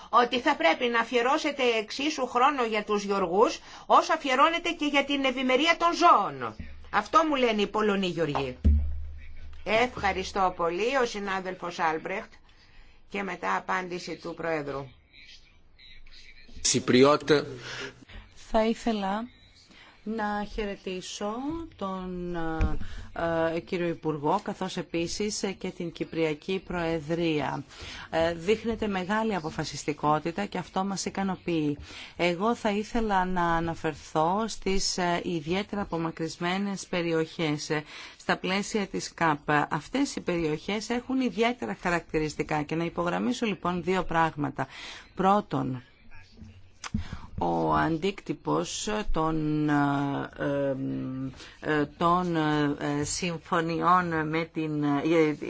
ότι θα πρέπει να αφιερώσετε εξίσου χρόνο για τους Γιοργούς όσο αφιερώνετε και για την ευημερία των ζώων. Αυτό μου λένε οι Πολωνοί Γιωργοί. Ευχαριστώ πολύ ο συνάδελφος Άλμπρεχτ και μετά απάντηση του Προέδρου. Θα ήθελα να χαιρετήσω τον ε, κύριο Υπουργό, καθώς επίσης και την Κυπριακή Προεδρία. Ε, δείχνεται μεγάλη αποφασιστικότητα και αυτό μας ικανοποιεί. Εγώ θα ήθελα να αναφερθώ στις ε, ιδιαίτερα απομακρυσμένες περιοχές στα πλαίσια της ΚΑΠ. Αυτές οι περιοχές έχουν ιδιαίτερα χαρακτηριστικά και να υπογραμμίσω λοιπόν δύο πράγματα. Πρώτον, ο αντίκτυπος των, ε, ε, ε, των συμφωνιών με την,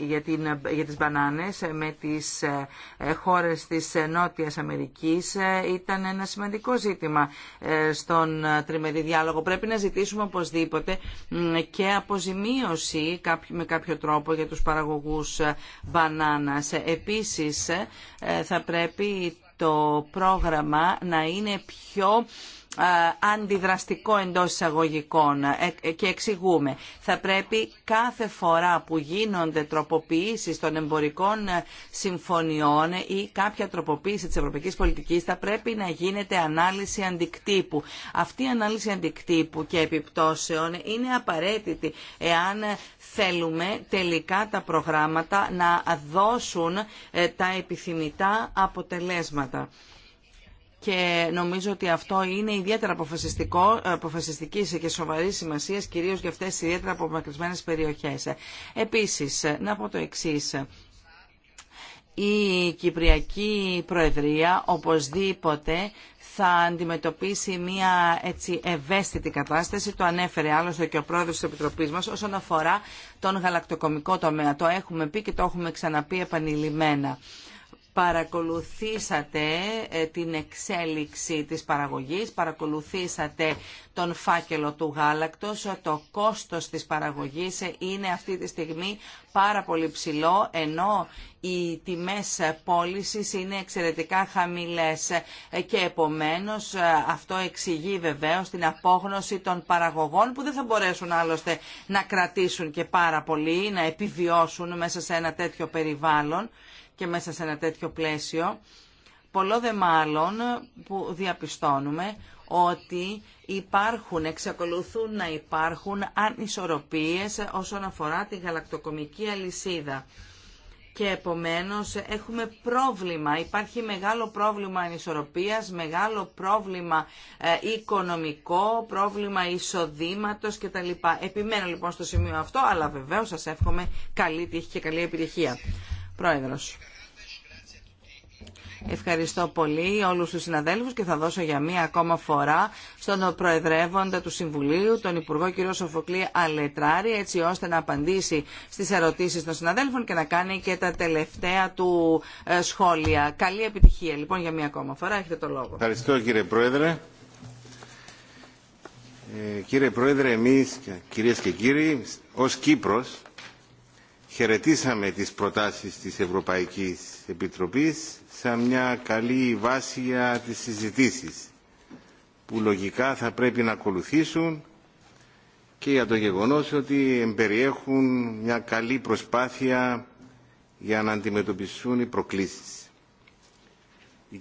για, την, για τις μπανάνες με τις χώρες της Νότιας Αμερικής ήταν ένα σημαντικό ζήτημα στον τριμερή διάλογο. Πρέπει να ζητήσουμε οπωσδήποτε και αποζημίωση με κάποιο τρόπο για τους παραγωγούς μπανάνας. Επίσης θα πρέπει το πρόγραμμα να είναι πιο ε, αντιδραστικό εντός εισαγωγικών ε, ε, και εξηγούμε. Θα πρέπει κάθε φορά που γίνονται τροποποιήσεις των εμπορικών συμφωνιών ή κάποια τροποποίηση της ευρωπαϊκής πολιτικής θα πρέπει να γίνεται ανάλυση αντικτύπου. Αυτή η ανάλυση αντικτύπου και επιπτώσεων είναι απαραίτητη εάν θέλουμε τελικά τα προγράμματα να δώσουν τα επιθυμητά αποτελέσματα και νομίζω ότι αυτό είναι ιδιαίτερα αποφασιστικό, ε, αποφασιστική και σοβαρή σημασία, κυρίω για αυτέ τι ιδιαίτερα απομακρυσμένε περιοχέ. Επίση, να πω το εξή. Η Κυπριακή Προεδρία οπωσδήποτε θα αντιμετωπίσει μια έτσι ευαίσθητη κατάσταση. Το ανέφερε άλλωστε και ο πρόεδρο τη Επιτροπή μα όσον αφορά τον γαλακτοκομικό τομέα. Το έχουμε πει και το έχουμε ξαναπεί επανειλημμένα παρακολουθήσατε ε, την εξέλιξη της παραγωγής, παρακολουθήσατε τον φάκελο του γάλακτος. Το κόστος της παραγωγής είναι αυτή τη στιγμή πάρα πολύ ψηλό, ενώ οι τιμές πώληση είναι εξαιρετικά χαμηλές ε, και επομένως ε, αυτό εξηγεί βεβαίως την απόγνωση των παραγωγών που δεν θα μπορέσουν άλλωστε να κρατήσουν και πάρα πολύ, να επιβιώσουν μέσα σε ένα τέτοιο περιβάλλον και μέσα σε ένα τέτοιο πλαίσιο, πολλό δε μάλλον που διαπιστώνουμε ότι υπάρχουν, εξακολουθούν να υπάρχουν ανισορροπίες όσον αφορά τη γαλακτοκομική αλυσίδα. Και επομένως έχουμε πρόβλημα, υπάρχει μεγάλο πρόβλημα ανισορροπίας, μεγάλο πρόβλημα ε, οικονομικό, πρόβλημα εισοδήματος κτλ. Επιμένω λοιπόν στο σημείο αυτό, αλλά βεβαίως σας εύχομαι καλή τύχη και καλή επιτυχία. Πρόεδρος. Ευχαριστώ πολύ όλους τους συναδέλφους και θα δώσω για μία ακόμα φορά στον Προεδρεύοντα του Συμβουλίου, τον Υπουργό κ. Σοφοκλή Αλετράρη, έτσι ώστε να απαντήσει στις ερωτήσεις των συναδέλφων και να κάνει και τα τελευταία του ε, σχόλια. Καλή επιτυχία λοιπόν για μία ακόμα φορά. Έχετε το λόγο. Ευχαριστώ κύριε Πρόεδρε. Ε, κύριε Πρόεδρε, εμείς κυρίες και κύριοι, ως Κύπρος, χαιρετήσαμε τις προτάσεις της Ευρωπαϊκής Επιτροπής σαν μια καλή βάση για τις συζητήσεις που λογικά θα πρέπει να ακολουθήσουν και για το γεγονός ότι εμπεριέχουν μια καλή προσπάθεια για να αντιμετωπιστούν οι προκλήσεις. Η,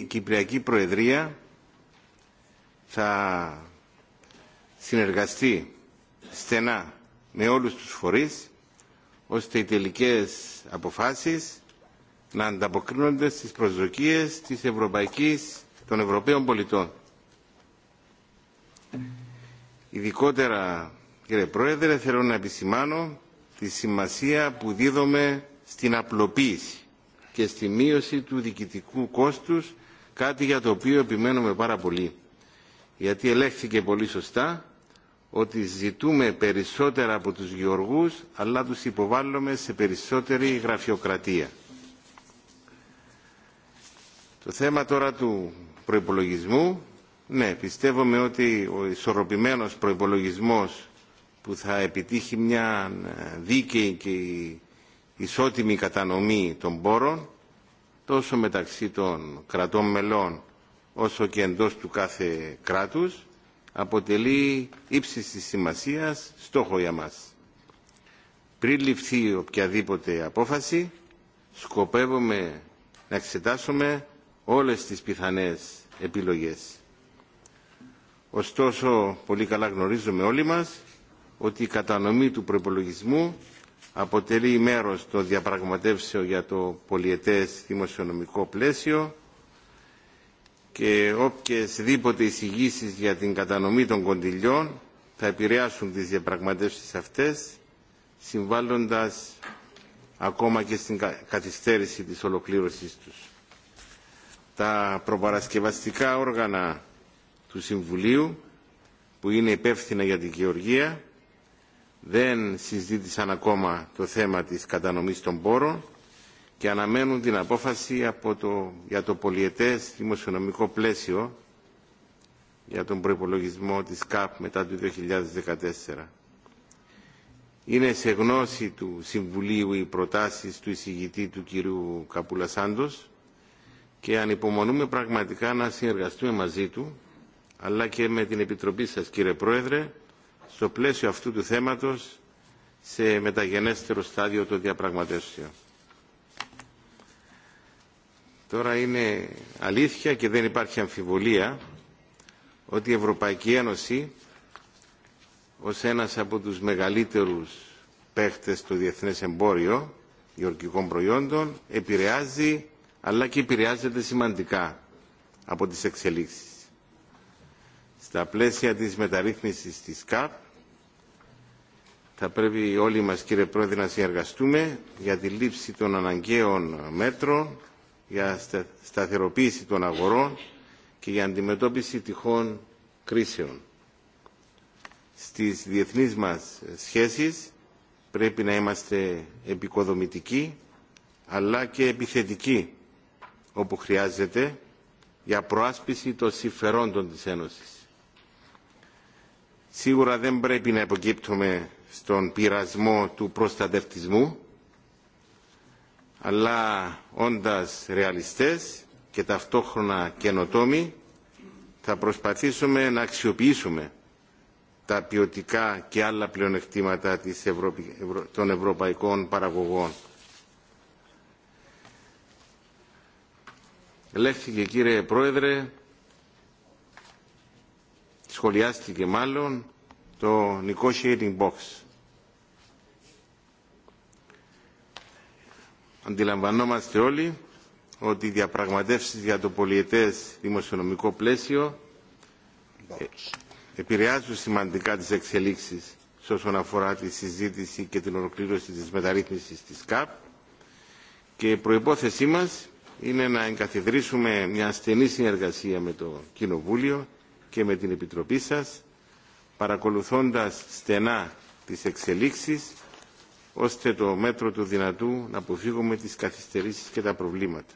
η Κυπριακή Προεδρία θα συνεργαστεί στενά με όλους τους φορείς ώστε οι τελικές αποφάσεις να ανταποκρίνονται στις προσδοκίες της Ευρωπαϊκής των Ευρωπαίων πολιτών. Ειδικότερα, κύριε Πρόεδρε, θέλω να επισημάνω τη σημασία που δίδομαι στην απλοποίηση και στη μείωση του διοικητικού κόστους, κάτι για το οποίο επιμένουμε πάρα πολύ. Γιατί ελέγχθηκε πολύ σωστά ότι ζητούμε περισσότερα από τους γεωργούς αλλά τους υποβάλλουμε σε περισσότερη γραφειοκρατία. Το θέμα τώρα του προϋπολογισμού, ναι, πιστεύουμε ότι ο ισορροπημένος προϋπολογισμός που θα επιτύχει μια ε, δίκαιη και ισότιμη κατανομή των πόρων τόσο μεταξύ των κρατών μελών όσο και εντός του κάθε κράτους αποτελεί ύψης της σημασίας στόχο για μας. Πριν ληφθεί οποιαδήποτε απόφαση, σκοπεύουμε να εξετάσουμε όλες τις πιθανές επιλογές. Ωστόσο, πολύ καλά γνωρίζουμε όλοι μας ότι η κατανομή του προπολογισμού αποτελεί μέρος των διαπραγματεύσεων για το πολιετές δημοσιονομικό πλαίσιο και οποιασδήποτε εισηγήσεις για την κατανομή των κοντιλιών θα επηρεάσουν τις διαπραγματεύσεις αυτές, συμβάλλοντας ακόμα και στην καθυστέρηση της ολοκλήρωσής τους. Τα προπαρασκευαστικά όργανα του Συμβουλίου, που είναι υπεύθυνα για την Γεωργία, δεν συζήτησαν ακόμα το θέμα της κατανομής των πόρων και αναμένουν την απόφαση από το, για το πολιετές δημοσιονομικό πλαίσιο για τον προϋπολογισμό της ΚΑΠ μετά το 2014. Είναι σε γνώση του Συμβουλίου οι προτάσεις του εισηγητή του κυρίου Καπουλασάντος και ανυπομονούμε πραγματικά να συνεργαστούμε μαζί του αλλά και με την Επιτροπή σας κύριε Πρόεδρε στο πλαίσιο αυτού του θέματος σε μεταγενέστερο στάδιο των διαπραγματεύσεων. Τώρα είναι αλήθεια και δεν υπάρχει αμφιβολία ότι η Ευρωπαϊκή Ένωση ως ένας από τους μεγαλύτερους παίχτες στο διεθνές εμπόριο γεωργικών προϊόντων επηρεάζει αλλά και επηρεάζεται σημαντικά από τις εξελίξεις. Στα πλαίσια της μεταρρύθμισης της ΚΑΠ θα πρέπει όλοι μας κύριε Πρόεδρε να συνεργαστούμε για τη λήψη των αναγκαίων μέτρων για σταθεροποίηση των αγορών και για αντιμετώπιση τυχών κρίσεων. Στις διεθνείς μας σχέσεις πρέπει να είμαστε επικοδομητικοί αλλά και επιθετικοί όπου χρειάζεται για προάσπιση των συμφερόντων της Ένωσης. Σίγουρα δεν πρέπει να υποκύπτουμε στον πειρασμό του προστατευτισμού αλλά όντας ρεαλιστές και ταυτόχρονα καινοτόμοι θα προσπαθήσουμε να αξιοποιήσουμε τα ποιοτικά και άλλα πλεονεκτήματα των ευρωπαϊκών παραγωγών. Ελέγχθηκε κύριε Πρόεδρε, σχολιάστηκε μάλλον το Νικό Box. αντιλαμβανόμαστε όλοι ότι οι διαπραγματεύσεις για το πολιετές δημοσιονομικό πλαίσιο ε, επηρεάζουν σημαντικά τις εξελίξεις σε όσον αφορά τη συζήτηση και την ολοκλήρωση της μεταρρύθμισης της ΚΑΠ και η προϋπόθεσή μας είναι να εγκαθιδρύσουμε μια στενή συνεργασία με το Κοινοβούλιο και με την Επιτροπή σας παρακολουθώντας στενά τις εξελίξεις ώστε το μέτρο του δυνατού να αποφύγουμε τις καθυστερήσεις και τα προβλήματα.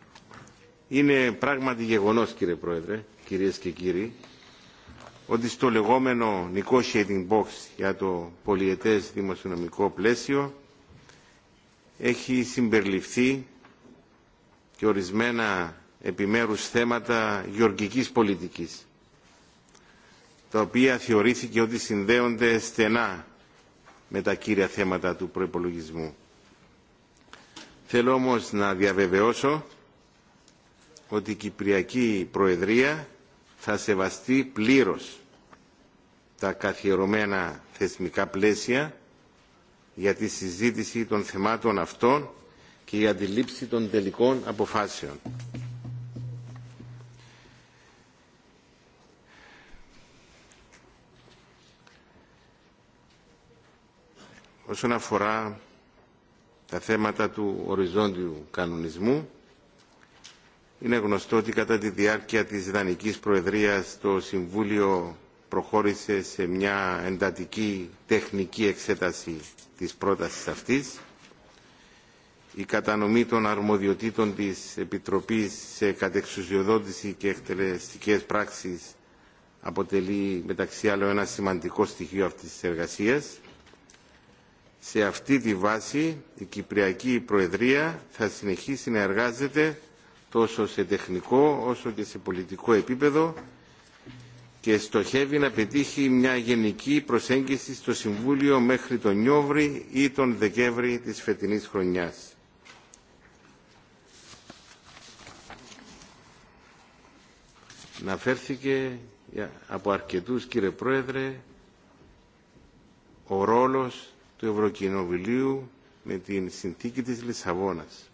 Είναι πράγματι γεγονός κύριε Πρόεδρε, κυρίες και κύριοι, ότι στο λεγόμενο negotiating box για το πολιετές δημοσιονομικό πλαίσιο έχει συμπεριληφθεί και ορισμένα επιμέρους θέματα γεωργικής πολιτικής τα οποία θεωρήθηκε ότι συνδέονται στενά με τα κύρια θέματα του προϋπολογισμού. Θέλω όμως να διαβεβαιώσω ότι η Κυπριακή Προεδρία θα σεβαστεί πλήρως τα καθιερωμένα θεσμικά πλαίσια για τη συζήτηση των θεμάτων αυτών και για τη λήψη των τελικών αποφάσεων. Όσον αφορά τα θέματα του οριζόντιου κανονισμού, είναι γνωστό ότι κατά τη διάρκεια της Ιδανικής Προεδρίας το Συμβούλιο προχώρησε σε μια εντατική τεχνική εξέταση της πρότασης αυτής. Η κατανομή των αρμοδιοτήτων της Επιτροπής σε κατεξουσιοδότηση και εκτελεστικές πράξεις αποτελεί μεταξύ άλλων ένα σημαντικό στοιχείο αυτής της εργασίας. Σε αυτή τη βάση η Κυπριακή Προεδρία θα συνεχίσει να εργάζεται τόσο σε τεχνικό όσο και σε πολιτικό επίπεδο και στοχεύει να πετύχει μια γενική προσέγγιση στο Συμβούλιο μέχρι τον Νιόβρη ή τον Δεκέμβρη της φετινής χρονιάς. Να φέρθηκε από αρκετούς κύριε Πρόεδρε ο ρόλος του Ευρωκοινοβουλίου με την συνθήκη της Λισαβόνας.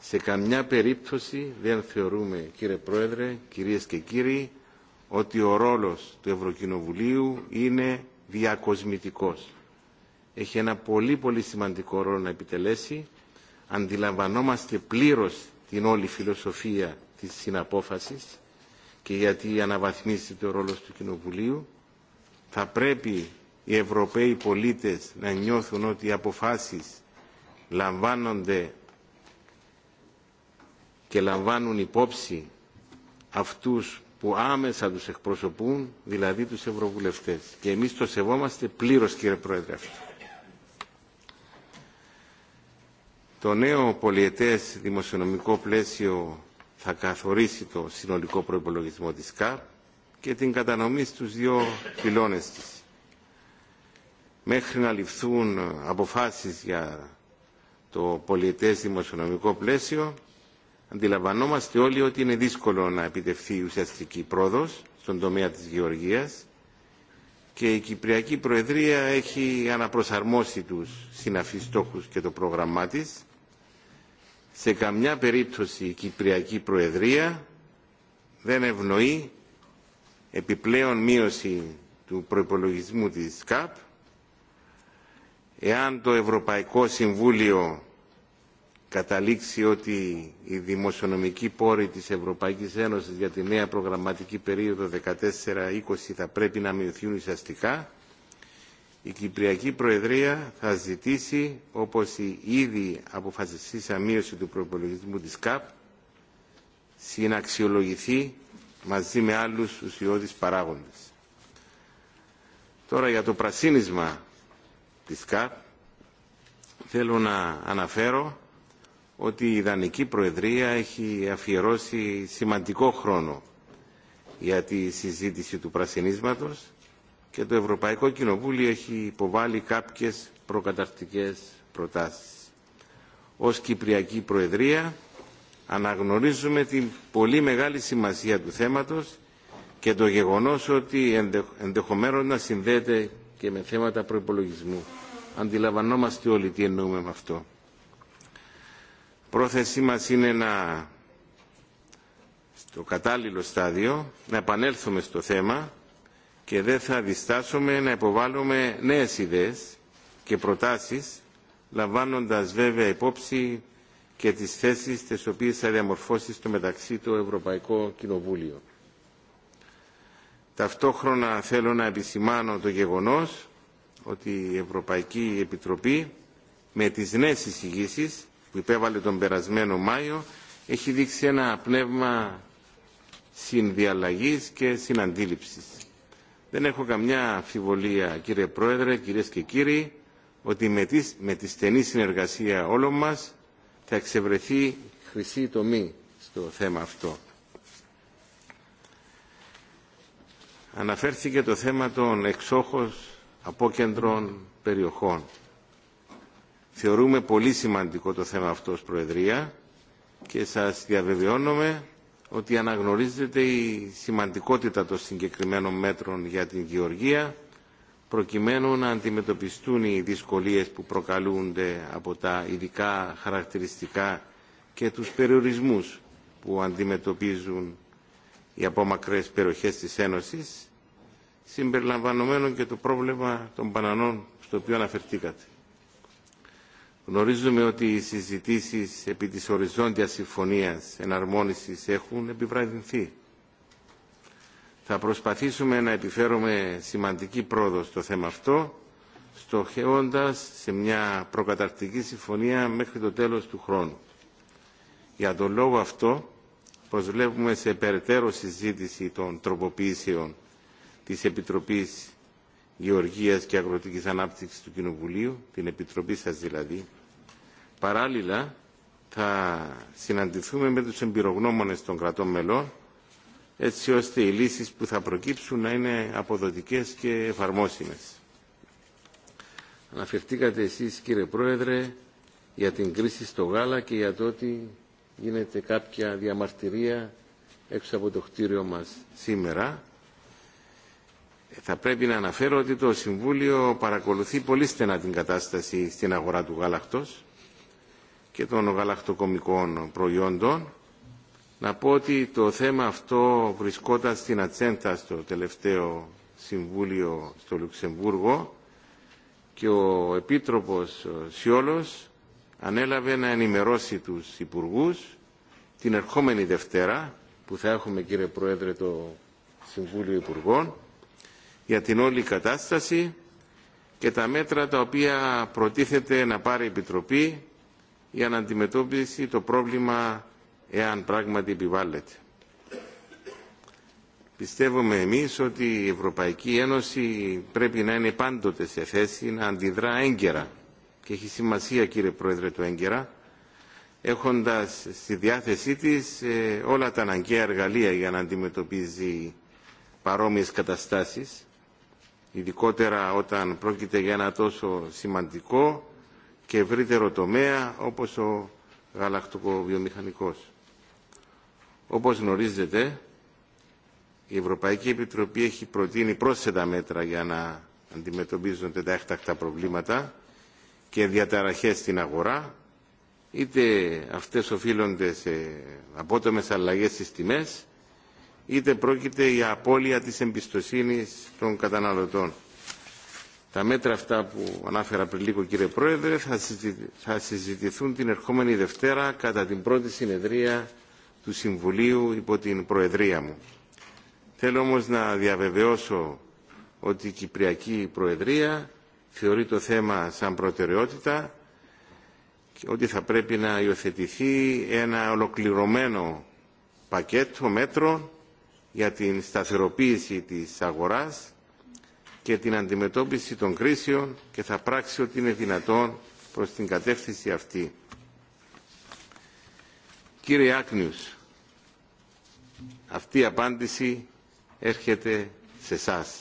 Σε καμιά περίπτωση δεν θεωρούμε, κύριε Πρόεδρε, κυρίες και κύριοι, ότι ο ρόλος του Ευρωκοινοβουλίου είναι διακοσμητικός. Έχει ένα πολύ πολύ σημαντικό ρόλο να επιτελέσει. Αντιλαμβανόμαστε πλήρως την όλη φιλοσοφία της συναπόφασης και γιατί αναβαθμίζεται ο ρόλος του Κοινοβουλίου. Θα πρέπει οι Ευρωπαίοι πολίτες να νιώθουν ότι οι αποφάσεις λαμβάνονται και λαμβάνουν υπόψη αυτούς που άμεσα τους εκπροσωπούν, δηλαδή τους Ευρωβουλευτές. Και εμείς το σεβόμαστε πλήρως κύριε Πρόεδρε Το νέο πολιετές δημοσιονομικό πλαίσιο θα καθορίσει το συνολικό προϋπολογισμό της ΚΑΠ και την κατανομή στους δύο πυλώνες της μέχρι να ληφθούν ε, αποφάσεις για το πολιετές δημοσιονομικό πλαίσιο αντιλαμβανόμαστε όλοι ότι είναι δύσκολο να επιτευχθεί ουσιαστική πρόοδος στον τομέα της γεωργίας και η Κυπριακή Προεδρία έχει αναπροσαρμόσει τους συναφείς στόχους και το πρόγραμμά της. Σε καμιά περίπτωση η Κυπριακή Προεδρία δεν ευνοεί επιπλέον μείωση του προϋπολογισμού της ΚΑΠ εάν το Ευρωπαϊκό Συμβούλιο καταλήξει ότι οι δημοσιονομικοί πόροι της Ευρωπαϊκής Ένωσης για τη νέα προγραμματική περίοδο 14-20 θα πρέπει να μειωθούν ουσιαστικά, η Κυπριακή Προεδρία θα ζητήσει, όπως η ήδη αποφασιστήσα μείωση του προπολογισμού της ΚΑΠ, συναξιολογηθεί μαζί με άλλους ουσιώδεις παράγοντες. Τώρα για το πρασίνισμα της ΚΑΠ θέλω να αναφέρω ότι η Ιδανική Προεδρία έχει αφιερώσει σημαντικό χρόνο για τη συζήτηση του πρασινίσματος και το Ευρωπαϊκό Κοινοβούλιο έχει υποβάλει κάποιες προκαταρκτικές προτάσεις. Ως Κυπριακή Προεδρία αναγνωρίζουμε την πολύ μεγάλη σημασία του θέματος και το γεγονός ότι ενδεχομένως να συνδέεται και με θέματα προπολογισμού. Αντιλαμβανόμαστε όλοι τι εννοούμε με αυτό. Πρόθεσή μας είναι να στο κατάλληλο στάδιο να επανέλθουμε στο θέμα και δεν θα διστάσουμε να υποβάλουμε νέες ιδέες και προτάσεις λαμβάνοντας βέβαια υπόψη και τις θέσεις τις οποίες θα διαμορφώσει στο μεταξύ το Ευρωπαϊκό Κοινοβούλιο. Ταυτόχρονα θέλω να επισημάνω το γεγονός ότι η Ευρωπαϊκή Επιτροπή με τις νέες εισηγήσει που υπέβαλε τον περασμένο Μάιο έχει δείξει ένα πνεύμα συνδιαλλαγής και συναντήληψης. Δεν έχω καμιά αμφιβολία κύριε Πρόεδρε, κυρίες και κύριοι ότι με τη, με τη στενή συνεργασία όλων μας θα εξευρεθεί χρυσή τομή στο θέμα αυτό. αναφέρθηκε το θέμα των εξόχως απόκεντρων περιοχών. Θεωρούμε πολύ σημαντικό το θέμα αυτό ως Προεδρία και σας διαβεβαιώνομαι ότι αναγνωρίζεται η σημαντικότητα των συγκεκριμένων μέτρων για την Γεωργία προκειμένου να αντιμετωπιστούν οι δυσκολίες που προκαλούνται από τα ειδικά χαρακτηριστικά και τους περιορισμούς που αντιμετωπίζουν οι απόμακρες περιοχές της Ένωσης, συμπεριλαμβανομένων και το πρόβλημα των Πανανών, στο οποίο αναφερθήκατε. Γνωρίζουμε ότι οι συζητήσεις επί της οριζόντιας συμφωνίας εναρμόνισης έχουν επιβραδυνθεί. Θα προσπαθήσουμε να επιφέρουμε σημαντική πρόοδο στο θέμα αυτό, στοχεύοντας σε μια προκαταρκτική συμφωνία μέχρι το τέλος του χρόνου. Για τον λόγο αυτό, προσβλέπουμε σε περαιτέρω συζήτηση των τροποποιήσεων της Επιτροπής Γεωργίας και Αγροτικής Ανάπτυξης του Κοινοβουλίου, την Επιτροπή σας δηλαδή. Παράλληλα, θα συναντηθούμε με τους εμπειρογνώμονες των κρατών μελών, έτσι ώστε οι λύσεις που θα προκύψουν να είναι αποδοτικές και εφαρμόσιμες. Αναφερθήκατε εσείς, κύριε Πρόεδρε, για την κρίση στο γάλα και για το ότι γίνεται κάποια διαμαρτυρία έξω από το κτίριο μας σήμερα. Θα πρέπει να αναφέρω ότι το Συμβούλιο παρακολουθεί πολύ στενά την κατάσταση στην αγορά του γάλακτος και των γαλακτοκομικών προϊόντων. Να πω ότι το θέμα αυτό βρισκόταν στην ατσέντα στο τελευταίο Συμβούλιο στο Λουξεμβούργο και ο Επίτροπος Σιόλος ανέλαβε να ενημερώσει τους υπουργούς την ερχόμενη Δευτέρα που θα έχουμε κύριε Πρόεδρε το Συμβούλιο Υπουργών για την όλη κατάσταση και τα μέτρα τα οποία προτίθεται να πάρει η Επιτροπή για να αντιμετώπιση το πρόβλημα εάν πράγματι επιβάλλεται. Πιστεύουμε εμείς ότι η Ευρωπαϊκή Ένωση πρέπει να είναι πάντοτε σε θέση να αντιδρά έγκαιρα και έχει σημασία κύριε Πρόεδρε του έγκαιρα, έχοντας στη διάθεσή της ε, όλα τα αναγκαία εργαλεία για να αντιμετωπίζει παρόμοιες καταστάσεις, ειδικότερα όταν πρόκειται για ένα τόσο σημαντικό και ευρύτερο τομέα όπως ο βιομηχανικός. Όπως γνωρίζετε, η Ευρωπαϊκή Επιτροπή έχει προτείνει πρόσθετα μέτρα για να αντιμετωπίζονται τα έκτακτα προβλήματα και διαταραχές στην αγορά, είτε αυτές οφείλονται σε απότομες αλλαγές στις τιμές, είτε πρόκειται για απώλεια της εμπιστοσύνης των καταναλωτών. Τα μέτρα αυτά που ανάφερα πριν λίγο κύριε Πρόεδρε θα συζητηθούν την ερχόμενη Δευτέρα κατά την πρώτη συνεδρία του Συμβουλίου υπό την Προεδρία μου. Θέλω όμως να διαβεβαιώσω ότι η Κυπριακή Προεδρία θεωρεί το θέμα σαν προτεραιότητα και ότι θα πρέπει να υιοθετηθεί ένα ολοκληρωμένο πακέτο μέτρων για την σταθεροποίηση της αγοράς και την αντιμετώπιση των κρίσεων και θα πράξει ό,τι είναι δυνατόν προς την κατεύθυνση αυτή. Κύριε Άκνιους, αυτή η απάντηση έρχεται σε σας.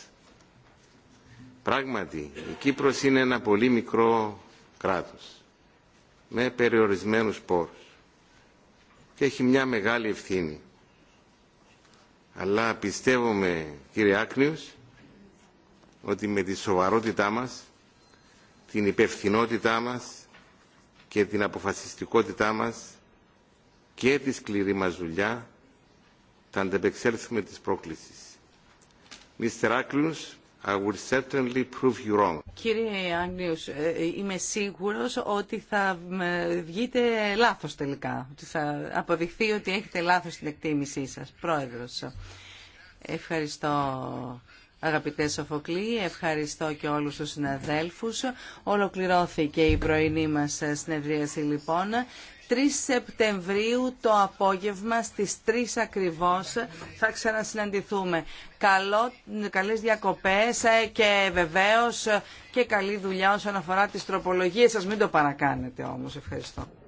Πράγματι, η Κύπρος είναι ένα πολύ μικρό κράτος με περιορισμένους πόρους και έχει μια μεγάλη ευθύνη. Αλλά πιστεύουμε, κύριε Άκνιος, ότι με τη σοβαρότητά μας, την υπευθυνότητά μας και την αποφασιστικότητά μας και τη σκληρή μας δουλειά θα αντεπεξέλθουμε της πρόκλησης. Μίστερ Κύριε Άγνιος, ε, είμαι σίγουρος ότι θα βγείτε λάθος τελικά. Ότι θα αποδειχθεί ότι έχετε λάθος στην εκτίμησή σας. Πρόεδρος, ευχαριστώ αγαπητέ Σοφοκλή, ευχαριστώ και όλους τους συναδέλφους. Ολοκληρώθηκε η πρωινή μας συνεδρίαση λοιπόν. 3 Σεπτεμβρίου το απόγευμα στις 3 ακριβώς θα ξανασυναντηθούμε. Καλό, καλές διακοπές ε, και βεβαίως και καλή δουλειά όσον αφορά τις τροπολογίες σας. Μην το παρακάνετε όμως. Ευχαριστώ.